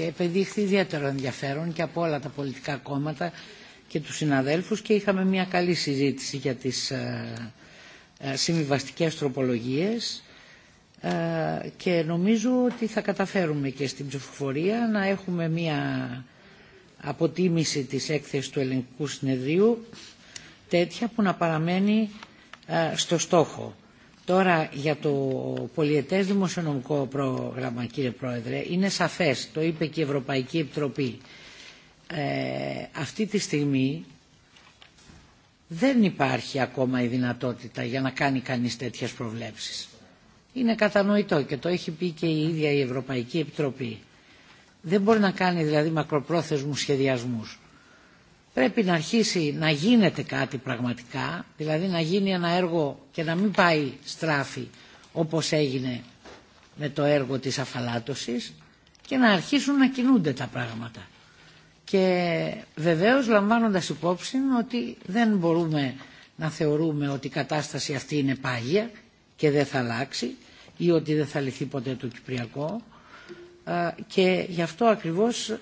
επεδείχθη ιδιαίτερο ενδιαφέρον και από όλα τα πολιτικά κόμματα και τους συναδέλφους και είχαμε μια καλή συζήτηση για τις ε, ε, συμβιβαστικές τροπολογίες ε, και νομίζω ότι θα καταφέρουμε και στην ψηφοφορία να έχουμε μια αποτίμηση της έκθεσης του ελληνικού συνεδρίου τέτοια που να παραμένει στο στόχο. Τώρα για το πολιετές δημοσιονομικό πρόγραμμα κύριε Πρόεδρε είναι σαφές, το είπε και η Ευρωπαϊκή Επιτροπή ε, αυτή τη στιγμή δεν υπάρχει ακόμα η δυνατότητα για να κάνει κανείς τέτοιες προβλέψεις. Είναι κατανοητό και το έχει πει και η ίδια η Ευρωπαϊκή Επιτροπή. Δεν μπορεί να κάνει δηλαδή μακροπρόθεσμους σχεδιασμούς. Πρέπει να αρχίσει να γίνεται κάτι πραγματικά, δηλαδή να γίνει ένα έργο και να μην πάει στράφη όπως έγινε με το έργο της αφαλάτωσης και να αρχίσουν να κινούνται τα πράγματα και βεβαίως λαμβάνοντας υπόψη ότι δεν μπορούμε να θεωρούμε ότι η κατάσταση αυτή είναι πάγια και δεν θα αλλάξει ή ότι δεν θα λυθεί ποτέ το Κυπριακό και γι' αυτό ακριβώς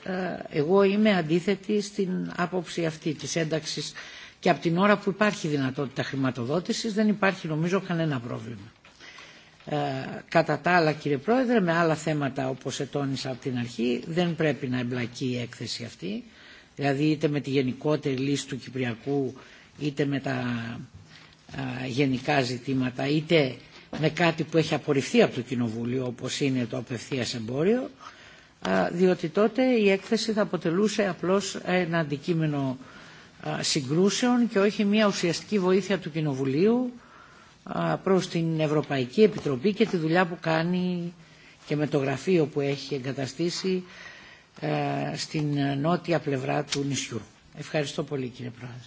εγώ είμαι αντίθετη στην άποψη αυτή της ένταξης και από την ώρα που υπάρχει δυνατότητα χρηματοδότησης δεν υπάρχει νομίζω κανένα πρόβλημα. Ε, κατά τα άλλα κύριε Πρόεδρε με άλλα θέματα όπως ετώνησα από την αρχή δεν πρέπει να εμπλακεί η έκθεση αυτή δηλαδή είτε με τη γενικότερη λύση του Κυπριακού είτε με τα γενικά ζητήματα είτε με κάτι που έχει απορριφθεί από το Κοινοβούλιο όπως είναι το απευθείας εμπόριο διότι τότε η έκθεση θα αποτελούσε απλώς ένα αντικείμενο συγκρούσεων και όχι μια ουσιαστική βοήθεια του Κοινοβουλίου προς την Ευρωπαϊκή Επιτροπή και τη δουλειά που κάνει και με το γραφείο που έχει εγκαταστήσει ε, στην νότια πλευρά του νησιού. Ευχαριστώ πολύ κύριε Πρόεδρε.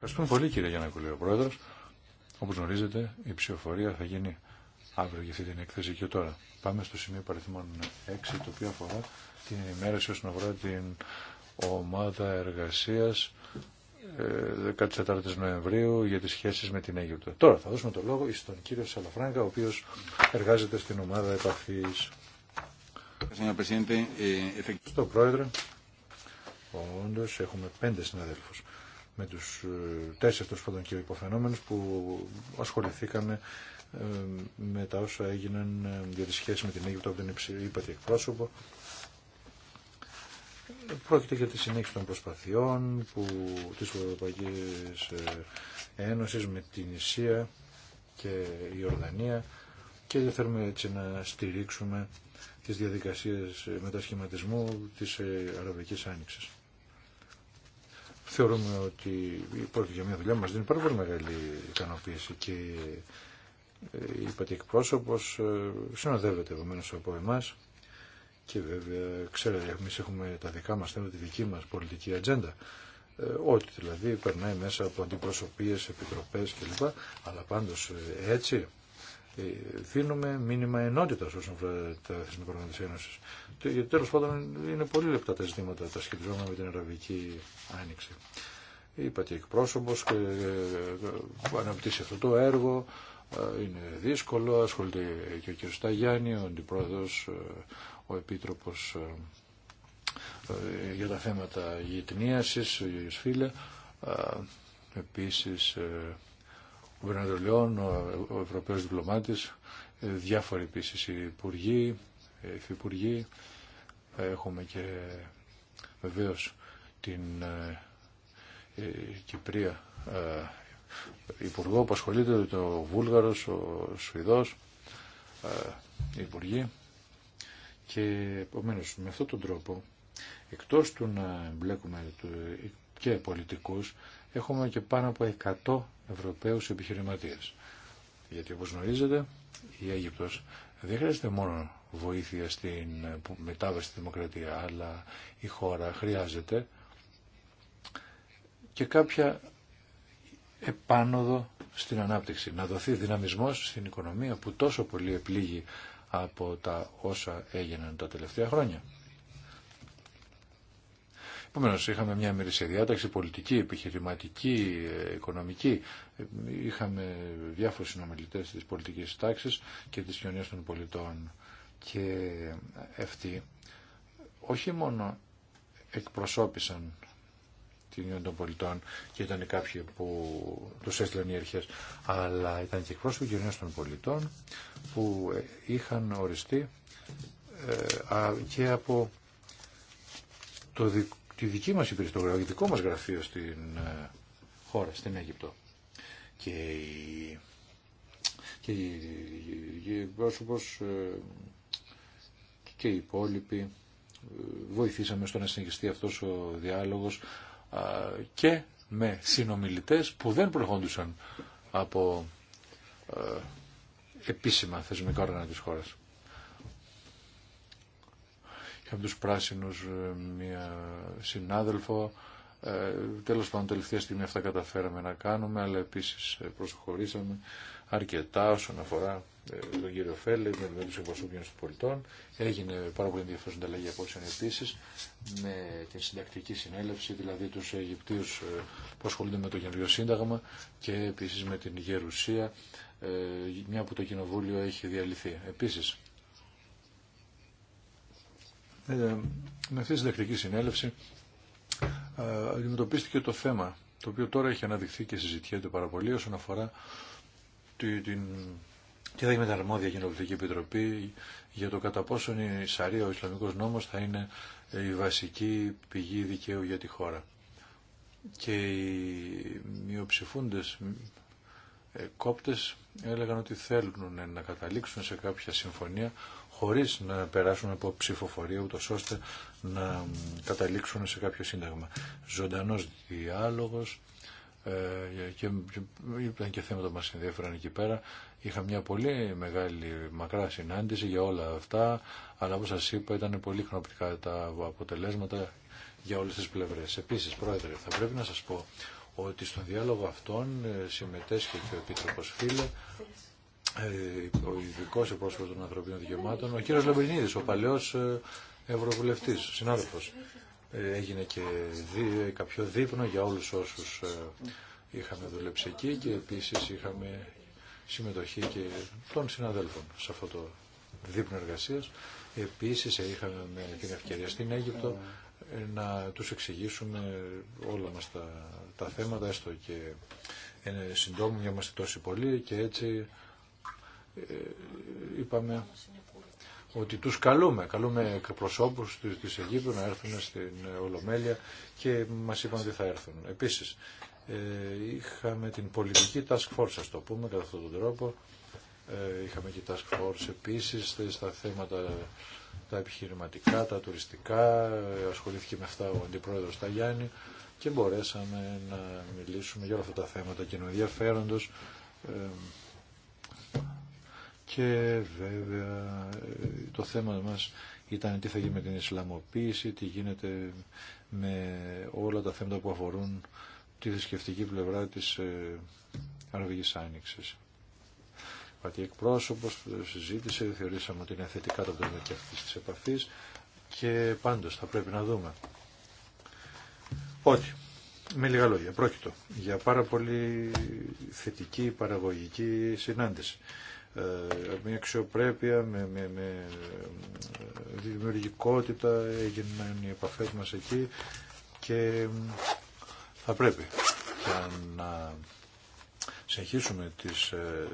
Ευχαριστούμε πολύ κύριε Γιαννάκου, ο Πρόεδρος. Όπως γνωρίζετε, η ψηφοφορία θα γίνει αύριο για αυτή την έκθεση και τώρα. Πάμε στο σημείο παριθμών 6, το οποίο αφορά την ενημέρωση να αφορά την ομάδα εργασίας 14 ε, Νοεμβρίου για τις σχέσεις με την Αίγυπτο. Τώρα θα δώσουμε το λόγο στον κύριο Σαλαφράγκα, ο οποίος εργάζεται στην ομάδα επαφής. Eh, Στο πρόεδρε, όντως έχουμε πέντε συναδέλφους με τους ε, τέσσερις τους πρώτων και που ασχοληθήκαμε ε, με τα όσα έγιναν για τη σχέση με την Αίγυπτο από την υπατή εκπρόσωπο Πρόκειται για τη συνέχιση των προσπαθειών που, της Ευρωπαϊκής ε, Ένωσης με την Ισία και η Ορδανία και θέλουμε έτσι να στηρίξουμε τις διαδικασίες μετασχηματισμού της ε, Αραβικής Άνοιξης. Θεωρούμε ότι πρόκειται για μια δουλειά μας δίνει πάρα πολύ μεγάλη ικανοποίηση και η ε, Πατήκη Πρόσωπος συνοδεύεται επομένως από εμάς και βέβαια, ξέρετε, εμεί έχουμε τα δικά μα θέματα, τη δική μα πολιτική ατζέντα. Ε, ό,τι δηλαδή περνάει μέσα από αντιπροσωπείε, επιτροπέ κλπ. Αλλά πάντω ε, έτσι ε, δίνουμε μήνυμα ενότητα όσον αφορά τα θεσμικά όργανα τη Ένωση. Γιατί τέλο πάντων είναι πολύ λεπτά τα ζητήματα τα σχετιζόμενα με την Αραβική Άνοιξη. Είπατε εκπρόσωπο, ε, ε, αναπτύσσει αυτό το έργο, είναι δύσκολο, ασχολείται και ο κ. Σταγιάννη, ο αντιπρόεδρος ο Επίτροπος ε, ε, για τα θέματα γειτνίασης, ο Γιώργος Φίλε, ε, επίσης ο Βερνατολιών, ο Ευρωπαίος Διπλωμάτης, διάφοροι επίσης υπουργοί, υφυπουργοί, έχουμε και βεβαίως την Κυπρία υπουργό που ασχολείται, το Βούλγαρος, ο Σουηδός, υπουργοί. Και επομένω με αυτόν τον τρόπο, εκτός του να εμπλέκουμε και πολιτικούς, έχουμε και πάνω από 100 Ευρωπαίους επιχειρηματίες. Γιατί όπως γνωρίζετε, η Αίγυπτος δεν χρειάζεται μόνο βοήθεια στην μετάβαση στη δημοκρατία, αλλά η χώρα χρειάζεται και κάποια επάνωδο στην ανάπτυξη. Να δοθεί δυναμισμός στην οικονομία που τόσο πολύ επλήγει από τα όσα έγιναν τα τελευταία χρόνια. Επομένω, είχαμε μια μερίσια διάταξη πολιτική, επιχειρηματική, οικονομική. Είχαμε διάφορους συνομιλητέ της πολιτική τάξη και της κοινωνίας των πολιτών. Και αυτοί όχι μόνο εκπροσώπησαν των πολιτών και ήταν κάποιοι που τους έστειλαν οι αρχές, αλλά ήταν και εκπρόσωποι των πολιτών που ε, είχαν οριστεί ε, και από το, τη δική μας υπηρεσία, το δικό μας γραφείο στην ε, χώρα, στην Αίγυπτο. Και οι και και οι υπόλοιποι βοηθήσαμε στο να συνεχιστεί αυτός ο διάλογος και με συνομιλητές που δεν προχόντουσαν από επίσημα θεσμικά όργανα της χώρας. Είχαμε τους πράσινους ε, μια συνάδελφο, ε, τέλος πάντων τελευταία στιγμή αυτά καταφέραμε να κάνουμε, αλλά επίσης ε, προσχωρήσαμε αρκετά όσον αφορά ε, τον κύριο Φέλε, με του εκπροσώπιων των πολιτών. Έγινε πάρα πολύ ενδιαφέρουσα ανταλλαγή απόψεων επίση με την συντακτική συνέλευση, δηλαδή του Αιγυπτίου ε, που ασχολούνται με το καινούριο Σύνταγμα και επίση με την Γερουσία, ε, μια που το κοινοβούλιο έχει διαλυθεί. Επίση, με αυτή τη συντακτική συνέλευση αντιμετωπίστηκε το θέμα το οποίο τώρα έχει αναδειχθεί και συζητιέται πάρα πολύ όσον αφορά τι, την, τι θα γίνει με τα αρμόδια κοινοβουλευτική επιτροπή για το κατά πόσον η Σαρία, ο Ισλαμικός νόμος θα είναι ε, η βασική πηγή δικαίου για τη χώρα. Και οι μειοψηφούντες ε, κόπτες έλεγαν ότι θέλουν να καταλήξουν σε κάποια συμφωνία χωρίς να περάσουν από ψηφοφορία ούτως ώστε να καταλήξουν σε κάποιο σύνταγμα. Ζωντανός διάλογος, ε, και, ήταν και θέματα που μας ενδιαφέραν εκεί πέρα. Είχα μια πολύ μεγάλη μακρά συνάντηση για όλα αυτά, αλλά όπως σας είπα ήταν πολύ χρονοπτικά τα αποτελέσματα για όλες τις πλευρές. Επίσης, Πρόεδρε, θα πρέπει να σας πω ότι στον διάλογο αυτόν ε, συμμετέσχε και ο Επίτροπος Φίλε, ε, ο ειδικό εκπρόσωπο των ανθρωπίνων δικαιωμάτων, ο κύριο Λαμπρινίδη, ο παλαιό ευρωβουλευτή, συνάδελφο έγινε και κάποιο δείπνο για όλους όσους ε, είχαμε δουλέψει εκεί και επίσης είχαμε συμμετοχή και των συναδέλφων σε αυτό το δείπνο εργασίας. Επίσης είχαμε την ευκαιρία στην Αίγυπτο ε, να τους εξηγήσουμε όλα μας τα, θέματα, έστω και ε, συντόμου, μα τόσοι πολλοί και έτσι είπαμε ότι τους καλούμε, καλούμε προσώπους της Αιγύπτου να έρθουν στην Ολομέλεια και μας είπαν ότι θα έρθουν. Επίσης, ε, είχαμε την πολιτική task force, ας το πούμε, κατά αυτόν τον τρόπο. Ε, είχαμε και task force επίσης στα θέματα τα επιχειρηματικά, τα τουριστικά, ε, ασχολήθηκε με αυτά ο Αντιπρόεδρος Ταγιάννη και μπορέσαμε να μιλήσουμε για όλα αυτά τα θέματα και ενδιαφέροντος και βέβαια το θέμα μας ήταν τι θα γίνει με την Ισλαμοποίηση, τι γίνεται με όλα τα θέματα που αφορούν τη θρησκευτική πλευρά της ε, Αραβικής Άνοιξης. Πατή εκπρόσωπος συζήτησε, θεωρήσαμε ότι είναι θετικά τα και αυτής της επαφής και πάντως θα πρέπει να δούμε ότι με λίγα λόγια, πρόκειτο για πάρα πολύ θετική παραγωγική συνάντηση. Ε, μια αξιοπρέπεια, με, με, με ε, δημιουργικότητα έγιναν οι επαφές μας εκεί και θα πρέπει να συνεχίσουμε τις ε,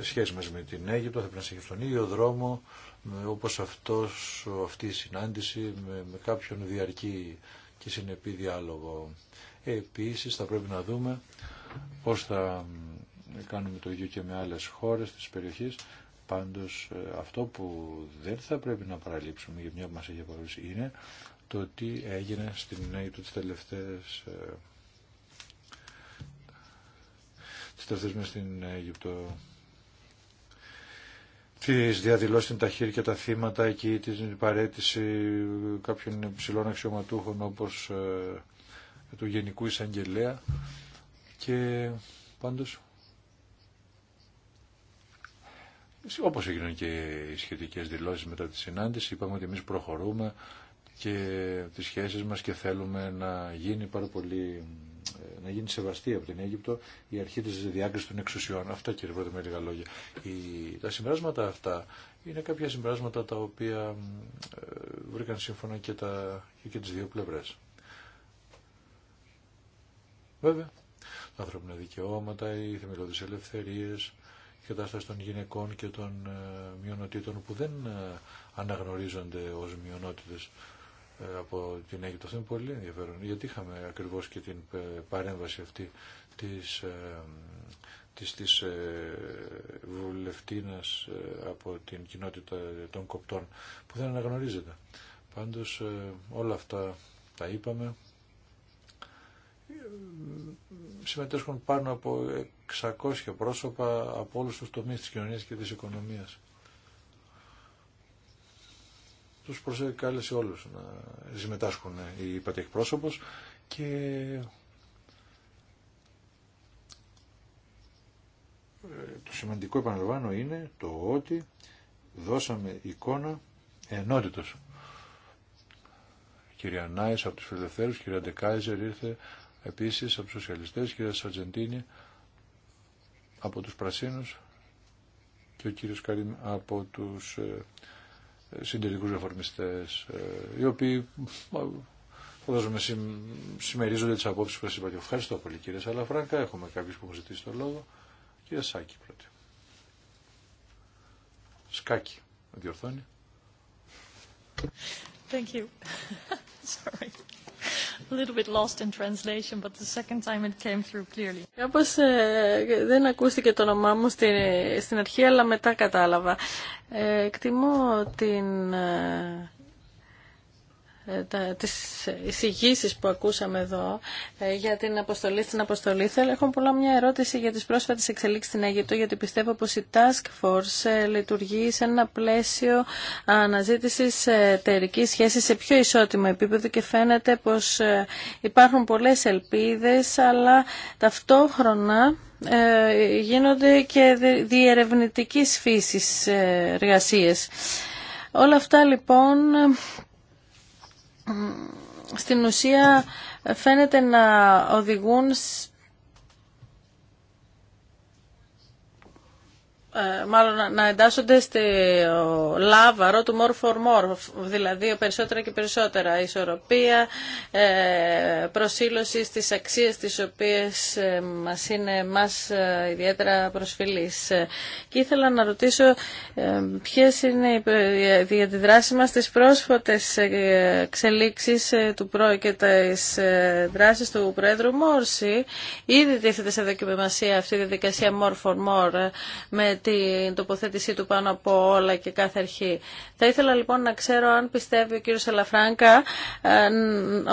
σχέσεις μας με την Αίγυπτο, θα πρέπει να συνεχίσουμε τον ίδιο δρόμο όπως αυτός, αυτή η συνάντηση με, με κάποιον διαρκή και συνεπή διάλογο. Επίσης θα πρέπει να δούμε πώς θα ε, κάνουμε το ίδιο και με άλλες χώρες της περιοχής. Πάντως ε, αυτό που δεν θα πρέπει να παραλείψουμε για μια που μας έχει είναι το τι έγινε στην ΝΑΙΤΟ τις τελευταίες ε, τις τελευταίες στην Αίγυπτο τις διαδηλώσεις στην Ταχύρ και τα θύματα εκεί, την παρέτηση κάποιων ψηλών αξιωματούχων όπως του Γενικού Εισαγγελέα και πάντως όπως έγιναν και οι σχετικέ δηλώσεις μετά τη συνάντηση, είπαμε ότι εμεί προχωρούμε και τις σχέσεις μας και θέλουμε να γίνει πάρα πολύ ε, να γίνει σεβαστή από την Αίγυπτο η αρχή της διάκρισης των εξουσιών. Αυτά κύριε Πρόεδρε με λίγα λόγια. τα συμπεράσματα αυτά είναι κάποια συμπεράσματα τα οποία ε, βρήκαν σύμφωνα και, τα, και τις δύο πλευρές. Βέβαια, τα ανθρώπινα δικαιώματα, οι θεμελιώδεις ελευθερίες, τα κατάσταση των γυναικών και των ε, μειονοτήτων που δεν ε, αναγνωρίζονται ως μειονότητες ε, από την Αίγυπτο. Αυτό είναι πολύ ενδιαφέρον, γιατί είχαμε ακριβώς και την παρέμβαση αυτή της, της, της βουλευτίνας από την κοινότητα των κοπτών που δεν αναγνωρίζεται. Πάντως όλα αυτά τα είπαμε, συμμετέσχουν πάνω από 600 πρόσωπα από όλους τους τομείς της κοινωνίας και της οικονομίας. Τους προσεκάλεσε όλους να συμμετάσχουν οι πρόσωπος και το σημαντικό επαναλαμβάνω είναι το ότι δώσαμε εικόνα ενότητος. Κυρία Νάης από τους Φιλελευθέρους, κυρία Ντεκάιζερ ήρθε επίσης από τους σοσιαλιστές, κύριε Σαρτζεντίνη, από τους Πρασίνους και ο κύριος Καρίμ από τους ε, συντηρητικούς ε, οι οποίοι ε, φαντάζομαι συμμερίζονται τις απόψεις που σας είπα και ευχαριστώ πολύ κύριε Σαλαφράγκα, έχουμε κάποιους που έχουν ζητήσει το λόγο, Κυρία Σάκη πρώτη. Σκάκι, διορθώνει. Thank you. Sorry a little bit lost in translation, but the second time it came through clearly. Κάπως ε, δεν ακούστηκε το όνομά μου στην, στην αρχή, αλλά μετά κατάλαβα. Ε, εκτιμώ την... Ε, ε, τα, τις εισηγήσει που ακούσαμε εδώ ε, για την αποστολή στην αποστολή. Θέλω, έχω πολλά μια ερώτηση για τις πρόσφατες εξελίξεις στην Αίγυπτο, γιατί πιστεύω πως η Task Force ε, λειτουργεί σε ένα πλαίσιο αναζήτησης τερικής σχέση σε πιο ισότιμο επίπεδο και φαίνεται πως υπάρχουν πολλές ελπίδες, αλλά ταυτόχρονα γίνονται και διερευνητικής φύσης εργασίες. Όλα αυτά λοιπόν στην ουσία φαίνεται να οδηγούν Ε, μάλλον να εντάσσονται στη λάβαρο του more for more, δηλαδή περισσότερα και περισσότερα ισορροπία, ε, προσήλωση στις αξίες τις οποίες ε, μας είναι μας ιδιαίτερα προσφυλής. Και ήθελα να ρωτήσω ποιες είναι οι διαδράσεις μας στις πρόσφατες εξελίξεις του προ και τις δράσεις του Πρόεδρου Μόρση. Ήδη τίθεται σε δοκιμασία αυτή η διαδικασία more for more με την τοποθέτησή του πάνω από όλα και κάθε αρχή. Θα ήθελα λοιπόν να ξέρω αν πιστεύει ο κύριος Αλαφράγκα ε,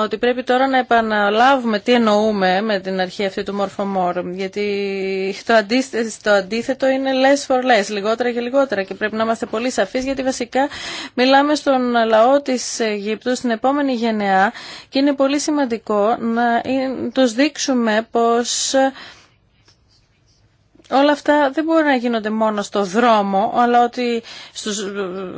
ότι πρέπει τώρα να επαναλάβουμε τι εννοούμε με την αρχή αυτή του μορφωμόρ. Γιατί το αντίθετο, το αντίθετο είναι less for less, λιγότερα και λιγότερα. Και πρέπει να είμαστε πολύ σαφεί γιατί βασικά μιλάμε στον λαό της Αιγύπτου, στην επόμενη γενεά και είναι πολύ σημαντικό να του δείξουμε πως όλα αυτά δεν μπορούν να γίνονται μόνο στο δρόμο, αλλά ότι στους,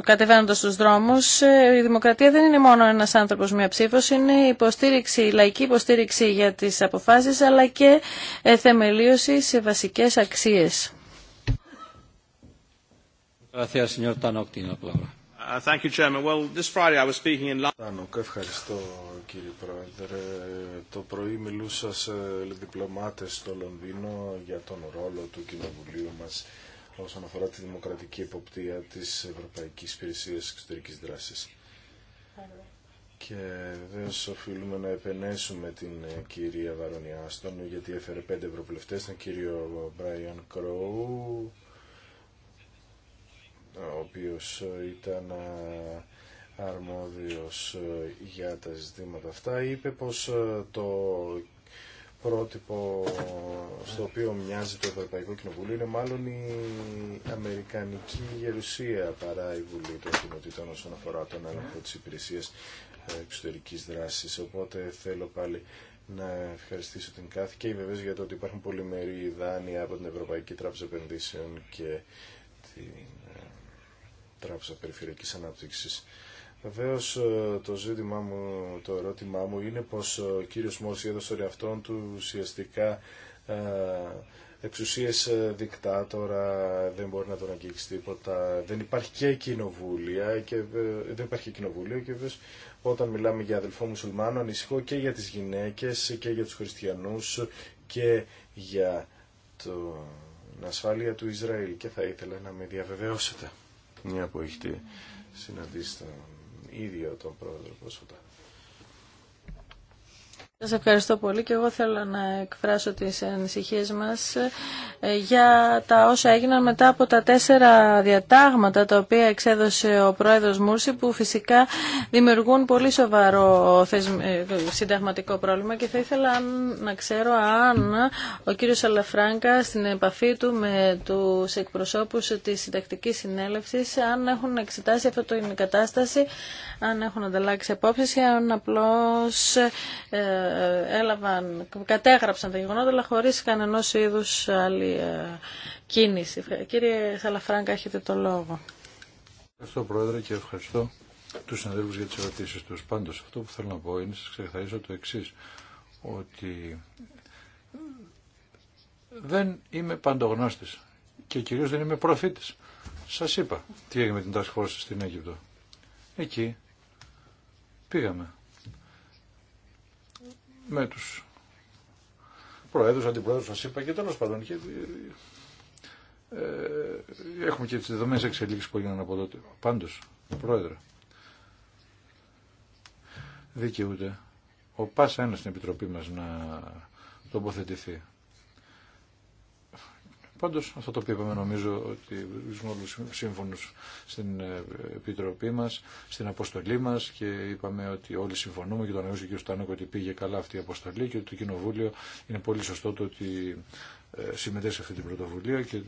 κατεβαίνοντας στους δρόμους ε, η δημοκρατία δεν είναι μόνο ένας άνθρωπος μια ψήφος, είναι υποστήριξη, η λαϊκή υποστήριξη για τις αποφάσεις, αλλά και ε, θεμελίωση σε βασικές αξίες. Gracias, Ευχαριστώ κύριε Πρόεδρε. Το πρωί μιλούσα σε διπλωμάτες στο Λονδίνο για τον ρόλο του Κοινοβουλίου μας όσον αφορά τη δημοκρατική εποπτεία της Ευρωπαϊκής Υπηρεσία Εξωτερικής Δράσης. Και βεβαίω οφείλουμε να επενέσουμε την κυρία Βαρονιάστον γιατί έφερε πέντε ευρωβουλευτές, τον κύριο Μπράιον Κρόου, ο οποίος ήταν ε, αρμόδιος ε, για τα ζητήματα αυτά, είπε πως ε, το πρότυπο στο οποίο μοιάζει το Ευρωπαϊκό Κοινοβούλιο είναι μάλλον η Αμερικανική Γερουσία παρά η Βουλή των Κοινοτήτων όσον αφορά τον έλεγχο της υπηρεσίας εξωτερική δράση, Οπότε θέλω πάλι να ευχαριστήσω την κάθε και βεβαίως για το ότι υπάρχουν πολυμερή δάνεια από την Ευρωπαϊκή Τράπεζα Επενδύσεων και την Τράπεζα Περιφερειακής Ανάπτυξης. Βεβαίω ε, το ζήτημά μου, το ερώτημά μου είναι πως ε, ο κύριος Μόρση έδωσε εαυτόν του ουσιαστικά ε, εξουσίες δικτάτορα, δεν μπορεί να τον αγγίξει τίποτα, δεν υπάρχει και κοινοβούλια και δεν υπάρχει και και βέβαια όταν μιλάμε για αδελφό μουσουλμάνο ανησυχώ και για τις γυναίκες και για τους χριστιανούς και για το... την ασφάλεια του Ισραήλ και θα ήθελα να με διαβεβαιώσετε μια που έχετε συναντήσει τον ίδιο τον πρόεδρο πρόσφατα. Σα ευχαριστώ πολύ και εγώ θέλω να εκφράσω τι ανησυχίε μας ε, για τα όσα έγιναν μετά από τα τέσσερα διατάγματα τα οποία εξέδωσε ο πρόεδρος Μούρση που φυσικά δημιουργούν πολύ σοβαρό ε, συνταγματικό πρόβλημα και θα ήθελα να ξέρω αν ο κύριος Αλαφράγκα στην επαφή του με τους εκπροσώπους τη συντακτική συνέλευση, αν έχουν εξετάσει αυτή την κατάσταση, αν έχουν ανταλλάξει απόψει ή αν απλώς ε, ε, έλαβαν, κατέγραψαν τα γεγονότα, αλλά χωρίς κανένα είδου άλλη ε, κίνηση. Κύριε Σαλαφράγκα, έχετε το λόγο. Ευχαριστώ, Πρόεδρε, και ευχαριστώ τους συναδέλφου για τι ερωτήσει του πάντω. αυτό που θέλω να πω είναι, σα ξεκαθαρίσω το εξή ότι δεν είμαι παντογνώστη και κυρίως δεν είμαι προφήτη. Σας είπα τι έγινε με την Task στην Αίγυπτο. Εκεί πήγαμε με τους προέδρους, αντιπρόεδρους, σας είπα και τέλος πάντων. Ε, ε, έχουμε και τις δεδομένες εξελίξεις που έγιναν από τότε. Πάντως, πρόεδρε, δικαιούται ο Πάσα ένας στην Επιτροπή μας να τοποθετηθεί. Πάντω αυτό το οποίο είπαμε νομίζω ότι βρίσκουμε όλου σύμφωνου στην ε, Επιτροπή μας, στην αποστολή μας και είπαμε ότι όλοι συμφωνούμε και το αναγνώρισε ο κ. ότι πήγε καλά αυτή η αποστολή και ότι το Κοινοβούλιο είναι πολύ σωστό το ότι ε, συμμετέχει σε αυτή την πρωτοβουλία και,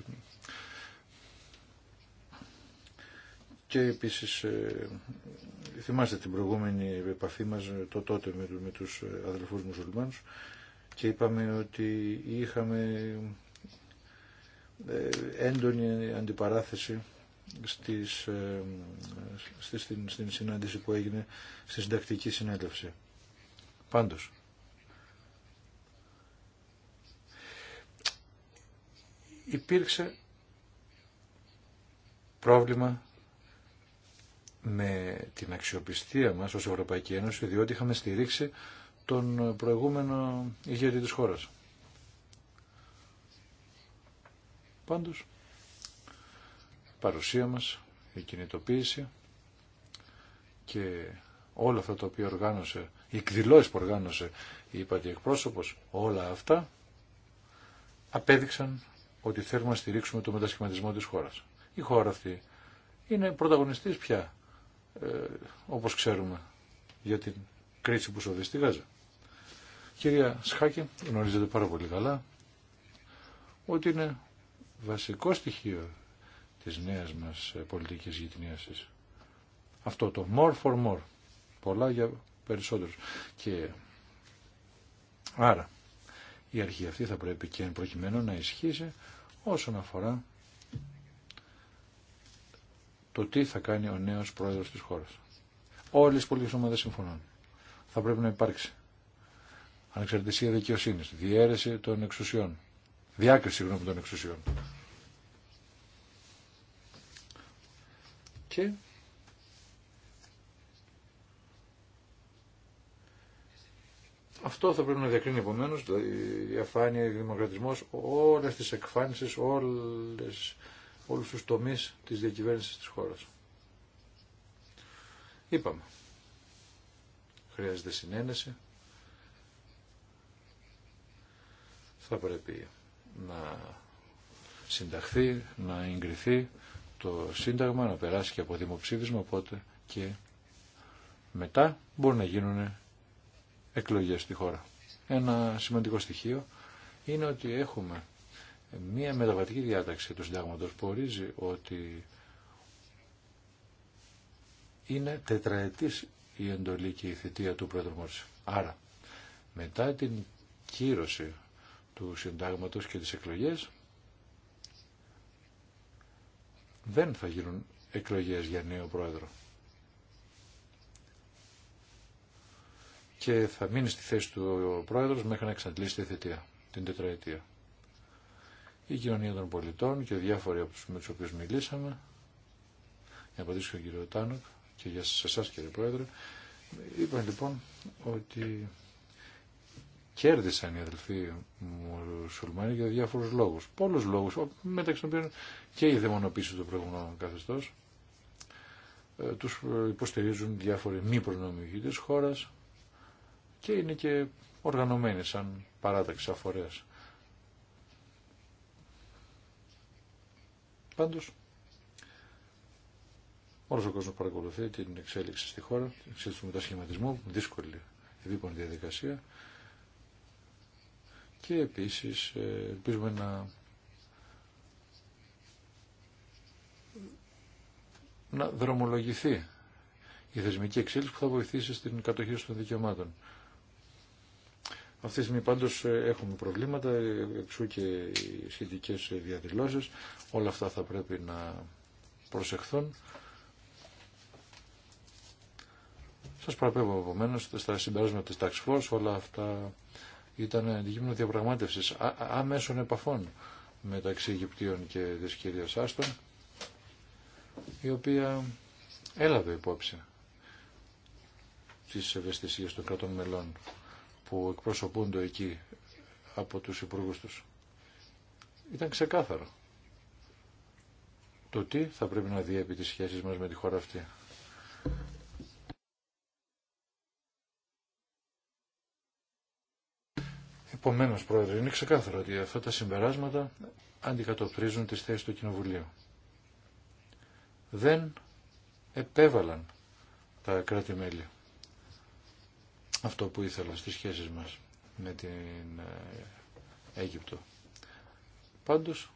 και επίσης ε, θυμάστε την προηγούμενη επαφή μας το τότε με, με τους αδελφούς και είπαμε ότι είχαμε ε, έντονη αντιπαράθεση στις, ε, στις, στην, στην συνάντηση που έγινε στη συντακτική συνέντευξη. Πάντως, υπήρξε πρόβλημα με την αξιοπιστία μας ως Ευρωπαϊκή Ένωση διότι είχαμε στηρίξει τον προηγούμενο ηγέτη της χώρας. Πάντως, παρουσία μας, η κινητοποίηση και όλα αυτά τα οποία οργάνωσε, οι εκδηλώσει που οργάνωσε η όλα αυτά απέδειξαν ότι θέλουμε να στηρίξουμε το μετασχηματισμό της χώρας. Η χώρα αυτή είναι πρωταγωνιστής πια, ε, όπως ξέρουμε, για την κρίση που σοβεί στη Γάζα. Κυρία Σχάκη, γνωρίζετε πάρα πολύ καλά ότι είναι βασικό στοιχείο της νέας μας πολιτικής γειτνίασης. Αυτό το more for more. Πολλά για περισσότερους. Και άρα η αρχή αυτή θα πρέπει και εν προκειμένου να ισχύσει όσον αφορά το τι θα κάνει ο νέος πρόεδρος της χώρας. Όλες οι πολιτικές ομάδες συμφωνούν. Θα πρέπει να υπάρξει ανεξαρτησία δικαιοσύνης, διαίρεση των εξουσιών, διάκριση γνώμη των εξουσιών. και αυτό θα πρέπει να διακρίνει επομένως, δηλαδή η αφάνεια η δημοκρατισμός, όλες τις εκφάνσεις, όλες, όλους τους τομείς της διακυβέρνησης της χώρας. Είπαμε, χρειάζεται συνένεση, θα πρέπει να συνταχθεί, να εγκριθεί το Σύνταγμα, να περάσει και από δημοψήφισμα, οπότε και μετά μπορούν να γίνουν εκλογές στη χώρα. Ένα σημαντικό στοιχείο είναι ότι έχουμε μία μεταβατική διάταξη του συντάγματος που ορίζει ότι είναι τετραετής η εντολή και η θητεία του Πρόεδρου Μόρση. Άρα, μετά την κύρωση του συντάγματος και τις εκλογές, δεν θα γίνουν εκλογές για νέο πρόεδρο. Και θα μείνει στη θέση του ο πρόεδρος μέχρι να εξαντλήσει τη θετία, την τετραετία. Η κοινωνία των πολιτών και διάφοροι από τους με τους οποίους μιλήσαμε, για απαντήσω ο κύριο Τάνοκ και για σας εσάς κύριε πρόεδρε, είπαν λοιπόν ότι κέρδισαν οι αδελφοί μουσουλμάνοι για διάφορους λόγους. Πολλούς λόγους, μεταξύ των οποίων και η δαιμονοποίηση του προηγούμενου καθεστώς. Ε, τους υποστηρίζουν διάφοροι μη προνομικοί της χώρας και είναι και οργανωμένοι σαν παράταξη αφορέας. Πάντως, όλος ο κόσμος παρακολουθεί την εξέλιξη στη χώρα, την εξέλιξη του μετασχηματισμού, δύσκολη επίπονη διαδικασία και επίσης ε, ελπίζουμε να να δρομολογηθεί η θεσμική εξέλιξη που θα βοηθήσει στην κατοχή των δικαιωμάτων. Αυτή τη στιγμή πάντως ε, έχουμε προβλήματα, ε, εξού και οι σχετικές διαδηλώσεις. Όλα αυτά θα πρέπει να προσεχθούν. Σας παραπέμπω επομένως στα συμπεράσματα της Tax Force, όλα αυτά ήταν αντικείμενο διαπραγμάτευσης άμεσων επαφών μεταξύ Αιγυπτίων και της κυρίας Άστον η οποία έλαβε υπόψη τις ευαισθησίες των κρατών μελών που εκπροσωπούνται εκεί από τους υπουργούς τους. Ήταν ξεκάθαρο το τι θα πρέπει να διέπει τις σχέσεις μας με τη χώρα αυτή. Επομένως, Πρόεδρε, είναι ξεκάθαρο ότι αυτά τα συμπεράσματα αντικατοπτρίζουν τις θέσεις του Κοινοβουλίου. Δεν επέβαλαν τα κράτη-μέλη αυτό που ήθελα στις σχέσεις μας με την ε, Αίγυπτο. Πάντως,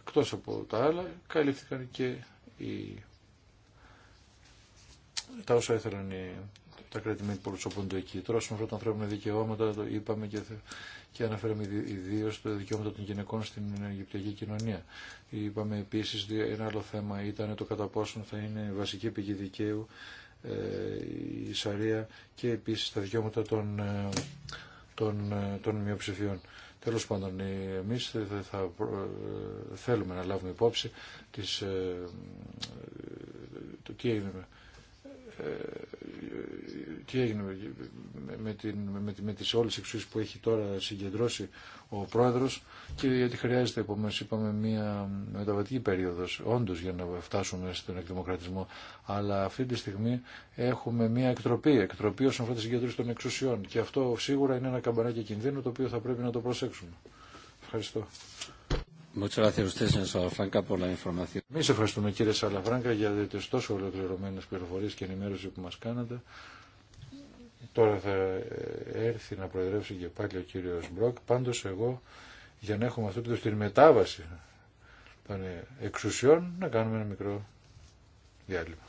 εκτός από τα άλλα, καλύφθηκαν και οι... τα όσα ήθελαν οι τα κρατη που εκεί. Τώρα, όσον τα δικαιώματα, το είπαμε και, και αναφέραμε ιδίω το δικαιώματα των γυναικών στην Αιγυπτιακή κοινωνία. Είπαμε επίση ένα άλλο θέμα ήταν το κατά πόσο θα είναι βασική πηγή δικαίου ε, η Σαρία και επίση τα δικαιώματα των, ε, των, ε, των μειοψηφιών. Τέλος πάντων, εμείς θα, θέλουμε να λάβουμε υπόψη τις, το τι ε, ε, τι έγινε με, την, με, με τις όλες εξουσίες που έχει τώρα συγκεντρώσει ο πρόεδρος και γιατί χρειάζεται, επομένως είπαμε, μια μεταβατική περίοδος όντως για να φτάσουμε στον εκδημοκρατισμό. Αλλά αυτή τη στιγμή έχουμε μια εκτροπή, εκτροπή όσον αφορά τη συγκεντρώση των εξουσιών και αυτό σίγουρα είναι ένα καμπανάκι κινδύνου το οποίο θα πρέπει να το προσέξουμε. Ευχαριστώ. Εμεί ευχαριστούμε κύριε Σαλαφράγκα για τι τόσο ολοκληρωμένε πληροφορίε και ενημέρωση που μα κάνατε. Τώρα θα έρθει να προεδρεύσει και πάλι ο κύριο Μπροκ. Πάντω εγώ για να έχουμε αυτό το την μετάβαση των εξουσιών να κάνουμε ένα μικρό διάλειμμα.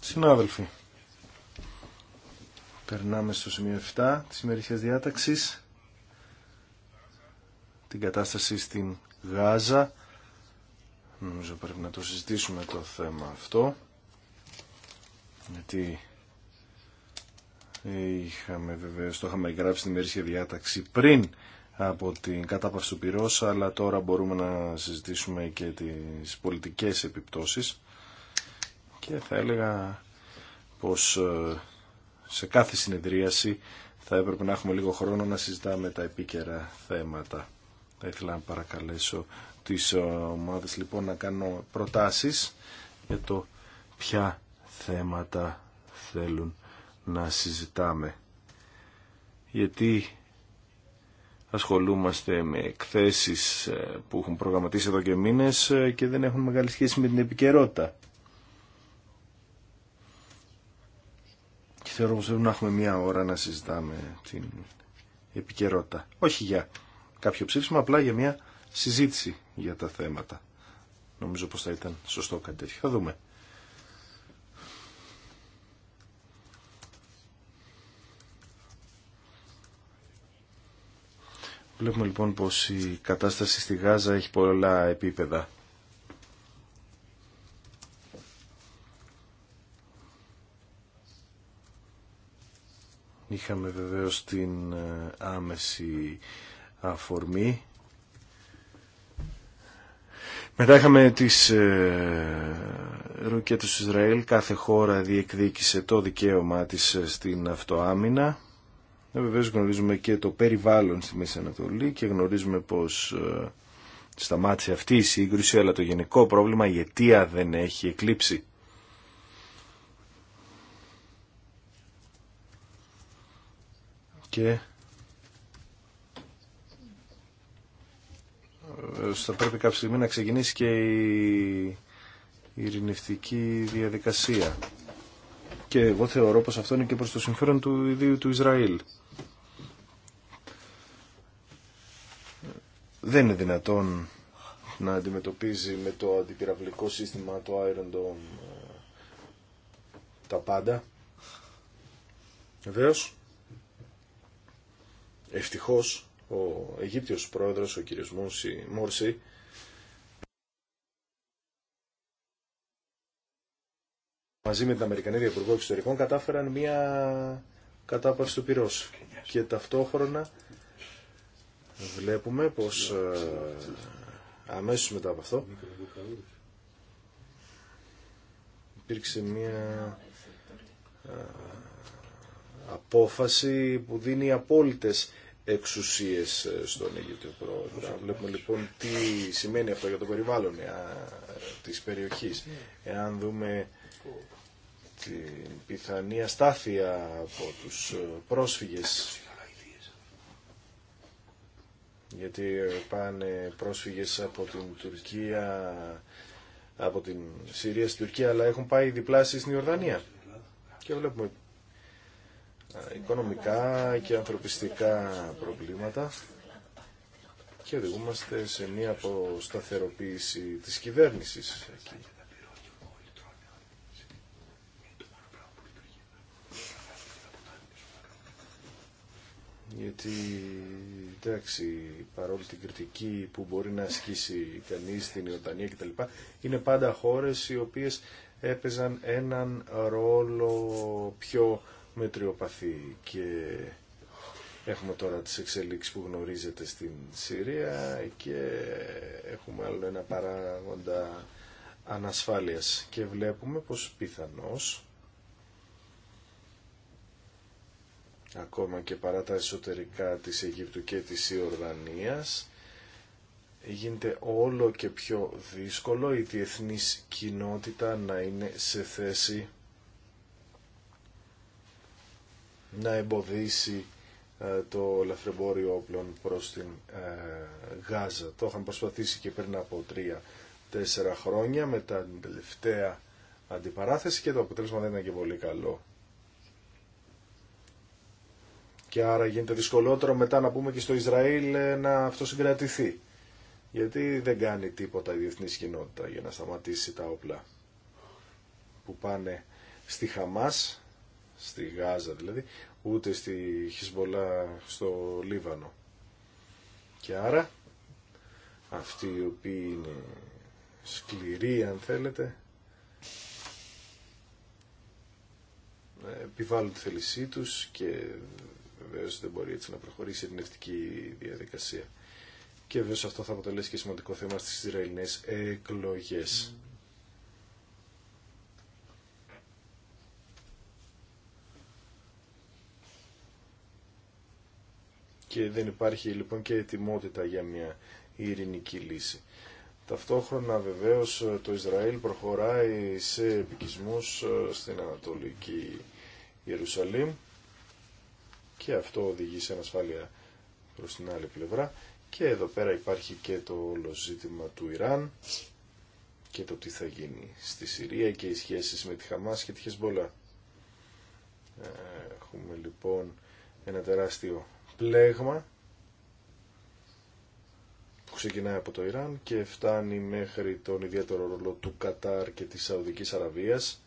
Συνάδελφοι, περνάμε στο σημείο 7 της ημερήσιας διάταξης, την κατάσταση στην Γάζα. Νομίζω πρέπει να το συζητήσουμε το θέμα αυτό, γιατί είχαμε βεβαίως, το είχαμε γράψει στην ημερήσια διάταξη πριν από την κατάπαυση του πυρός, αλλά τώρα μπορούμε να συζητήσουμε και τις πολιτικές επιπτώσεις και θα έλεγα πως ε, σε κάθε συνεδρίαση θα έπρεπε να έχουμε λίγο χρόνο να συζητάμε τα επίκαιρα θέματα. Θα ήθελα να παρακαλέσω τις ομάδες λοιπόν να κάνω προτάσεις για το ποια θέματα θέλουν να συζητάμε. Γιατί ασχολούμαστε με εκθέσεις ε, που έχουν προγραμματίσει εδώ και μήνες ε, και δεν έχουν μεγάλη σχέση με την επικαιρότητα. θεωρώ πως να έχουμε μία ώρα να συζητάμε την επικαιρότητα. Όχι για κάποιο ψήφισμα, απλά για μία συζήτηση για τα θέματα. Νομίζω πως θα ήταν σωστό κάτι τέτοιο. Θα δούμε. Βλέπουμε λοιπόν πως η κατάσταση στη Γάζα έχει πολλά επίπεδα. Είχαμε βεβαίως την ε, άμεση αφορμή. Μετά είχαμε τις ε, ρουκέτες του Ισραήλ. Κάθε χώρα διεκδίκησε το δικαίωμά της ε, στην αυτοάμυνα. Ε, βεβαίως γνωρίζουμε και το περιβάλλον στη Μέση Ανατολή και γνωρίζουμε πως σταμάτησε αυτή η σύγκρουση, αλλά το γενικό πρόβλημα η αιτία δεν έχει εκλείψει. και ε, θα πρέπει κάποια στιγμή να ξεκινήσει και η ειρηνευτική διαδικασία. Και εγώ θεωρώ πως αυτό είναι και προς το συμφέρον του ιδίου του Ισραήλ. Δεν είναι δυνατόν να αντιμετωπίζει με το αντιπυραυλικό σύστημα το Iron ε, τα πάντα. Βεβαίως, Ευτυχώς ο Αιγύπτιος πρόεδρος, ο κύριος Μόρση, μαζί με την Αμερικανική Υπουργό Εξωτερικών κατάφεραν μια κατάπαυση του πυρός. Και ταυτόχρονα βλέπουμε πως ε, αμέσως μετά από αυτό υπήρξε μια ε, απόφαση που δίνει απόλυτες εξουσίες ε, στον Αίγυπτο πρόεδρο. Βλέπουμε λοιπόν τι σημαίνει αυτό για το περιβάλλον ε, της περιοχής. Εάν δούμε την πιθανή αστάθεια από τους ε, πρόσφυγες γιατί πάνε πρόσφυγες από την Τουρκία από την Συρία στην Τουρκία αλλά έχουν πάει διπλάσει στην Ιορδανία και βλέπουμε οικονομικά και ανθρωπιστικά προβλήματα και οδηγούμαστε σε μία αποσταθεροποίηση της κυβέρνησης. Γιατί, εντάξει, παρόλη την κριτική που μπορεί να ασκήσει κανείς στην τα κτλ. Είναι πάντα χώρες οι οποίες έπαιζαν έναν ρόλο πιο μετριοπαθή και έχουμε τώρα τις εξελίξεις που γνωρίζετε στην Συρία και έχουμε άλλο ένα παράγοντα ανασφάλειας και βλέπουμε πως πιθανώς ακόμα και παρά τα εσωτερικά της Αιγύπτου και της Ιορδανίας γίνεται όλο και πιο δύσκολο η διεθνής κοινότητα να είναι σε θέση να εμποδίσει ε, το λαθρεμπόριο όπλων προς την ε, Γάζα. Το είχαν προσπαθήσει και πριν από τρία-τέσσερα χρόνια με την τελευταία αντιπαράθεση και το αποτέλεσμα δεν ήταν και πολύ καλό. Και άρα γίνεται δυσκολότερο μετά να πούμε και στο Ισραήλ ε, να αυτό συγκρατηθεί. Γιατί δεν κάνει τίποτα η διεθνή κοινότητα για να σταματήσει τα όπλα που πάνε στη Χαμάς στη Γάζα δηλαδή, ούτε στη Χισμπολά στο Λίβανο. Και άρα αυτοί οι οποίοι είναι σκληροί αν θέλετε επιβάλλουν τη θέλησή τους και βεβαίω δεν μπορεί έτσι να προχωρήσει η ειρηνευτική διαδικασία. Και βέβαια αυτό θα αποτελέσει και σημαντικό θέμα στις Ισραηλινές εκλογές. και δεν υπάρχει λοιπόν και ετοιμότητα για μια ειρηνική λύση. Ταυτόχρονα βεβαίως το Ισραήλ προχωράει σε επικισμούς ε, στην Ανατολική Ιερουσαλήμ και αυτό οδηγεί σε ανασφάλεια προς την άλλη πλευρά και εδώ πέρα υπάρχει και το όλο ζήτημα του Ιράν και το τι θα γίνει στη Συρία και οι σχέσεις με τη Χαμάς και τη Χεσμπόλα. Ε, έχουμε λοιπόν ένα τεράστιο πλέγμα που ξεκινάει από το Ιράν και φτάνει μέχρι τον ιδιαίτερο ρόλο του Κατάρ και της Σαουδικής Αραβίας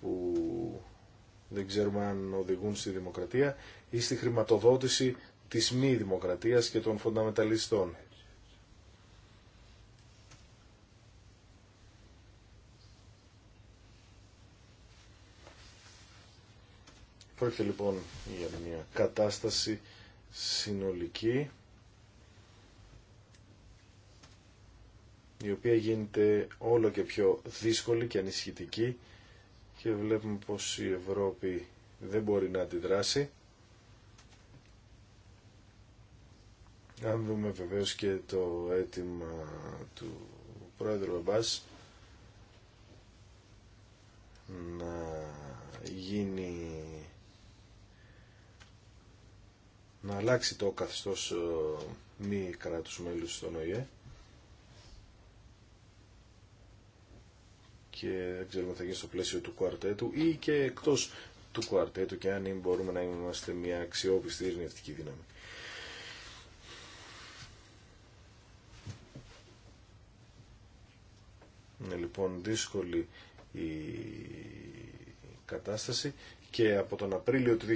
που δεν ξέρουμε αν οδηγούν στη δημοκρατία ή στη χρηματοδότηση της μη δημοκρατίας και των φονταμεταλιστών. Πρόκειται λοιπόν για μια κατάσταση συνολική η οποία γίνεται όλο και πιο δύσκολη και ανησυχητική και βλέπουμε πως η Ευρώπη δεν μπορεί να αντιδράσει. Αν δούμε βεβαίως και το αίτημα του πρόεδρου Αμπάς να γίνει να αλλάξει το καθεστώς ε, μη κράτους μέλους στον ΟΗΕ και δεν ξέρουμε θα γίνει στο πλαίσιο του κουαρτέτου ή και εκτός του κουαρτέτου και αν μπορούμε να είμαστε μια αξιόπιστη ειρηνευτική δύναμη. Είναι λοιπόν δύσκολη η κατάσταση και από τον Απρίλιο του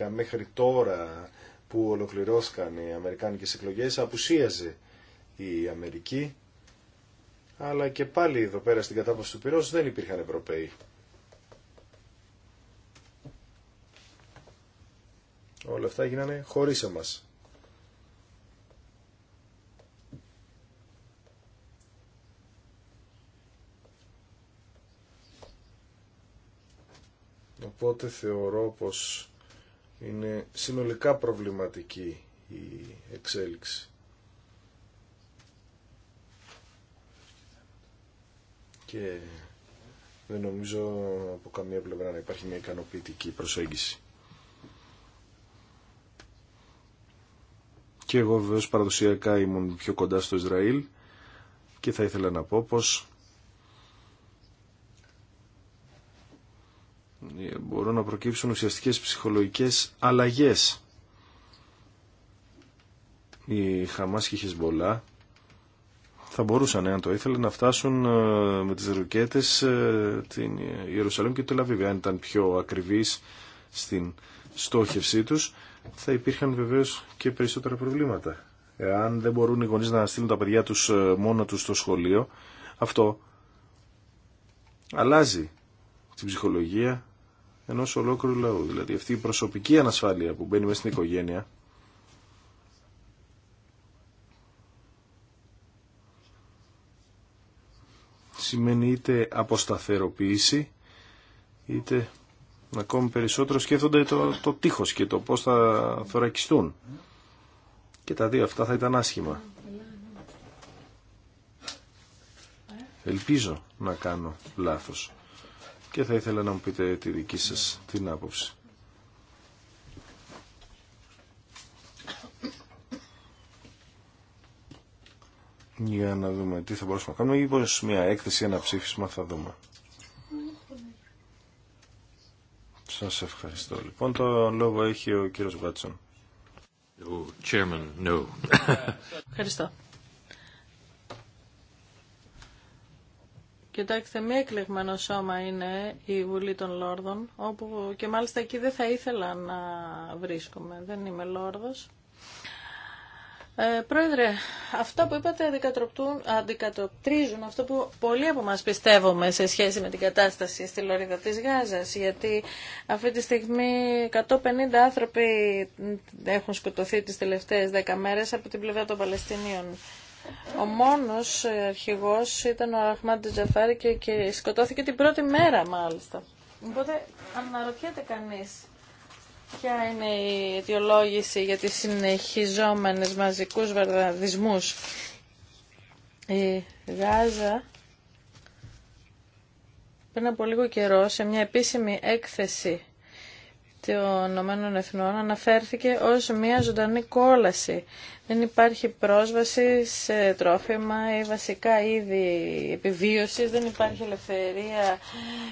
2011 μέχρι τώρα που ολοκληρώθηκαν οι Αμερικάνικες εκλογές απουσίαζε η Αμερική αλλά και πάλι εδώ πέρα στην κατάπαυση του πυρός δεν υπήρχαν Ευρωπαίοι. Όλα αυτά έγιναν χωρίς εμάς. Οπότε θεωρώ πως είναι συνολικά προβληματική η εξέλιξη. Και δεν νομίζω από καμία πλευρά να υπάρχει μια ικανοποιητική προσέγγιση. Και εγώ βεβαίως παραδοσιακά ήμουν πιο κοντά στο Ισραήλ και θα ήθελα να πω πως μπορούν να προκύψουν ουσιαστικές ψυχολογικές αλλαγές. Η Χαμάς και η θα μπορούσαν, αν το ήθελαν, να φτάσουν ε, με τις ρουκέτες ε, την Ιερουσαλήμ και το Τελαβίβη. Αν ήταν πιο ακριβείς στην στόχευσή τους, θα υπήρχαν βεβαίως και περισσότερα προβλήματα. Εάν δεν μπορούν οι γονείς να στείλουν τα παιδιά τους ε, μόνο τους στο σχολείο, αυτό αλλάζει την ψυχολογία Ενό ολόκληρου λαού. Δηλαδή αυτή η προσωπική ανασφάλεια που μπαίνει μέσα στην οικογένεια σημαίνει είτε αποσταθεροποίηση είτε ακόμη περισσότερο σκέφτονται το, το τείχος και το πώς θα θωρακιστούν. Και τα δύο αυτά θα ήταν άσχημα. Ελπίζω να κάνω λάθος και θα ήθελα να μου πείτε τη δική σας την άποψη. Για να δούμε τι θα μπορούσαμε να κάνουμε. μπορείς μια έκθεση, ένα ψήφισμα θα δούμε. Σας ευχαριστώ. Λοιπόν, το λόγο έχει ο κύριος Βάτσον. Oh, chairman, no. Ευχαριστώ. Κοιτάξτε, μη εκλεγμένο σώμα είναι η Βουλή των Λόρδων, όπου και μάλιστα εκεί δεν θα ήθελα να βρίσκομαι. Δεν είμαι Λόρδος. Ε, πρόεδρε, αυτά που είπατε αντικατοπτρίζουν αυτό που πολλοί από μας πιστεύουμε σε σχέση με την κατάσταση στη Λωρίδα της Γάζας, γιατί αυτή τη στιγμή 150 άνθρωποι έχουν σκοτωθεί τις τελευταίες 10 μέρες από την πλευρά των Παλαιστινίων. Ο μόνος ε, αρχηγός ήταν ο Αχμάντ Τζαφάρη και, σκοτώθηκε την πρώτη μέρα μάλιστα. Οπότε αναρωτιέται κανείς ποια είναι η αιτιολόγηση για τις συνεχιζόμενες μαζικούς βαρδαδισμού. Η Γάζα πριν από λίγο καιρό σε μια επίσημη έκθεση των Ηνωμένων Εθνών αναφέρθηκε ως μια ζωντανή κόλαση. Δεν υπάρχει πρόσβαση σε τρόφιμα ή βασικά είδη επιβίωσης, δεν υπάρχει ελευθερία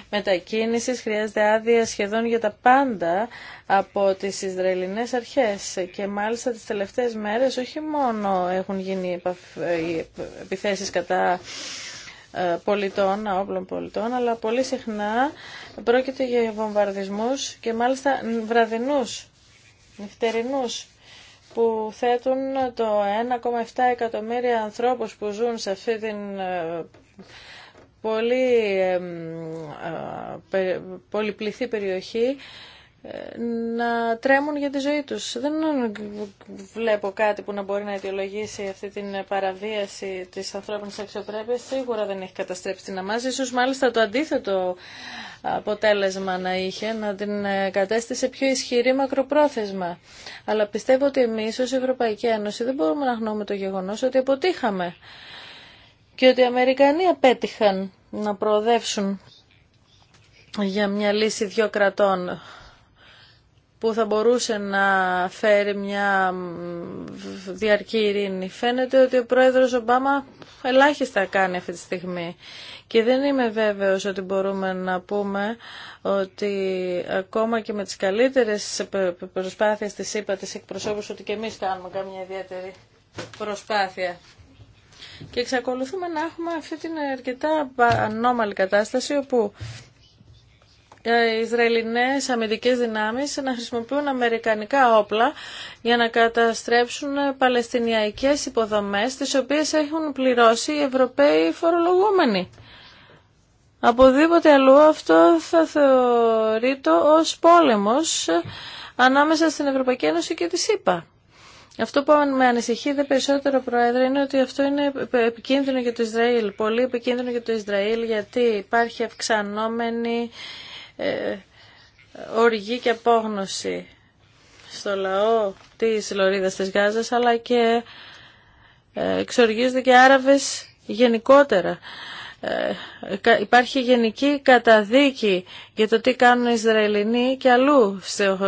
μετακίνησης, χρειάζεται άδεια σχεδόν για τα πάντα από τις Ισραηλινές αρχές. Και μάλιστα τις τελευταίες μέρες όχι μόνο έχουν γίνει ε, επιθέσεις κατά ε, πολιτών, όπλων πολιτών, αλλά πολύ συχνά πρόκειται για βομβαρδισμούς και μάλιστα βραδινούς, νυχτερινούς που θέτουν το 1,7 εκατομμύρια ανθρώπους που ζουν σε αυτή την ε, πολύ ε, πολυπληθή περιοχή να τρέμουν για τη ζωή τους. Δεν βλέπω κάτι που να μπορεί να αιτιολογήσει αυτή την παραβίαση της ανθρώπινης αξιοπρέπειας. Σίγουρα δεν έχει καταστρέψει την αμάζη. Ίσως μάλιστα το αντίθετο αποτέλεσμα να είχε, να την κατέστησε πιο ισχυρή μακροπρόθεσμα. Αλλά πιστεύω ότι εμείς ως Ευρωπαϊκή Ένωση δεν μπορούμε να γνώμε το γεγονός ότι αποτύχαμε και ότι οι Αμερικανοί απέτυχαν να προοδεύσουν για μια λύση δύο κρατών που θα μπορούσε να φέρει μια διαρκή ειρήνη. Φαίνεται ότι ο πρόεδρος Ομπάμα ελάχιστα κάνει αυτή τη στιγμή. Και δεν είμαι βέβαιος ότι μπορούμε να πούμε ότι ακόμα και με τις καλύτερες προσπάθειες της ΕΠΑ, της εκπροσώπους, ότι και εμείς κάνουμε καμία ιδιαίτερη προσπάθεια. Και εξακολουθούμε να έχουμε αυτή την αρκετά ανώμαλη κατάσταση όπου οι ε, Ισραηλινές αμυντικές δυνάμεις να χρησιμοποιούν αμερικανικά όπλα για να καταστρέψουν παλαιστινιακές υποδομές τις οποίες έχουν πληρώσει οι Ευρωπαίοι φορολογούμενοι. Αποδήποτε αλλού αυτό θα θεωρείται ως πόλεμος ανάμεσα στην Ευρωπαϊκή Ένωση και τη ΣΥΠΑ. Αυτό που με ανησυχεί δε περισσότερο, Πρόεδρε, είναι ότι αυτό είναι επικίνδυνο για το Ισραήλ. Πολύ επικίνδυνο για το Ισραήλ γιατί υπάρχει αυξανόμενη ε, οργή και απόγνωση στο λαό της Λωρίδας της Γάζας αλλά και ε, εξοργίζονται και Άραβες γενικότερα. Ε, υπάρχει γενική καταδίκη για το τι κάνουν οι Ισραηλινοί και αλλού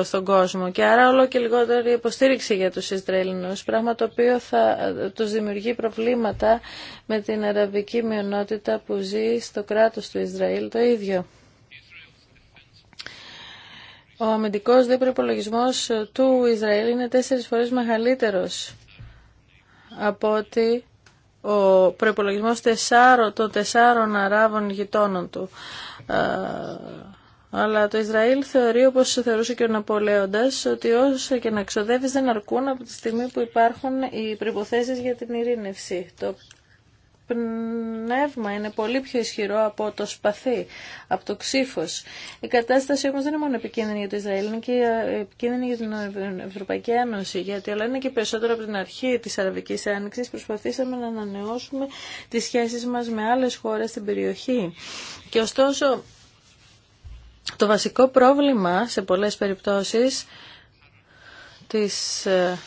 στον κόσμο και άρα όλο και λιγότερη υποστήριξη για τους Ισραηλινούς πράγμα το οποίο θα τους δημιουργεί προβλήματα με την αραβική μειονότητα που ζει στο κράτος του Ισραήλ το ίδιο. Ο αμυντικό δε του Ισραήλ είναι τέσσερις φορές μεγαλύτερος από ότι ο προπολογισμό των τεσσάρων Αράβων γειτόνων του. Αλλά το Ισραήλ θεωρεί, όπως θεωρούσε και ο Ναπολέοντας, ότι όσο και να ξοδεύεις δεν αρκούν από τη στιγμή που υπάρχουν οι προϋποθέσεις για την ειρήνευση πνεύμα είναι πολύ πιο ισχυρό από το σπαθί, από το ξύφο. Η κατάσταση όμω δεν είναι μόνο επικίνδυνη για το Ισραήλ, είναι και επικίνδυνη για την Ευρωπαϊκή Ένωση, γιατί όλα είναι και περισσότερο από την αρχή τη Αραβική Άνοιξη, προσπαθήσαμε να ανανεώσουμε τι σχέσει μα με άλλε χώρε στην περιοχή. Και ωστόσο το βασικό πρόβλημα σε πολλές περιπτώσεις της ε,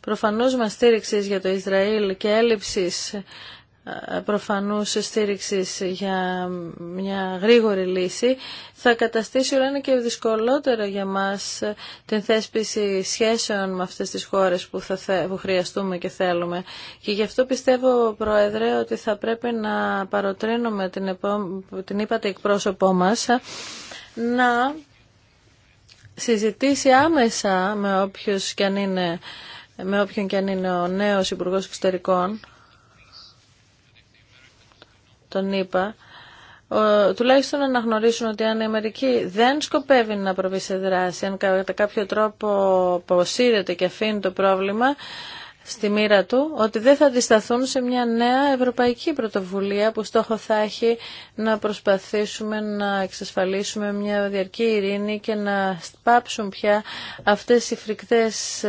προφανώς μας στήριξης για το Ισραήλ και έλλειψης ε, προφανούς στήριξη για μια γρήγορη λύση θα καταστήσει όλο και δυσκολότερο για μας ε, την θέσπιση σχέσεων με αυτές τις χώρες που, θα χρειαστούμε και θέλουμε. Και γι' αυτό πιστεύω, Πρόεδρε, ότι θα πρέπει να παροτρύνουμε την, επό... την είπατε εκπρόσωπό μας ε, να συζητήσει άμεσα με, όποιος και αν είναι, με όποιον και αν είναι ο νέος Υπουργός Εξωτερικών τον είπα, τουλάχιστον να αναγνωρίσουν ότι αν η Αμερική δεν σκοπεύει να προβεί σε δράση, αν κατά κάποιο τρόπο αποσύρεται και αφήνει το πρόβλημα στη μοίρα του, ότι δεν θα αντισταθούν σε μια νέα ευρωπαϊκή πρωτοβουλία που στόχο θα έχει να προσπαθήσουμε να εξασφαλίσουμε μια διαρκή ειρήνη και να πάψουν πια αυτές οι φρικτές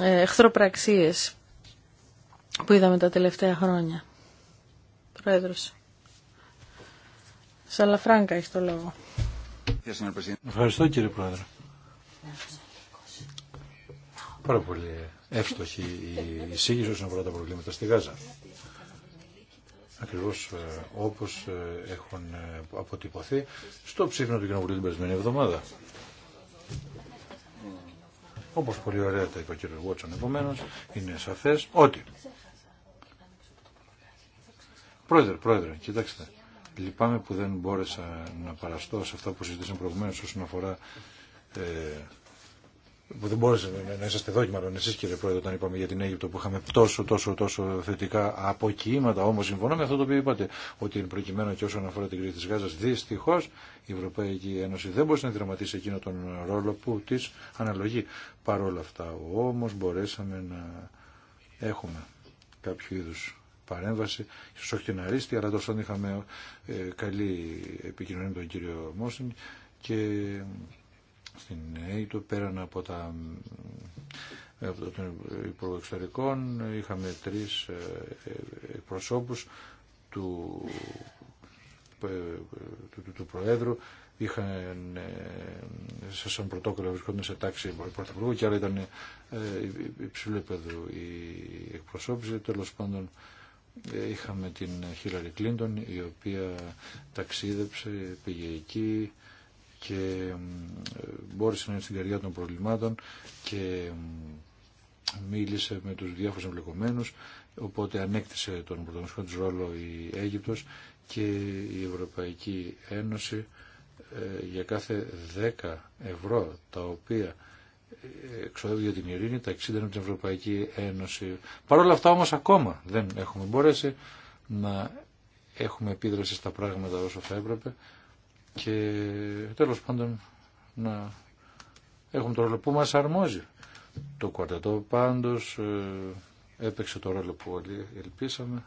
εχθροπραξίες που είδαμε τα τελευταία χρόνια. Πρόεδρος. Σαλαφράγκα έχει το λόγο. Ευχαριστώ κύριε Πρόεδρε. Πάρα πολύ εύστοχη η εισήγηση όσον αφορά τα προβλήματα στη Γάζα. Ακριβώ ε, όπω ε, έχουν ε, αποτυπωθεί στο ψήφισμα του Κοινοβουλίου την περασμένη εβδομάδα. Όπω πολύ ωραία τα είπε ο κύριο Βότσον, επομένω, είναι σαφέ ότι Πρόεδρε, πρόεδρε, κοιτάξτε. Λυπάμαι που δεν μπόρεσα να παραστώ σε αυτά που συζητήσαμε προηγουμένω όσον αφορά. Ε, που δεν μπόρεσα να είσαστε εδώ, μάλλον εσεί κύριε Πρόεδρε, όταν είπαμε για την Αίγυπτο που είχαμε τόσο, τόσο, τόσο θετικά αποκοιήματα. Όμω συμφωνώ με αυτό το οποίο είπατε, ότι εν προκειμένου και όσον αφορά την κρίση τη Γάζα, δυστυχώ η Ευρωπαϊκή Ένωση δεν μπορούσε να δραματίσει εκείνο τον ρόλο που τη αναλογεί. Παρ' όλα αυτά όμω μπορέσαμε να έχουμε κάποιο είδου παρέμβαση, ίσως όχι την αρίστη, αλλά τόσο είχαμε ε, καλή επικοινωνία με τον κύριο Μόσιν και στην ΕΙΤΟ ΕΕ, πέραν από τα από τον Υπουργό Εξωτερικών είχαμε τρεις ε, προσώπους του, ε, του, του, του Προέδρου είχαν σε σαν πρωτόκολλο βρισκόταν σε τάξη πρωθυπουργού και αλλά ήταν υψηλού επίπεδου η εκπροσώπηση τέλος πάντων ε, είχαμε την Χίλαρη Κλίντον η οποία ταξίδεψε, πήγε εκεί και ε, μπόρεσε να είναι στην καρδιά των προβλημάτων και μίλησε με τους διάφορους εμπλεκομένους οπότε ανέκτησε τον πρωταγωνιστικό του ρόλο η Αίγυπτος και η Ευρωπαϊκή Ένωση ε, για κάθε 10 ευρώ τα οποία εξοδεύει για την ειρήνη, ταξίδευε με την Ευρωπαϊκή Ένωση. Παρ' όλα αυτά όμως ακόμα δεν έχουμε μπορέσει να έχουμε επίδραση στα πράγματα όσο θα έπρεπε και τέλος πάντων να έχουμε το ρόλο που μας αρμόζει. Το κουαρτετό πάντως ε, έπαιξε το ρόλο που ελπίσαμε.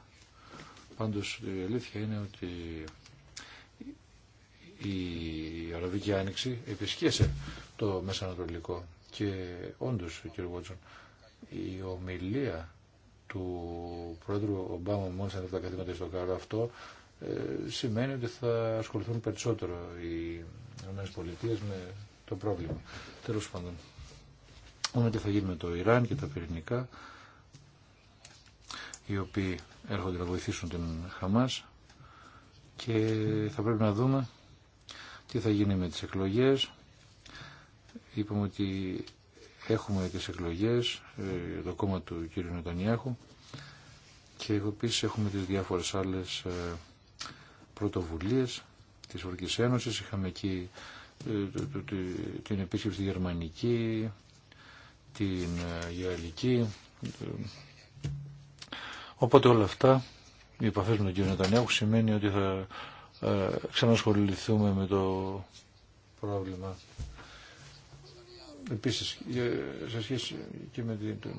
Πάντως η αλήθεια είναι ότι η Αραβική Άνοιξη επισκέσε το Μεσανατολικό και όντως, κύριε Βότσον, η ομιλία του πρόεδρου Ομπάμα μόλις από τα καθήματα στο κάρο αυτό ε, σημαίνει ότι θα ασχοληθούν περισσότερο οι ΗΠΑ με το πρόβλημα. Τέλος πάντων, όμως τι θα γίνει με το Ιράν και τα πυρηνικά οι οποίοι έρχονται να βοηθήσουν την Χαμάς και θα πρέπει να δούμε τι θα γίνει με τις εκλογές είπαμε ότι έχουμε τις εκλογές, ε, το κόμμα του κ. Νοτανιάχου και επίση έχουμε τις διάφορες άλλες ε, πρωτοβουλίες της Βουρκής Ένωσης. Είχαμε εκεί ε, την επίσκεψη γερμανική, την γαλλική. Οπότε όλα αυτά, οι επαφέ με τον κ. Νετανιάχου σημαίνει ότι θα ξανασχοληθούμε με το πρόβλημα Επίσης, σε σχέση και με τον,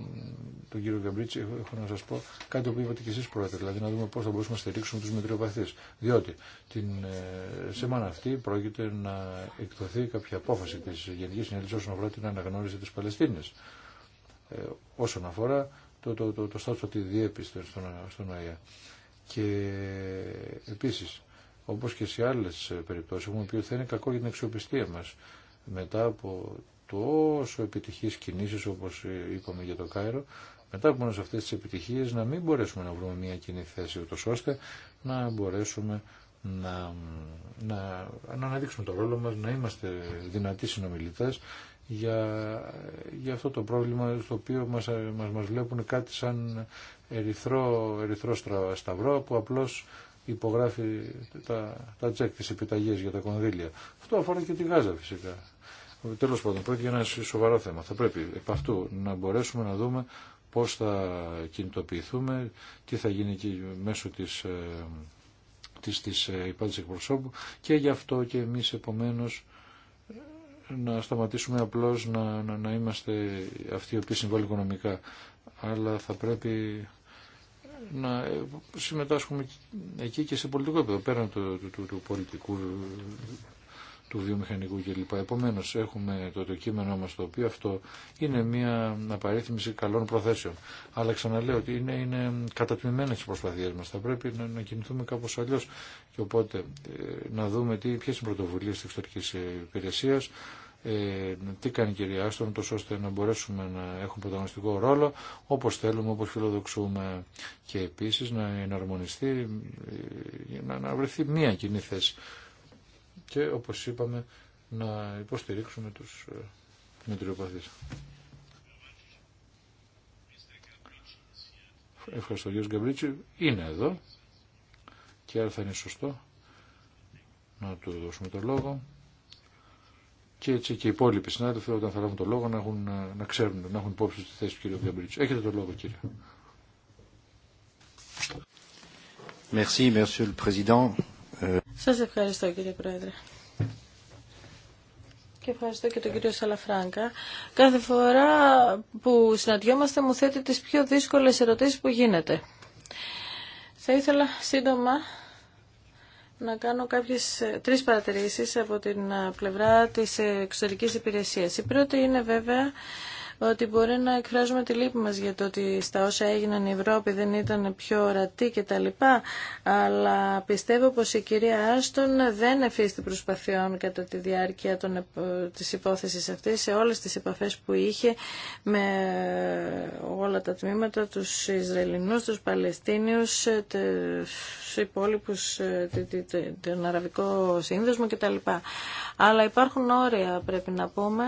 τον κύριο Γκαμπρίτσι, έχω να σας πω κάτι που είπατε και εσείς πρώτα, δηλαδή να δούμε πώς θα μπορούσαμε να στηρίξουμε τους μετριοπαθείς. Διότι την ε, σεμάνα αυτή πρόκειται να εκδοθεί κάποια απόφαση της Γενικής Συνέλευση όσον αφορά την αναγνώριση της Παλαιστίνης. Ε, όσον αφορά το, το, το, το στον, στον ΑΕΑ. Και επίσης, όπως και σε άλλες περιπτώσεις, έχουμε πει ότι θα είναι κακό για την αξιοπιστία μας μετά από τόσο επιτυχείς κινήσεις όπως είπαμε για το Κάιρο, μετά από μόνο σε αυτές τις επιτυχίες να μην μπορέσουμε να βρούμε μια κοινή θέση ούτως ώστε να μπορέσουμε να, να, να αναδείξουμε το ρόλο μας, να είμαστε δυνατοί συνομιλητές για, για αυτό το πρόβλημα στο οποίο μας, μας, μας βλέπουν κάτι σαν ερυθρό, ερυθρό σταυρό που απλώς υπογράφει τα, τα τσέκ της επιταγής για τα κονδύλια. Αυτό αφορά και τη Γάζα φυσικά. Τέλο πάντων, πρόκειται για ένα σοβαρό θέμα. Θα πρέπει επ' αυτού να μπορέσουμε να δούμε πώ θα κινητοποιηθούμε, τι θα γίνει εκεί μέσω τη ε, της, της ε, εκπροσώπου και γι' αυτό και εμείς επομένως να σταματήσουμε απλώς να, να, να είμαστε αυτοί οι οποίοι συμβάλλουν οικονομικά αλλά θα πρέπει να ε, συμμετάσχουμε εκεί και σε πολιτικό επίπεδο πέραν του, του, του, του πολιτικού του βιομηχανικού κλπ. Επομένω, έχουμε το, κείμενό μα το οποίο αυτό είναι μια απαρίθμηση καλών προθέσεων. Αλλά ξαναλέω ότι είναι, είναι κατατμημένε οι προσπαθίε μα. Θα πρέπει να, να κινηθούμε κάπω αλλιώ. Και οπότε ε, να δούμε ποιε είναι οι πρωτοβουλίε τη εξωτερική ε, υπηρεσία, ε, τι κάνει η κυρία Άστον, τόσο ώστε να μπορέσουμε να έχουμε πρωταγωνιστικό ρόλο όπω θέλουμε, όπω φιλοδοξούμε. Και επίση να εναρμονιστεί, ε, να, να βρεθεί μια κοινή θέση και όπως είπαμε να υποστηρίξουμε τους ε, μετριοπαθείς. Ευχαριστώ. Ο Γκαμπρίτσι είναι εδώ και άρα θα είναι σωστό να του δώσουμε το λόγο και έτσι και οι υπόλοιποι συνάδελφοι όταν θα λάβουν το λόγο να, έχουν, ε, να ξέρουν, να έχουν υπόψη στη θέση του κύριου Γκαμπρίτσι. Έχετε το λόγο κύριε. Merci, Monsieur le Président. Σας ευχαριστώ κύριε Πρόεδρε. Και ευχαριστώ και τον κύριο Σαλαφράγκα. Κάθε φορά που συναντιόμαστε μου θέτει τις πιο δύσκολες ερωτήσεις που γίνεται. Θα ήθελα σύντομα να κάνω κάποιες τρεις παρατηρήσεις από την πλευρά της εξωτερικής υπηρεσίας. Η πρώτη είναι βέβαια ότι μπορεί να εκφράζουμε τη λύπη μας για το ότι στα όσα έγιναν η Ευρώπη δεν ήταν πιο ορατή λοιπά Αλλά πιστεύω πως η κυρία Άστον δεν εφίστη προσπαθειών κατά τη διάρκεια των, της υπόθεσης αυτής σε όλες τις επαφές που είχε με όλα τα τμήματα, τους Ισραηλινούς, τους Παλαιστίνιους, τους υπόλοιπους, τον Αραβικό Σύνδεσμο κτλ. Αλλά υπάρχουν όρια πρέπει να πούμε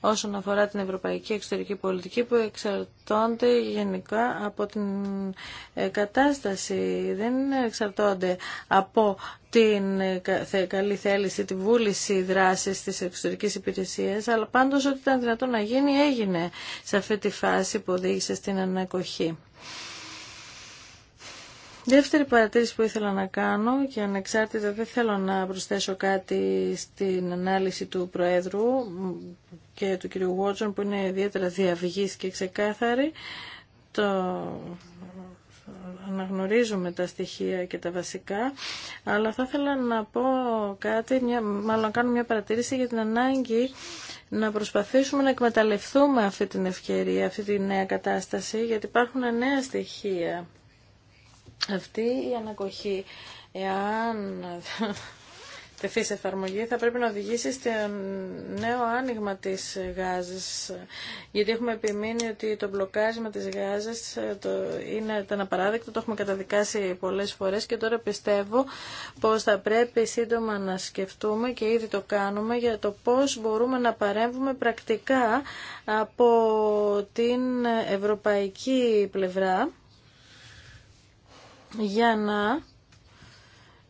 όσον αφορά την Ευρωπαϊκή Εξωτερική εξωτερική πολιτική που εξαρτώνται γενικά από την ε, κατάσταση. Δεν εξαρτώνται από την ε, καλή θέληση, τη βούληση δράση τη εξωτερική υπηρεσία, αλλά πάντω ό,τι ήταν δυνατόν να γίνει έγινε σε αυτή τη φάση που οδήγησε στην ανακοχή. Δεύτερη παρατήρηση που ήθελα να κάνω και ανεξάρτητα δεν θέλω να προσθέσω κάτι στην ανάλυση του Προέδρου και του κυρίου Βότσον που είναι ιδιαίτερα διαυγής και ξεκάθαρη. Το αναγνωρίζουμε τα στοιχεία και τα βασικά, αλλά θα ήθελα να πω κάτι, μια, μάλλον κάνω μια παρατήρηση για την ανάγκη να προσπαθήσουμε να εκμεταλλευτούμε αυτή την ευκαιρία, αυτή τη νέα κατάσταση, γιατί υπάρχουν νέα στοιχεία. Αυτή η ανακοχή, εάν τεθεί εφαρμογή θα πρέπει να οδηγήσει στο νέο άνοιγμα της γάζες, Γιατί έχουμε επιμείνει ότι το μπλοκάρισμα της γάζες το είναι, ήταν απαράδεκτο, το έχουμε καταδικάσει πολλές φορές και τώρα πιστεύω πως θα πρέπει σύντομα να σκεφτούμε και ήδη το κάνουμε για το πώς μπορούμε να παρέμβουμε πρακτικά από την ευρωπαϊκή πλευρά για να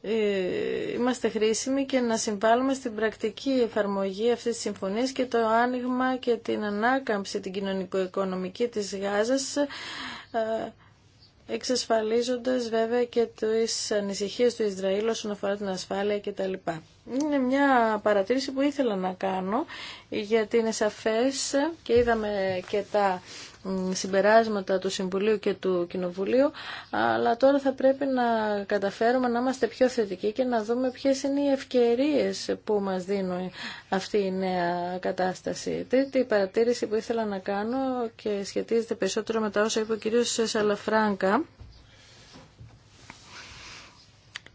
ε, είμαστε χρήσιμοι και να συμβάλλουμε στην πρακτική εφαρμογή αυτής της συμφωνίας και το άνοιγμα και την ανάκαμψη την κοινωνικο-οικονομική της Γάζας ε, εξασφαλίζοντας βέβαια και τις ανησυχίες του Ισραήλ όσον αφορά την ασφάλεια κτλ. Είναι μια παρατήρηση που ήθελα να κάνω γιατί είναι σαφές και είδαμε και τα συμπεράσματα του Συμβουλίου και του Κοινοβουλίου, αλλά τώρα θα πρέπει να καταφέρουμε να είμαστε πιο θετικοί και να δούμε ποιες είναι οι ευκαιρίες που μας δίνουν αυτή η νέα κατάσταση. Τρίτη παρατήρηση που ήθελα να κάνω και σχετίζεται περισσότερο με τα όσα είπε ο κ. Σαλαφράγκα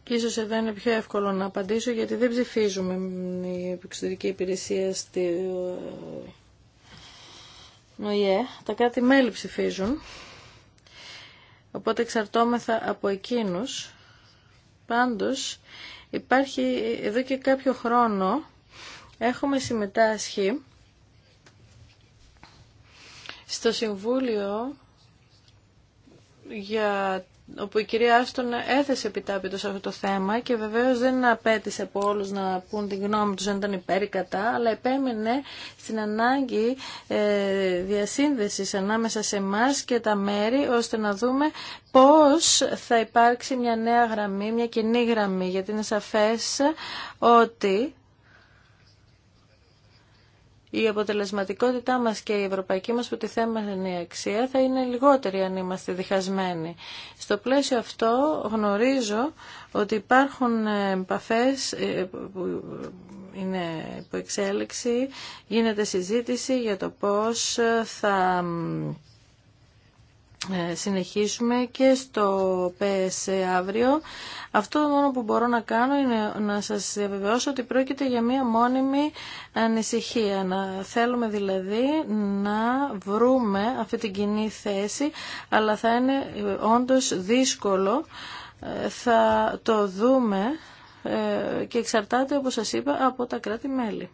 και ίσως εδώ είναι πιο εύκολο να απαντήσω γιατί δεν ψηφίζουμε η εξωτερική υπηρεσία τα κράτη-μέλη ψηφίζουν, οπότε εξαρτώμεθα από εκείνους. Πάντως, υπάρχει εδώ και κάποιο χρόνο, έχουμε συμμετάσχει στο Συμβούλιο για όπου η κυρία Άστον έθεσε επιτάπητο σε αυτό το θέμα και βεβαίως δεν απέτησε από όλου να πούν την γνώμη τους αν ήταν υπέρ κατά, αλλά επέμεινε στην ανάγκη ε, διασύνδεσης ανάμεσα σε εμά και τα μέρη, ώστε να δούμε πώς θα υπάρξει μια νέα γραμμή, μια κοινή γραμμή, γιατί είναι σαφές ότι η αποτελεσματικότητά μας και η ευρωπαϊκή μας η αξία θα είναι λιγότερη αν είμαστε διχασμένοι. Στο πλαίσιο αυτό γνωρίζω ότι υπάρχουν επαφές ε, που είναι υπό εξέλιξη, γίνεται συζήτηση για το πώς θα ε, συνεχίσουμε και στο ΠΕΣΕ αύριο. Αυτό μόνο που μπορώ να κάνω είναι να σας διαβεβαιώσω ότι πρόκειται για μία μόνιμη ανησυχία. Να θέλουμε δηλαδή να βρούμε αυτή την κοινή θέση, αλλά θα είναι ε, όντως δύσκολο. Ε, θα το δούμε και εξαρτάται, όπως σας είπα, από τα κράτη-μέλη.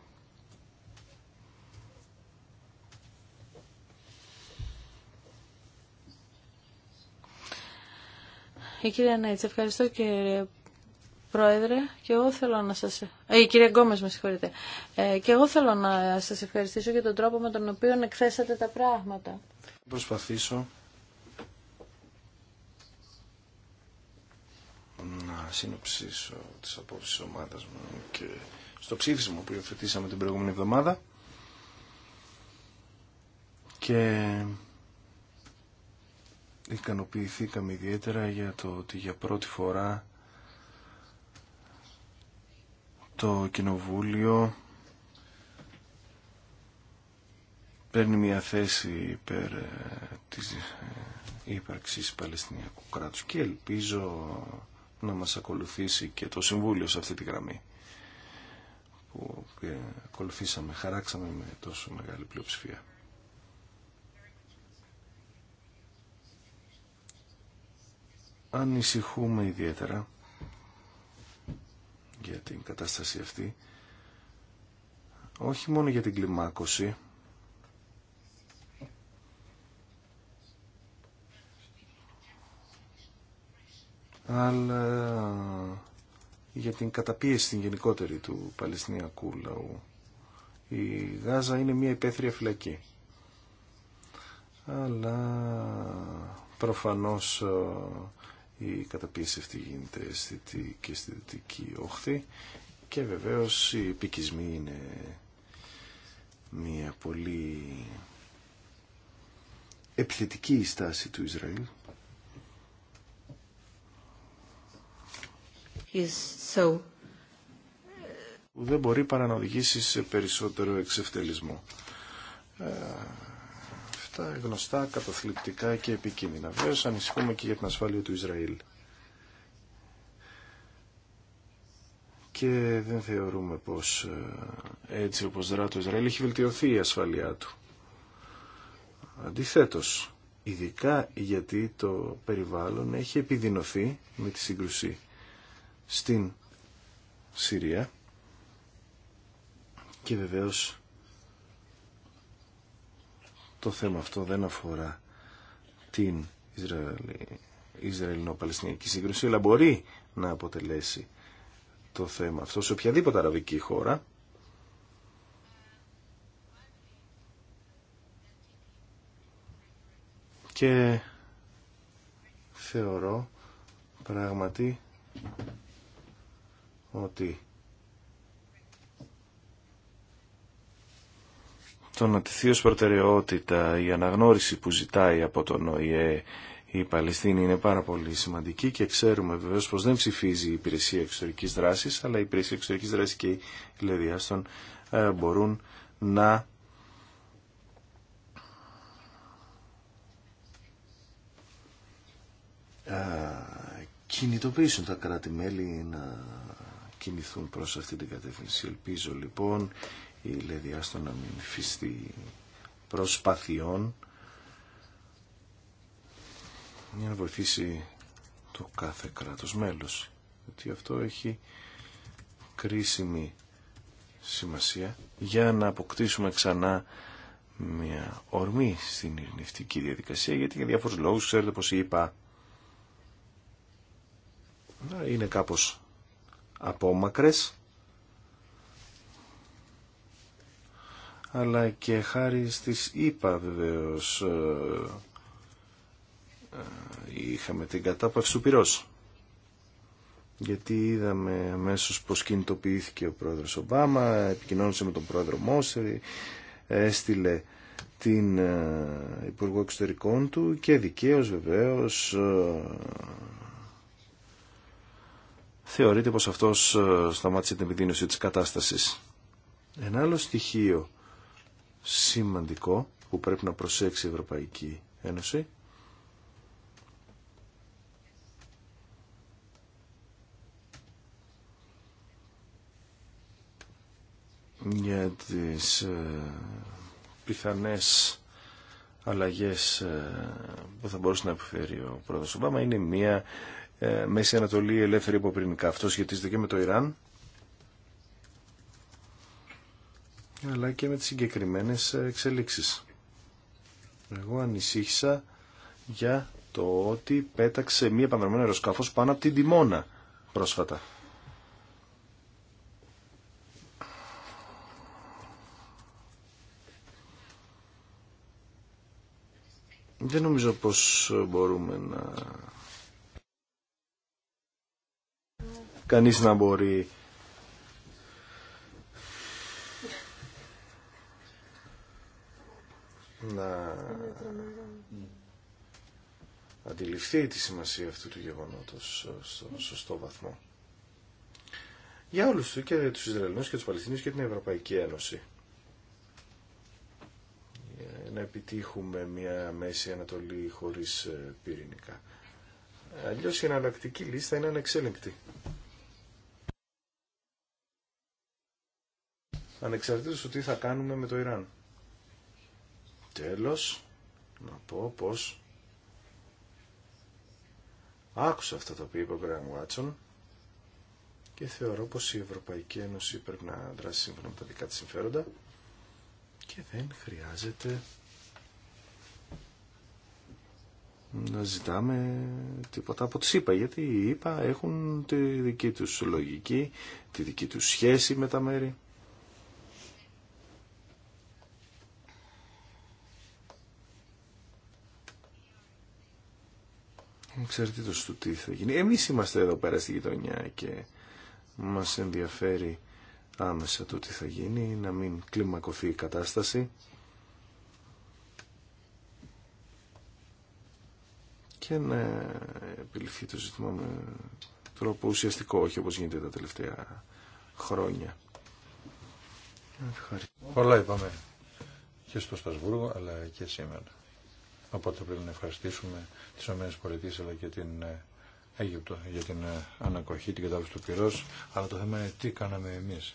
Η ε, κυρία Νέιτς, ευχαριστώ κύριε Πρόεδρε, και εγώ θέλω να σας... Ε, κυρία Γκόμες, με συγχωρείτε. Ε, και εγώ θέλω να σας ευχαριστήσω για τον τρόπο με τον οποίο εκθέσατε τα πράγματα. Θα προσπαθήσω να συνοψίσω τις απόψεις της ομάδας μου και στο ψήφισμα που υιοθετήσαμε την προηγούμενη εβδομάδα και ικανοποιηθήκαμε ιδιαίτερα για το ότι για πρώτη φορά το Κοινοβούλιο παίρνει μια θέση υπέρ ε, της ε, ύπαρξης Παλαιστινιακού κράτους και ελπίζω να μας ακολουθήσει και το Συμβούλιο σε αυτή τη γραμμή που ε, ακολουθήσαμε, χαράξαμε με τόσο μεγάλη πλειοψηφία. ανησυχούμε ιδιαίτερα για την κατάσταση αυτή όχι μόνο για την κλιμάκωση αλλά για την καταπίεση την γενικότερη του Παλαιστινιακού λαού. Η Γάζα είναι μια υπαίθρια φυλακή. Αλλά προφανώς ε, η καταπίεση αυτή γίνεται αισθητή και στη δυτική όχθη και βεβαίως οι επικισμοί είναι μια πολύ επιθετική στάση του Ισραήλ. So... Δεν μπορεί παρά να οδηγήσει σε περισσότερο εξευτελισμό. Ε, τα γνωστά, καταθλιπτικά και επικίνδυνα. Βέβαια, ανησυχούμε και για την ασφάλεια του Ισραήλ. Και δεν θεωρούμε πως ε, έτσι όπως δρά το Ισραήλ έχει βελτιωθεί η ασφαλειά του. Αντιθέτως, ειδικά γιατί το περιβάλλον έχει επιδεινωθεί με τη σύγκρουση στην Συρία και βεβαίως το θέμα αυτό δεν αφορά την Ισραηλινο-Παλαιστινιακή σύγκρουση, αλλά μπορεί να αποτελέσει το θέμα αυτό σε οποιαδήποτε αραβική χώρα. Και θεωρώ πράγματι ότι το να τηθεί προτεραιότητα η αναγνώριση που ζητάει από τον ΟΗΕ η Παλαιστίνη είναι πάρα πολύ σημαντική και ξέρουμε βεβαίω πως δεν ψηφίζει η Υπηρεσία Εξωτερικής Δράσης αλλά η Υπηρεσία Εξωτερικής Δράσης και οι ΛΕΔΙΑΣΤΟΝ ε, μπορούν να ε, κινητοποιήσουν τα κράτη-μέλη να κινηθούν προς αυτή την κατεύθυνση. Ελπίζω λοιπόν η άστο να μην φυστεί προσπαθειών για να βοηθήσει το κάθε κράτος μέλος. Γιατί αυτό έχει κρίσιμη σημασία για να αποκτήσουμε ξανά μια ορμή στην ειρηνευτική διαδικασία γιατί για διάφορους λόγους ξέρετε πως είπα είναι κάπως απόμακρες αλλά και χάρη στις ΙΠΑ βεβαίως ε, ε, είχαμε την κατάπαυση του πυρός. Γιατί είδαμε αμέσω πως κινητοποιήθηκε ο πρόεδρος Ομπάμα, επικοινώνησε με τον πρόεδρο Μόσερη, έστειλε την ε, Υπουργό Εξωτερικών του και δικαίως βεβαίως θεωρείται πως αυτός σταμάτησε την επιδείνωση της κατάστασης. Ένα άλλο στοιχείο σημαντικό που πρέπει να προσέξει η Ευρωπαϊκή Ένωση. για τις ε, πιθανές αλλαγές ε, που θα μπορούσε να επιφέρει ο πρόεδρος Ομπάμα είναι μια ε, Μέση Ανατολή ελεύθερη από πριν. Αυτό σχετίζεται και με το Ιράν αλλά και με τις συγκεκριμένες εξελίξεις. Εγώ ανησύχησα για το ότι πέταξε μία επανδρομένο αεροσκάφος πάνω από την Τιμόνα πρόσφατα. Δεν νομίζω πως μπορούμε να... Κανείς να μπορεί να mm. αντιληφθεί τη σημασία αυτού του γεγονότος ε, στο mm. σωστό βαθμό. Για όλους του και τους Ισραηλινούς και τους Παλαιστινίους και την Ευρωπαϊκή Ένωση. να επιτύχουμε μια Μέση Ανατολή χωρίς ε, πυρηνικά. Αλλιώς η εναλλακτική λίστα είναι ανεξέλεγκτη. Ανεξαρτήτως του τι θα κάνουμε με το Ιράν τέλος να πω πως άκουσα αυτά τα οποία είπε ο Γκραν Βάτσον και θεωρώ πως η Ευρωπαϊκή Ένωση πρέπει να δράσει σύμφωνα με τα δικά της συμφέροντα και δεν χρειάζεται να ζητάμε τίποτα από τις ΗΠΑ, γιατί οι ΗΠΑ έχουν τη δική τους λογική, τη δική τους σχέση με τα μέρη. εξαρτήτως του τι θα γίνει. Εμείς είμαστε εδώ πέρα στη γειτονιά και μας ενδιαφέρει άμεσα το τι θα γίνει, να μην κλιμακωθεί η κατάσταση. και να επιληφθεί το ζήτημα με τρόπο ουσιαστικό, όχι όπως γίνεται τα τελευταία χρόνια. Ευχαριστώ. Πολλά είπαμε και στο Στασβούργο, αλλά και σήμερα. Οπότε πρέπει να ευχαριστήσουμε τις ΗΠΑ αλλά και την ε, Αίγυπτο για την ε, ανακοχή, την κατάβαση του πυρός. Αλλά το θέμα είναι τι κάναμε εμείς.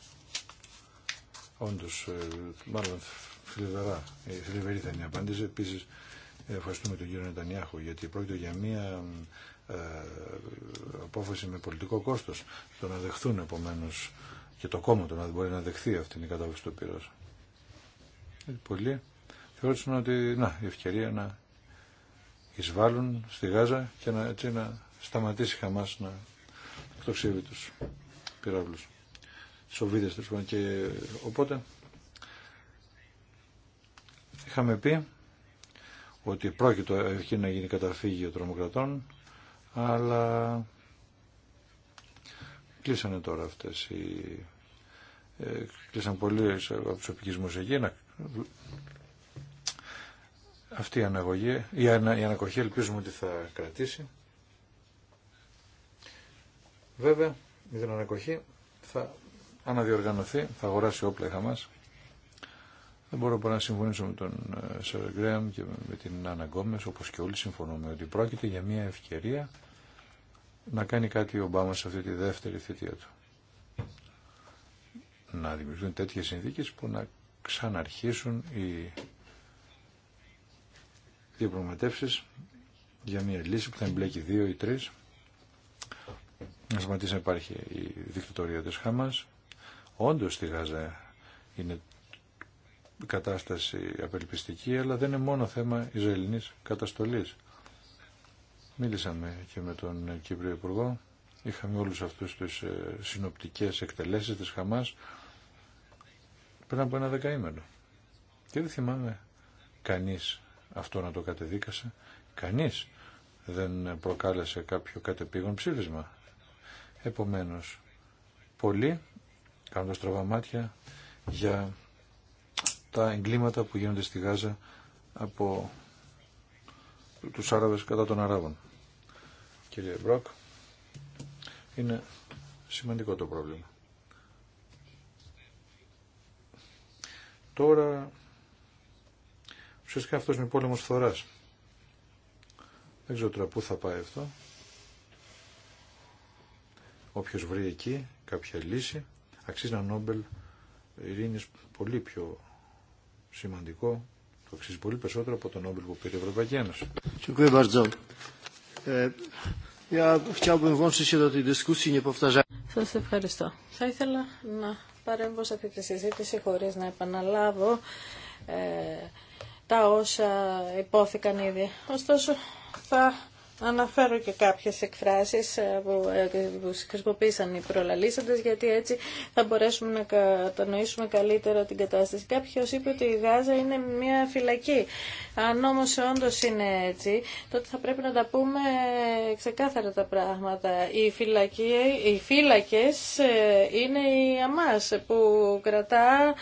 Όντως, ε, μάλλον θλιβερά, θλιβερή θα είναι η απάντηση. Επίσης, ευχαριστούμε τον κύριο Νετανιάχου γιατί πρόκειται για μια ε, απόφαση με πολιτικό κόστος το να δεχθούν επομένως και το κόμμα του να μπορεί να δεχθεί αυτή την κατάβαση του πυρός. Πολύ. Θεώρησαν ότι, να, η ευκαιρία να εισβάλλουν στη Γάζα και να, έτσι να σταματήσει η Χαμάς να εκτοξεύει τους πυράβλους. Σοβίδες τους και οπότε είχαμε πει ότι πρόκειτο ευχή να γίνει καταφύγιο τρομοκρατών αλλά κλείσανε τώρα αυτές οι ε, κλείσαν πολλοί από τους οπικισμούς εκεί αυτή η αναγωγή, η, ανα, ανακοχή ελπίζουμε ότι θα κρατήσει. Βέβαια, με την ανακοχή θα αναδιοργανωθεί, θα αγοράσει όπλα η Χαμάς. Δεν μπορώ παρά να συμφωνήσω με τον ε, Σερ Γκρέαμ και με την Άννα Γκόμες, όπως και όλοι συμφωνούμε, ότι πρόκειται για μια ευκαιρία να κάνει κάτι ο Ομπάμα σε αυτή τη δεύτερη θητεία του. Να δημιουργούν τέτοιες συνθήκες που να ξαναρχίσουν οι διαπραγματεύσεις για μια λύση που θα εμπλέκει δύο ή τρεις. Να σταματήσει να υπάρχει η δικτατορία της Χαμάς. Όντως στη Γάζα είναι κατάσταση απελπιστική, αλλά δεν είναι μόνο θέμα Ισραηλινής καταστολής. Μίλησαμε και με τον Κύπριο Υπουργό. Είχαμε όλους αυτούς τους ε, συνοπτικές εκτελέσεις της Χαμάς πριν από ένα δεκαήμενο. Και δεν θυμάμαι κανείς αυτό να το κατεδίκασε. Κανείς δεν προκάλεσε κάποιο κατεπήγον ψήφισμα. Επομένως, πολλοί κάνουν στραβά μάτια για τα εγκλήματα που γίνονται στη Γάζα από τους Άραβες κατά των Αράβων. Κύριε Μπροκ, είναι σημαντικό το πρόβλημα. Τώρα Ουσιαστικά αυτό είναι πόλεμο φθορά. Δεν ξέρω τώρα πού θα πάει αυτό. Όποιος βρει εκεί κάποια λύση, αξίζει ένα Νόμπελ ειρήνης πολύ πιο σημαντικό. Το αξίζει πολύ περισσότερο από τον Νόμπελ που πήρε η Ευρωπαϊκή Ένωση. Ε, σας ευχαριστώ. Θα παει αυτο Όποιο βρει εκει καποια λυση αξιζει ενα νομπελ ειρηνη πολυ πιο σημαντικο το αξιζει πολυ περισσοτερο απο το νομπελ που πηρε η ευρωπαικη ενωση σας ευχαριστω θα ηθελα να παρέμβω σε αυτή τη συζήτηση χωρίς να επαναλάβω ε, τα όσα υπόθηκαν ήδη. Ωστόσο, θα αναφέρω και κάποιες εκφράσεις ε, ε, που χρησιμοποίησαν οι προλαλήσαντες γιατί έτσι θα μπορέσουμε να κατανοήσουμε καλύτερα την κατάσταση. Κάποιος είπε ότι η Γάζα είναι μια φυλακή. Αν όμως όντως είναι έτσι, τότε θα πρέπει να τα πούμε ε, ξεκάθαρα τα πράγματα. Οι, φυλακοί, φύλακες είναι οι αμάς που κρατά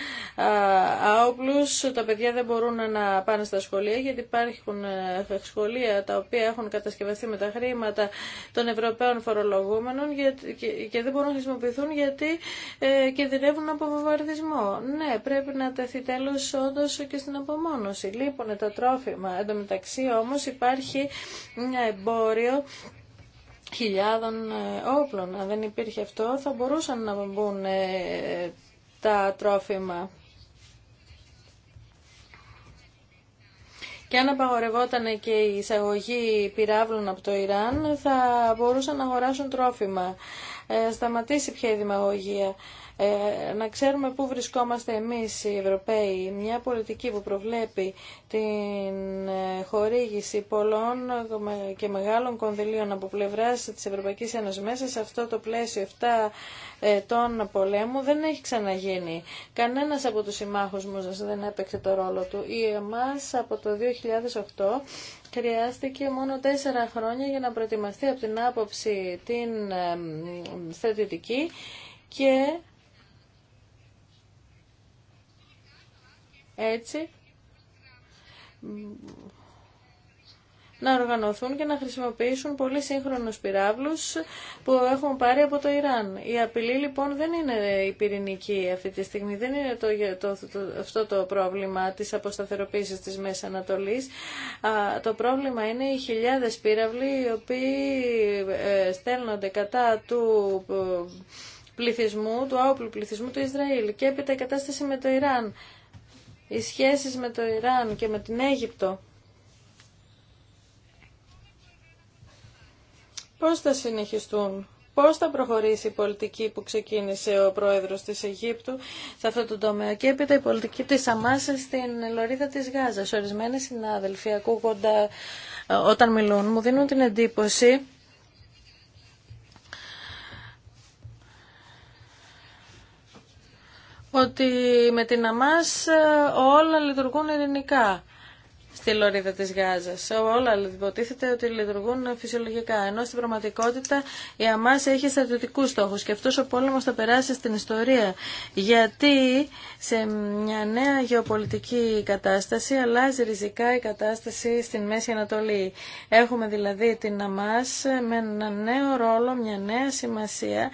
άοπλους. Τα παιδιά δεν μπορούν να πάνε στα σχολεία γιατί υπάρχουν σχολεία τα οποία έχουν κατασκευαστεί με τα χρήματα των Ευρωπαίων φορολογούμενων και δεν μπορούν να χρησιμοποιηθούν γιατί ε, κινδυνεύουν από βομβαρδισμό. Ναι, πρέπει να τεθεί τέλο όντω και στην απομόνωση. Λείπουν τα τρόφιμα. Εν τω μεταξύ όμω υπάρχει ένα εμπόριο χιλιάδων ε, όπλων. Αν δεν υπήρχε αυτό θα μπορούσαν να μπουν ε, τα τρόφιμα Και αν απαγορευόταν και η εισαγωγή πυράβλων από το Ιράν, θα μπορούσαν να αγοράσουν τρόφιμα. Ε, σταματήσει πια η δημαγωγία. Ε, να ξέρουμε πού βρισκόμαστε εμείς οι Ευρωπαίοι. Μια πολιτική που προβλέπει την ε, χορήγηση πολλών και μεγάλων κονδυλίων από πλευράς της Ευρωπαϊκής Ένωσης μέσα σε αυτό το πλαίσιο 7 ε, ετών πολέμου δεν έχει ξαναγίνει. Κανένας από τους συμμάχους μου δεν έπαιξε το ρόλο του. Ή εμάς από το 2008 χρειάστηκε μόνο τέσσερα χρόνια για να προετοιμαστεί από την άποψη την στρατιωτική και έτσι να οργανωθούν και να χρησιμοποιήσουν πολύ σύγχρονους πυράβλους που έχουν πάρει από το Ιράν. Η απειλή λοιπόν δεν είναι η πυρηνική αυτή τη στιγμή, δεν είναι το, το αυτό το πρόβλημα της αποσταθεροποίησης της Μέσης Ανατολής. το πρόβλημα είναι οι χιλιάδες πύραυλοι οι οποίοι ε, στέλνονται κατά του... Ε, πληθυσμού, του άοπλου πληθυσμού του Ισραήλ και έπειτα η κατάσταση με το Ιράν οι σχέσεις με το Ιράν και με την Αίγυπτο πώς θα συνεχιστούν, πώς θα προχωρήσει η πολιτική που ξεκίνησε ο πρόεδρος της Αιγύπτου σε αυτό το τομέα και έπειτα η πολιτική της Αμάσα στην Λωρίδα της Γάζας. Ορισμένοι συνάδελφοι ακούγοντα ε, όταν μιλούν μου δίνουν την εντύπωση ότι με την ΑΜΑΣ ε, όλα λειτουργούν ειρηνικά στη λωρίδα της Γάζας. Όλα υποτίθεται ότι λειτουργούν φυσιολογικά, ενώ στην πραγματικότητα η Αμάς έχει στρατιωτικούς στόχους και αυτός ο πόλεμος θα περάσει στην ιστορία, γιατί σε μια νέα γεωπολιτική κατάσταση αλλάζει ριζικά η κατάσταση στην Μέση Ανατολή. Έχουμε δηλαδή την Αμάς με ένα νέο ρόλο, μια νέα σημασία,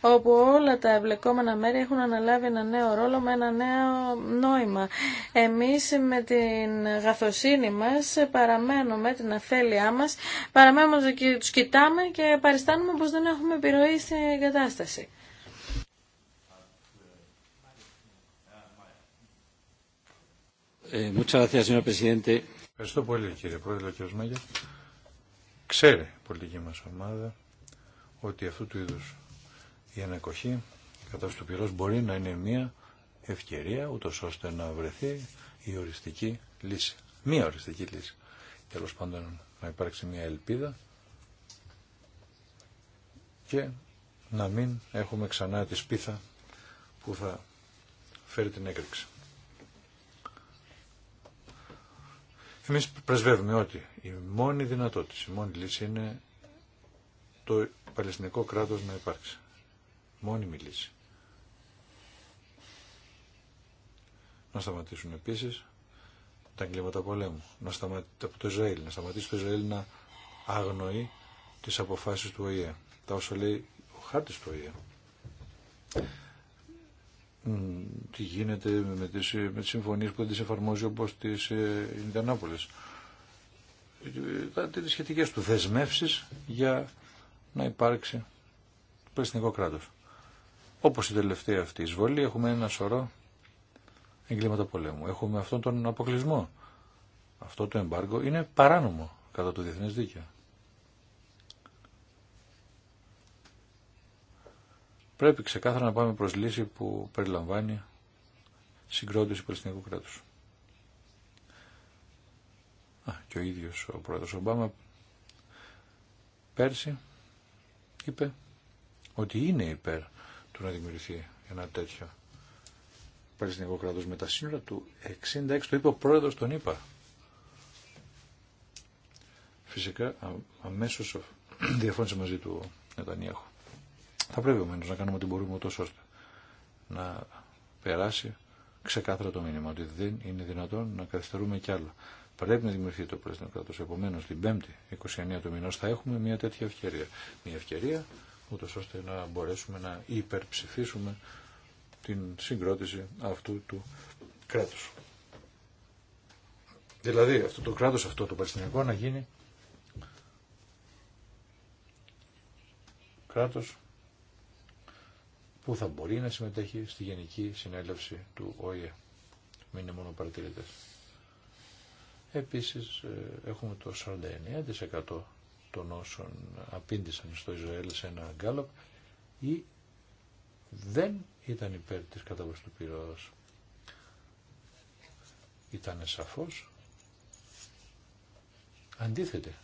όπου όλα τα εμπλεκόμενα μέρη έχουν αναλάβει ένα νέο ρόλο με ένα νέο νόημα. Εμείς με την γαθοσύνη ευθύνη μας, παραμένουμε την αφέλειά μας, παραμένουμε και τους κοιτάμε και παριστάνουμε πως δεν έχουμε επιρροή στην κατάσταση. Ε, Ευχαριστώ πολύ κύριε Πρόεδρε, κύριε Ξέρει η πολιτική μας ομάδα ότι αυτού του είδους η ανακοχή, κατά του πυρός μπορεί να είναι μια ευκαιρία ούτως ώστε να βρεθεί η οριστική λύση μία οριστική λύση. Τέλο πάντων να υπάρξει μία ελπίδα και να μην έχουμε ξανά τη σπίθα που θα φέρει την έκρηξη. Εμείς πρεσβεύουμε ότι η μόνη δυνατότητα, η μόνη λύση είναι το Παλαιστινικό κράτος να υπάρξει. Μόνιμη λύση. Να σταματήσουν επίσης τα εγκλήματα πολέμου, να σταματήσει, το Ισραήλ, να σταματήσει το Ισραήλ να αγνοεί τις αποφάσεις του ΟΗΕ, τα όσα λέει ο χάρτη του ΟΗΕ. Τι γίνεται με τις, με συμφωνίες που δεν τις εφαρμόζει όπως τις ε, Τι ε, ε, Τις σχετικές του δεσμεύσεις για να υπάρξει Παλαιστινικό κράτος. Όπως η τελευταία αυτή εισβολή έχουμε ένα σωρό εγκλήματα πολέμου. Έχουμε αυτόν τον αποκλεισμό. Αυτό το εμπάργκο είναι παράνομο κατά το διεθνές δίκαιο. Πρέπει ξεκάθαρα να πάμε προς λύση που περιλαμβάνει συγκρότηση την κράτους. Α, και ο ίδιος ο πρόεδρος Ομπάμα πέρσι είπε ότι είναι υπέρ του να δημιουργηθεί ένα τέτοιο Παλαιστινικό κράτο με τα σύνορα του 66, το είπε ο πρόεδρο τον είπα. Φυσικά αμέσω διαφώνησε μαζί του Νετανιάχου. Θα πρέπει ομένω να κάνουμε ό,τι μπορούμε ούτω ώστε να περάσει ξεκάθαρα το μήνυμα ότι δεν είναι δυνατόν να καθυστερούμε κι άλλα. Πρέπει να δημιουργηθεί το Παλαιστινικό κράτο. επομένω την 5η 29 του μηνό θα έχουμε μια τέτοια ευκαιρία. Μια ευκαιρία ούτω ώστε να μπορέσουμε να υπερψηφίσουμε την συγκρότηση αυτού του κράτους. Δηλαδή αυτό το κράτος αυτό το Παλαιστινιακό να γίνει κράτος που θα μπορεί να συμμετέχει στη Γενική Συνέλευση του ΟΗΕ. Μην είναι μόνο παρατηρητές. Επίσης ε, έχουμε το 49% των όσων απήντησαν στο Ισραήλ σε ένα γκάλωπ ή δεν ήταν υπέρ της κατάβασης του πυρός. Ήταν σαφώς αντίθεται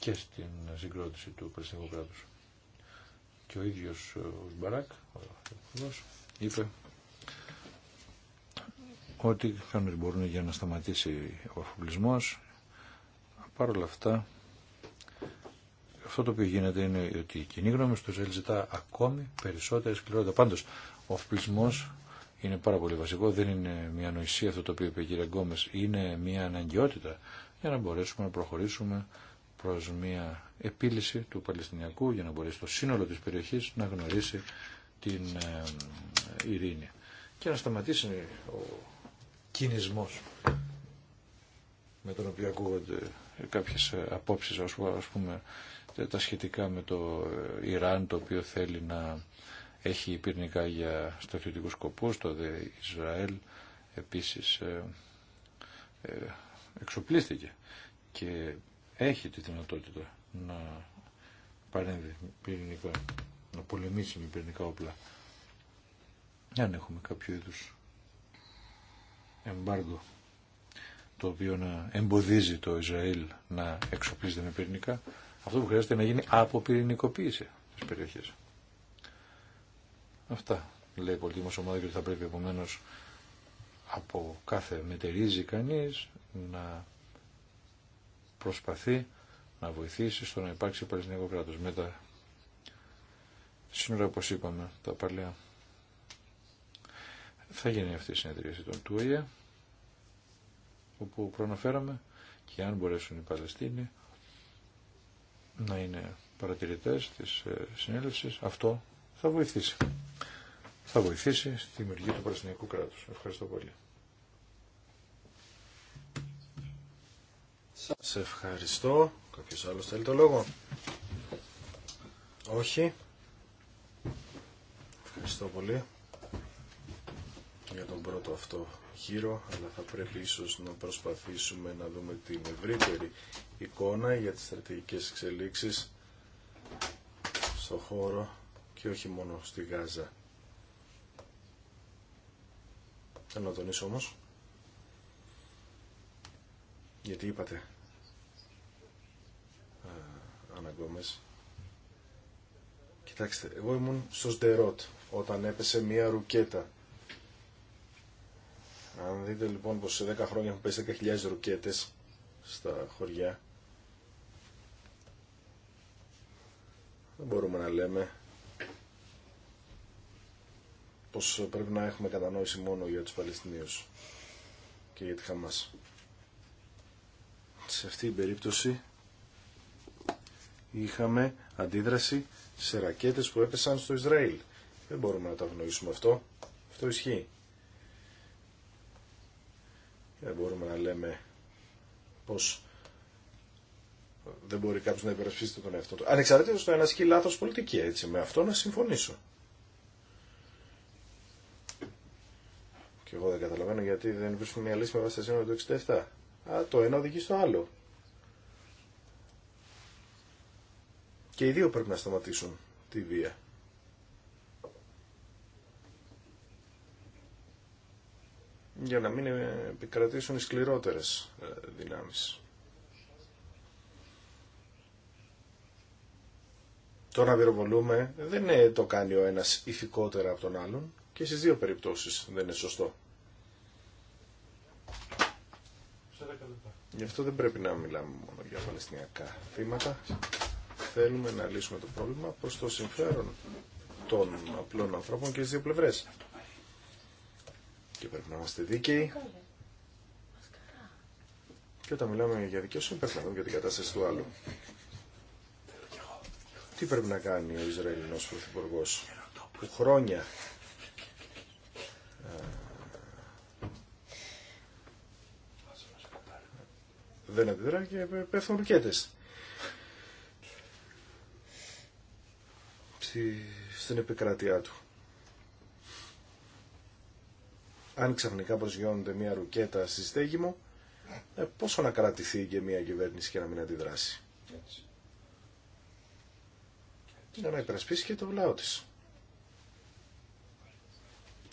και στην συγκρότηση του Παλαιστινικού κράτους. Και ο ίδιος ο Μπαράκ, ο Υπουργός, είπε ότι κάνουν μπορούν για να σταματήσει ο αφουγλισμός. Παρ' όλα αυτά αυτό το οποίο γίνεται είναι ότι η κοινή γνώμη στο Ισραήλ ζητά ακόμη περισσότερη σκληρότητα. Πάντω, ο αυπλισμό είναι πάρα πολύ βασικό. Δεν είναι μια νοησία αυτό το οποίο είπε η κυρία Γκόμε. Είναι μια αναγκαιότητα για να μπορέσουμε να προχωρήσουμε προ μια επίλυση του Παλαιστινιακού για να μπορέσει το σύνολο τη περιοχή να γνωρίσει την ε, ειρήνη και να σταματήσει ο κινησμός με τον οποίο ακούγονται κάποιες ε, απόψεις ας πούμε τα σχετικά με το Ιράν το οποίο θέλει να έχει πυρνικά για στρατιωτικούς σκοπούς, το δε Ισραήλ επίσης ε, ε, εξοπλίστηκε και έχει τη δυνατότητα να παρέμβει πυρηνικά, να πολεμήσει με πυρηνικά όπλα. Αν έχουμε κάποιο είδου εμπάργκο το οποίο να εμποδίζει το Ισραήλ να εξοπλίζεται με πυρηνικά, αυτό που χρειάζεται να γίνει αποπυρηνικοποίηση τη περιοχή. Αυτά λέει η πολιτική ομάδα και ότι θα πρέπει επομένω από κάθε μετερίζει κανείς να προσπαθεί να βοηθήσει στο να υπάρξει Παλαιστινιακό κράτο με τα σύνορα όπω είπαμε τα παλιά θα γίνει αυτή η συνεδρίαση των Τούγια, όπου προαναφέραμε και αν μπορέσουν οι Παλαιστίνοι να είναι παρατηρητές της ε, συνέλευσης, αυτό θα βοηθήσει. Θα βοηθήσει στη δημιουργία του Παλαιστινιακού κράτους. Ευχαριστώ πολύ. Σας ευχαριστώ. Κάποιος άλλος θέλει το λόγο. Όχι. Ευχαριστώ πολύ για τον πρώτο αυτό χίρο, αλλά θα πρέπει ίσως να προσπαθήσουμε να δούμε την ευρύτερη εικόνα για τις στρατηγικές εξελίξεις στο χώρο και όχι μόνο στη Γάζα. Θέλω να τονίσω όμως, γιατί είπατε, Αναγκόμες, κοιτάξτε, εγώ ήμουν στο Στερότ όταν έπεσε μία ρουκέτα αν δείτε λοιπόν πως σε 10 χρόνια έχουν πέσει 10.000 ρουκέτες στα χωριά, δεν μπορούμε να λέμε πως πρέπει να έχουμε κατανόηση μόνο για τους Παλαιστινίους και για τη Χαμάς. Σε αυτή την περίπτωση είχαμε αντίδραση σε ρακέτες που έπεσαν στο Ισραήλ. Δεν μπορούμε να τα γνωρίσουμε αυτό. Αυτό ισχύει. Δεν μπορούμε να λέμε πως δεν μπορεί κάποιο να υπερασπίσει τον εαυτό του. Ανεξαρτήτως το ασκεί λάθο πολιτική, έτσι, με αυτό να συμφωνήσω. Και εγώ δεν καταλαβαίνω γιατί δεν βρίσκουμε μια λύση με βάση τα σύνορα του 67. Α, το ένα οδηγεί στο άλλο. Και οι δύο πρέπει να σταματήσουν τη βία. για να μην επικρατήσουν οι σκληρότερες ε, δυνάμεις. Το να πυροβολούμε δεν το κάνει ο ένας ηθικότερα από τον άλλον και στις δύο περιπτώσεις δεν είναι σωστό. Γι' αυτό δεν πρέπει να μιλάμε μόνο για παλαιστινιακά θύματα. Θέλουμε να λύσουμε το πρόβλημα προς το συμφέρον των απλών ανθρώπων και στις δύο πλευρές. Και πρέπει να είμαστε δίκαιοι. Και όταν μιλάμε για δικαιοσύνη, πρέπει να δούμε για την κατάσταση του άλλου. Τι πρέπει να κάνει ο Ισραηλινός Πρωθυπουργός που χρόνια ε, δεν αντιδρά και πέφτουν ρουκέτες. Στην επικράτειά του. αν ξαφνικά προσγειώνονται μια ρουκέτα στη στέγη μου, ε, πόσο να κρατηθεί και μια κυβέρνηση και να μην αντιδράσει. Έτσι. Για να υπερασπίσει και το λαό της.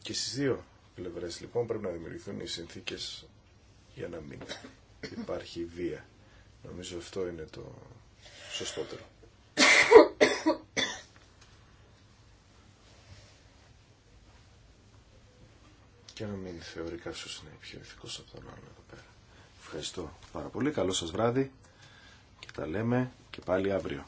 Και στις δύο πλευρές λοιπόν πρέπει να δημιουργηθούν οι συνθήκες για να μην υπάρχει βία. Νομίζω αυτό είναι το σωστότερο. και να μην θεωρεί να είναι πιο από τον άλλον εδώ πέρα. Ευχαριστώ πάρα πολύ. Καλό σας βράδυ και τα λέμε και πάλι αύριο.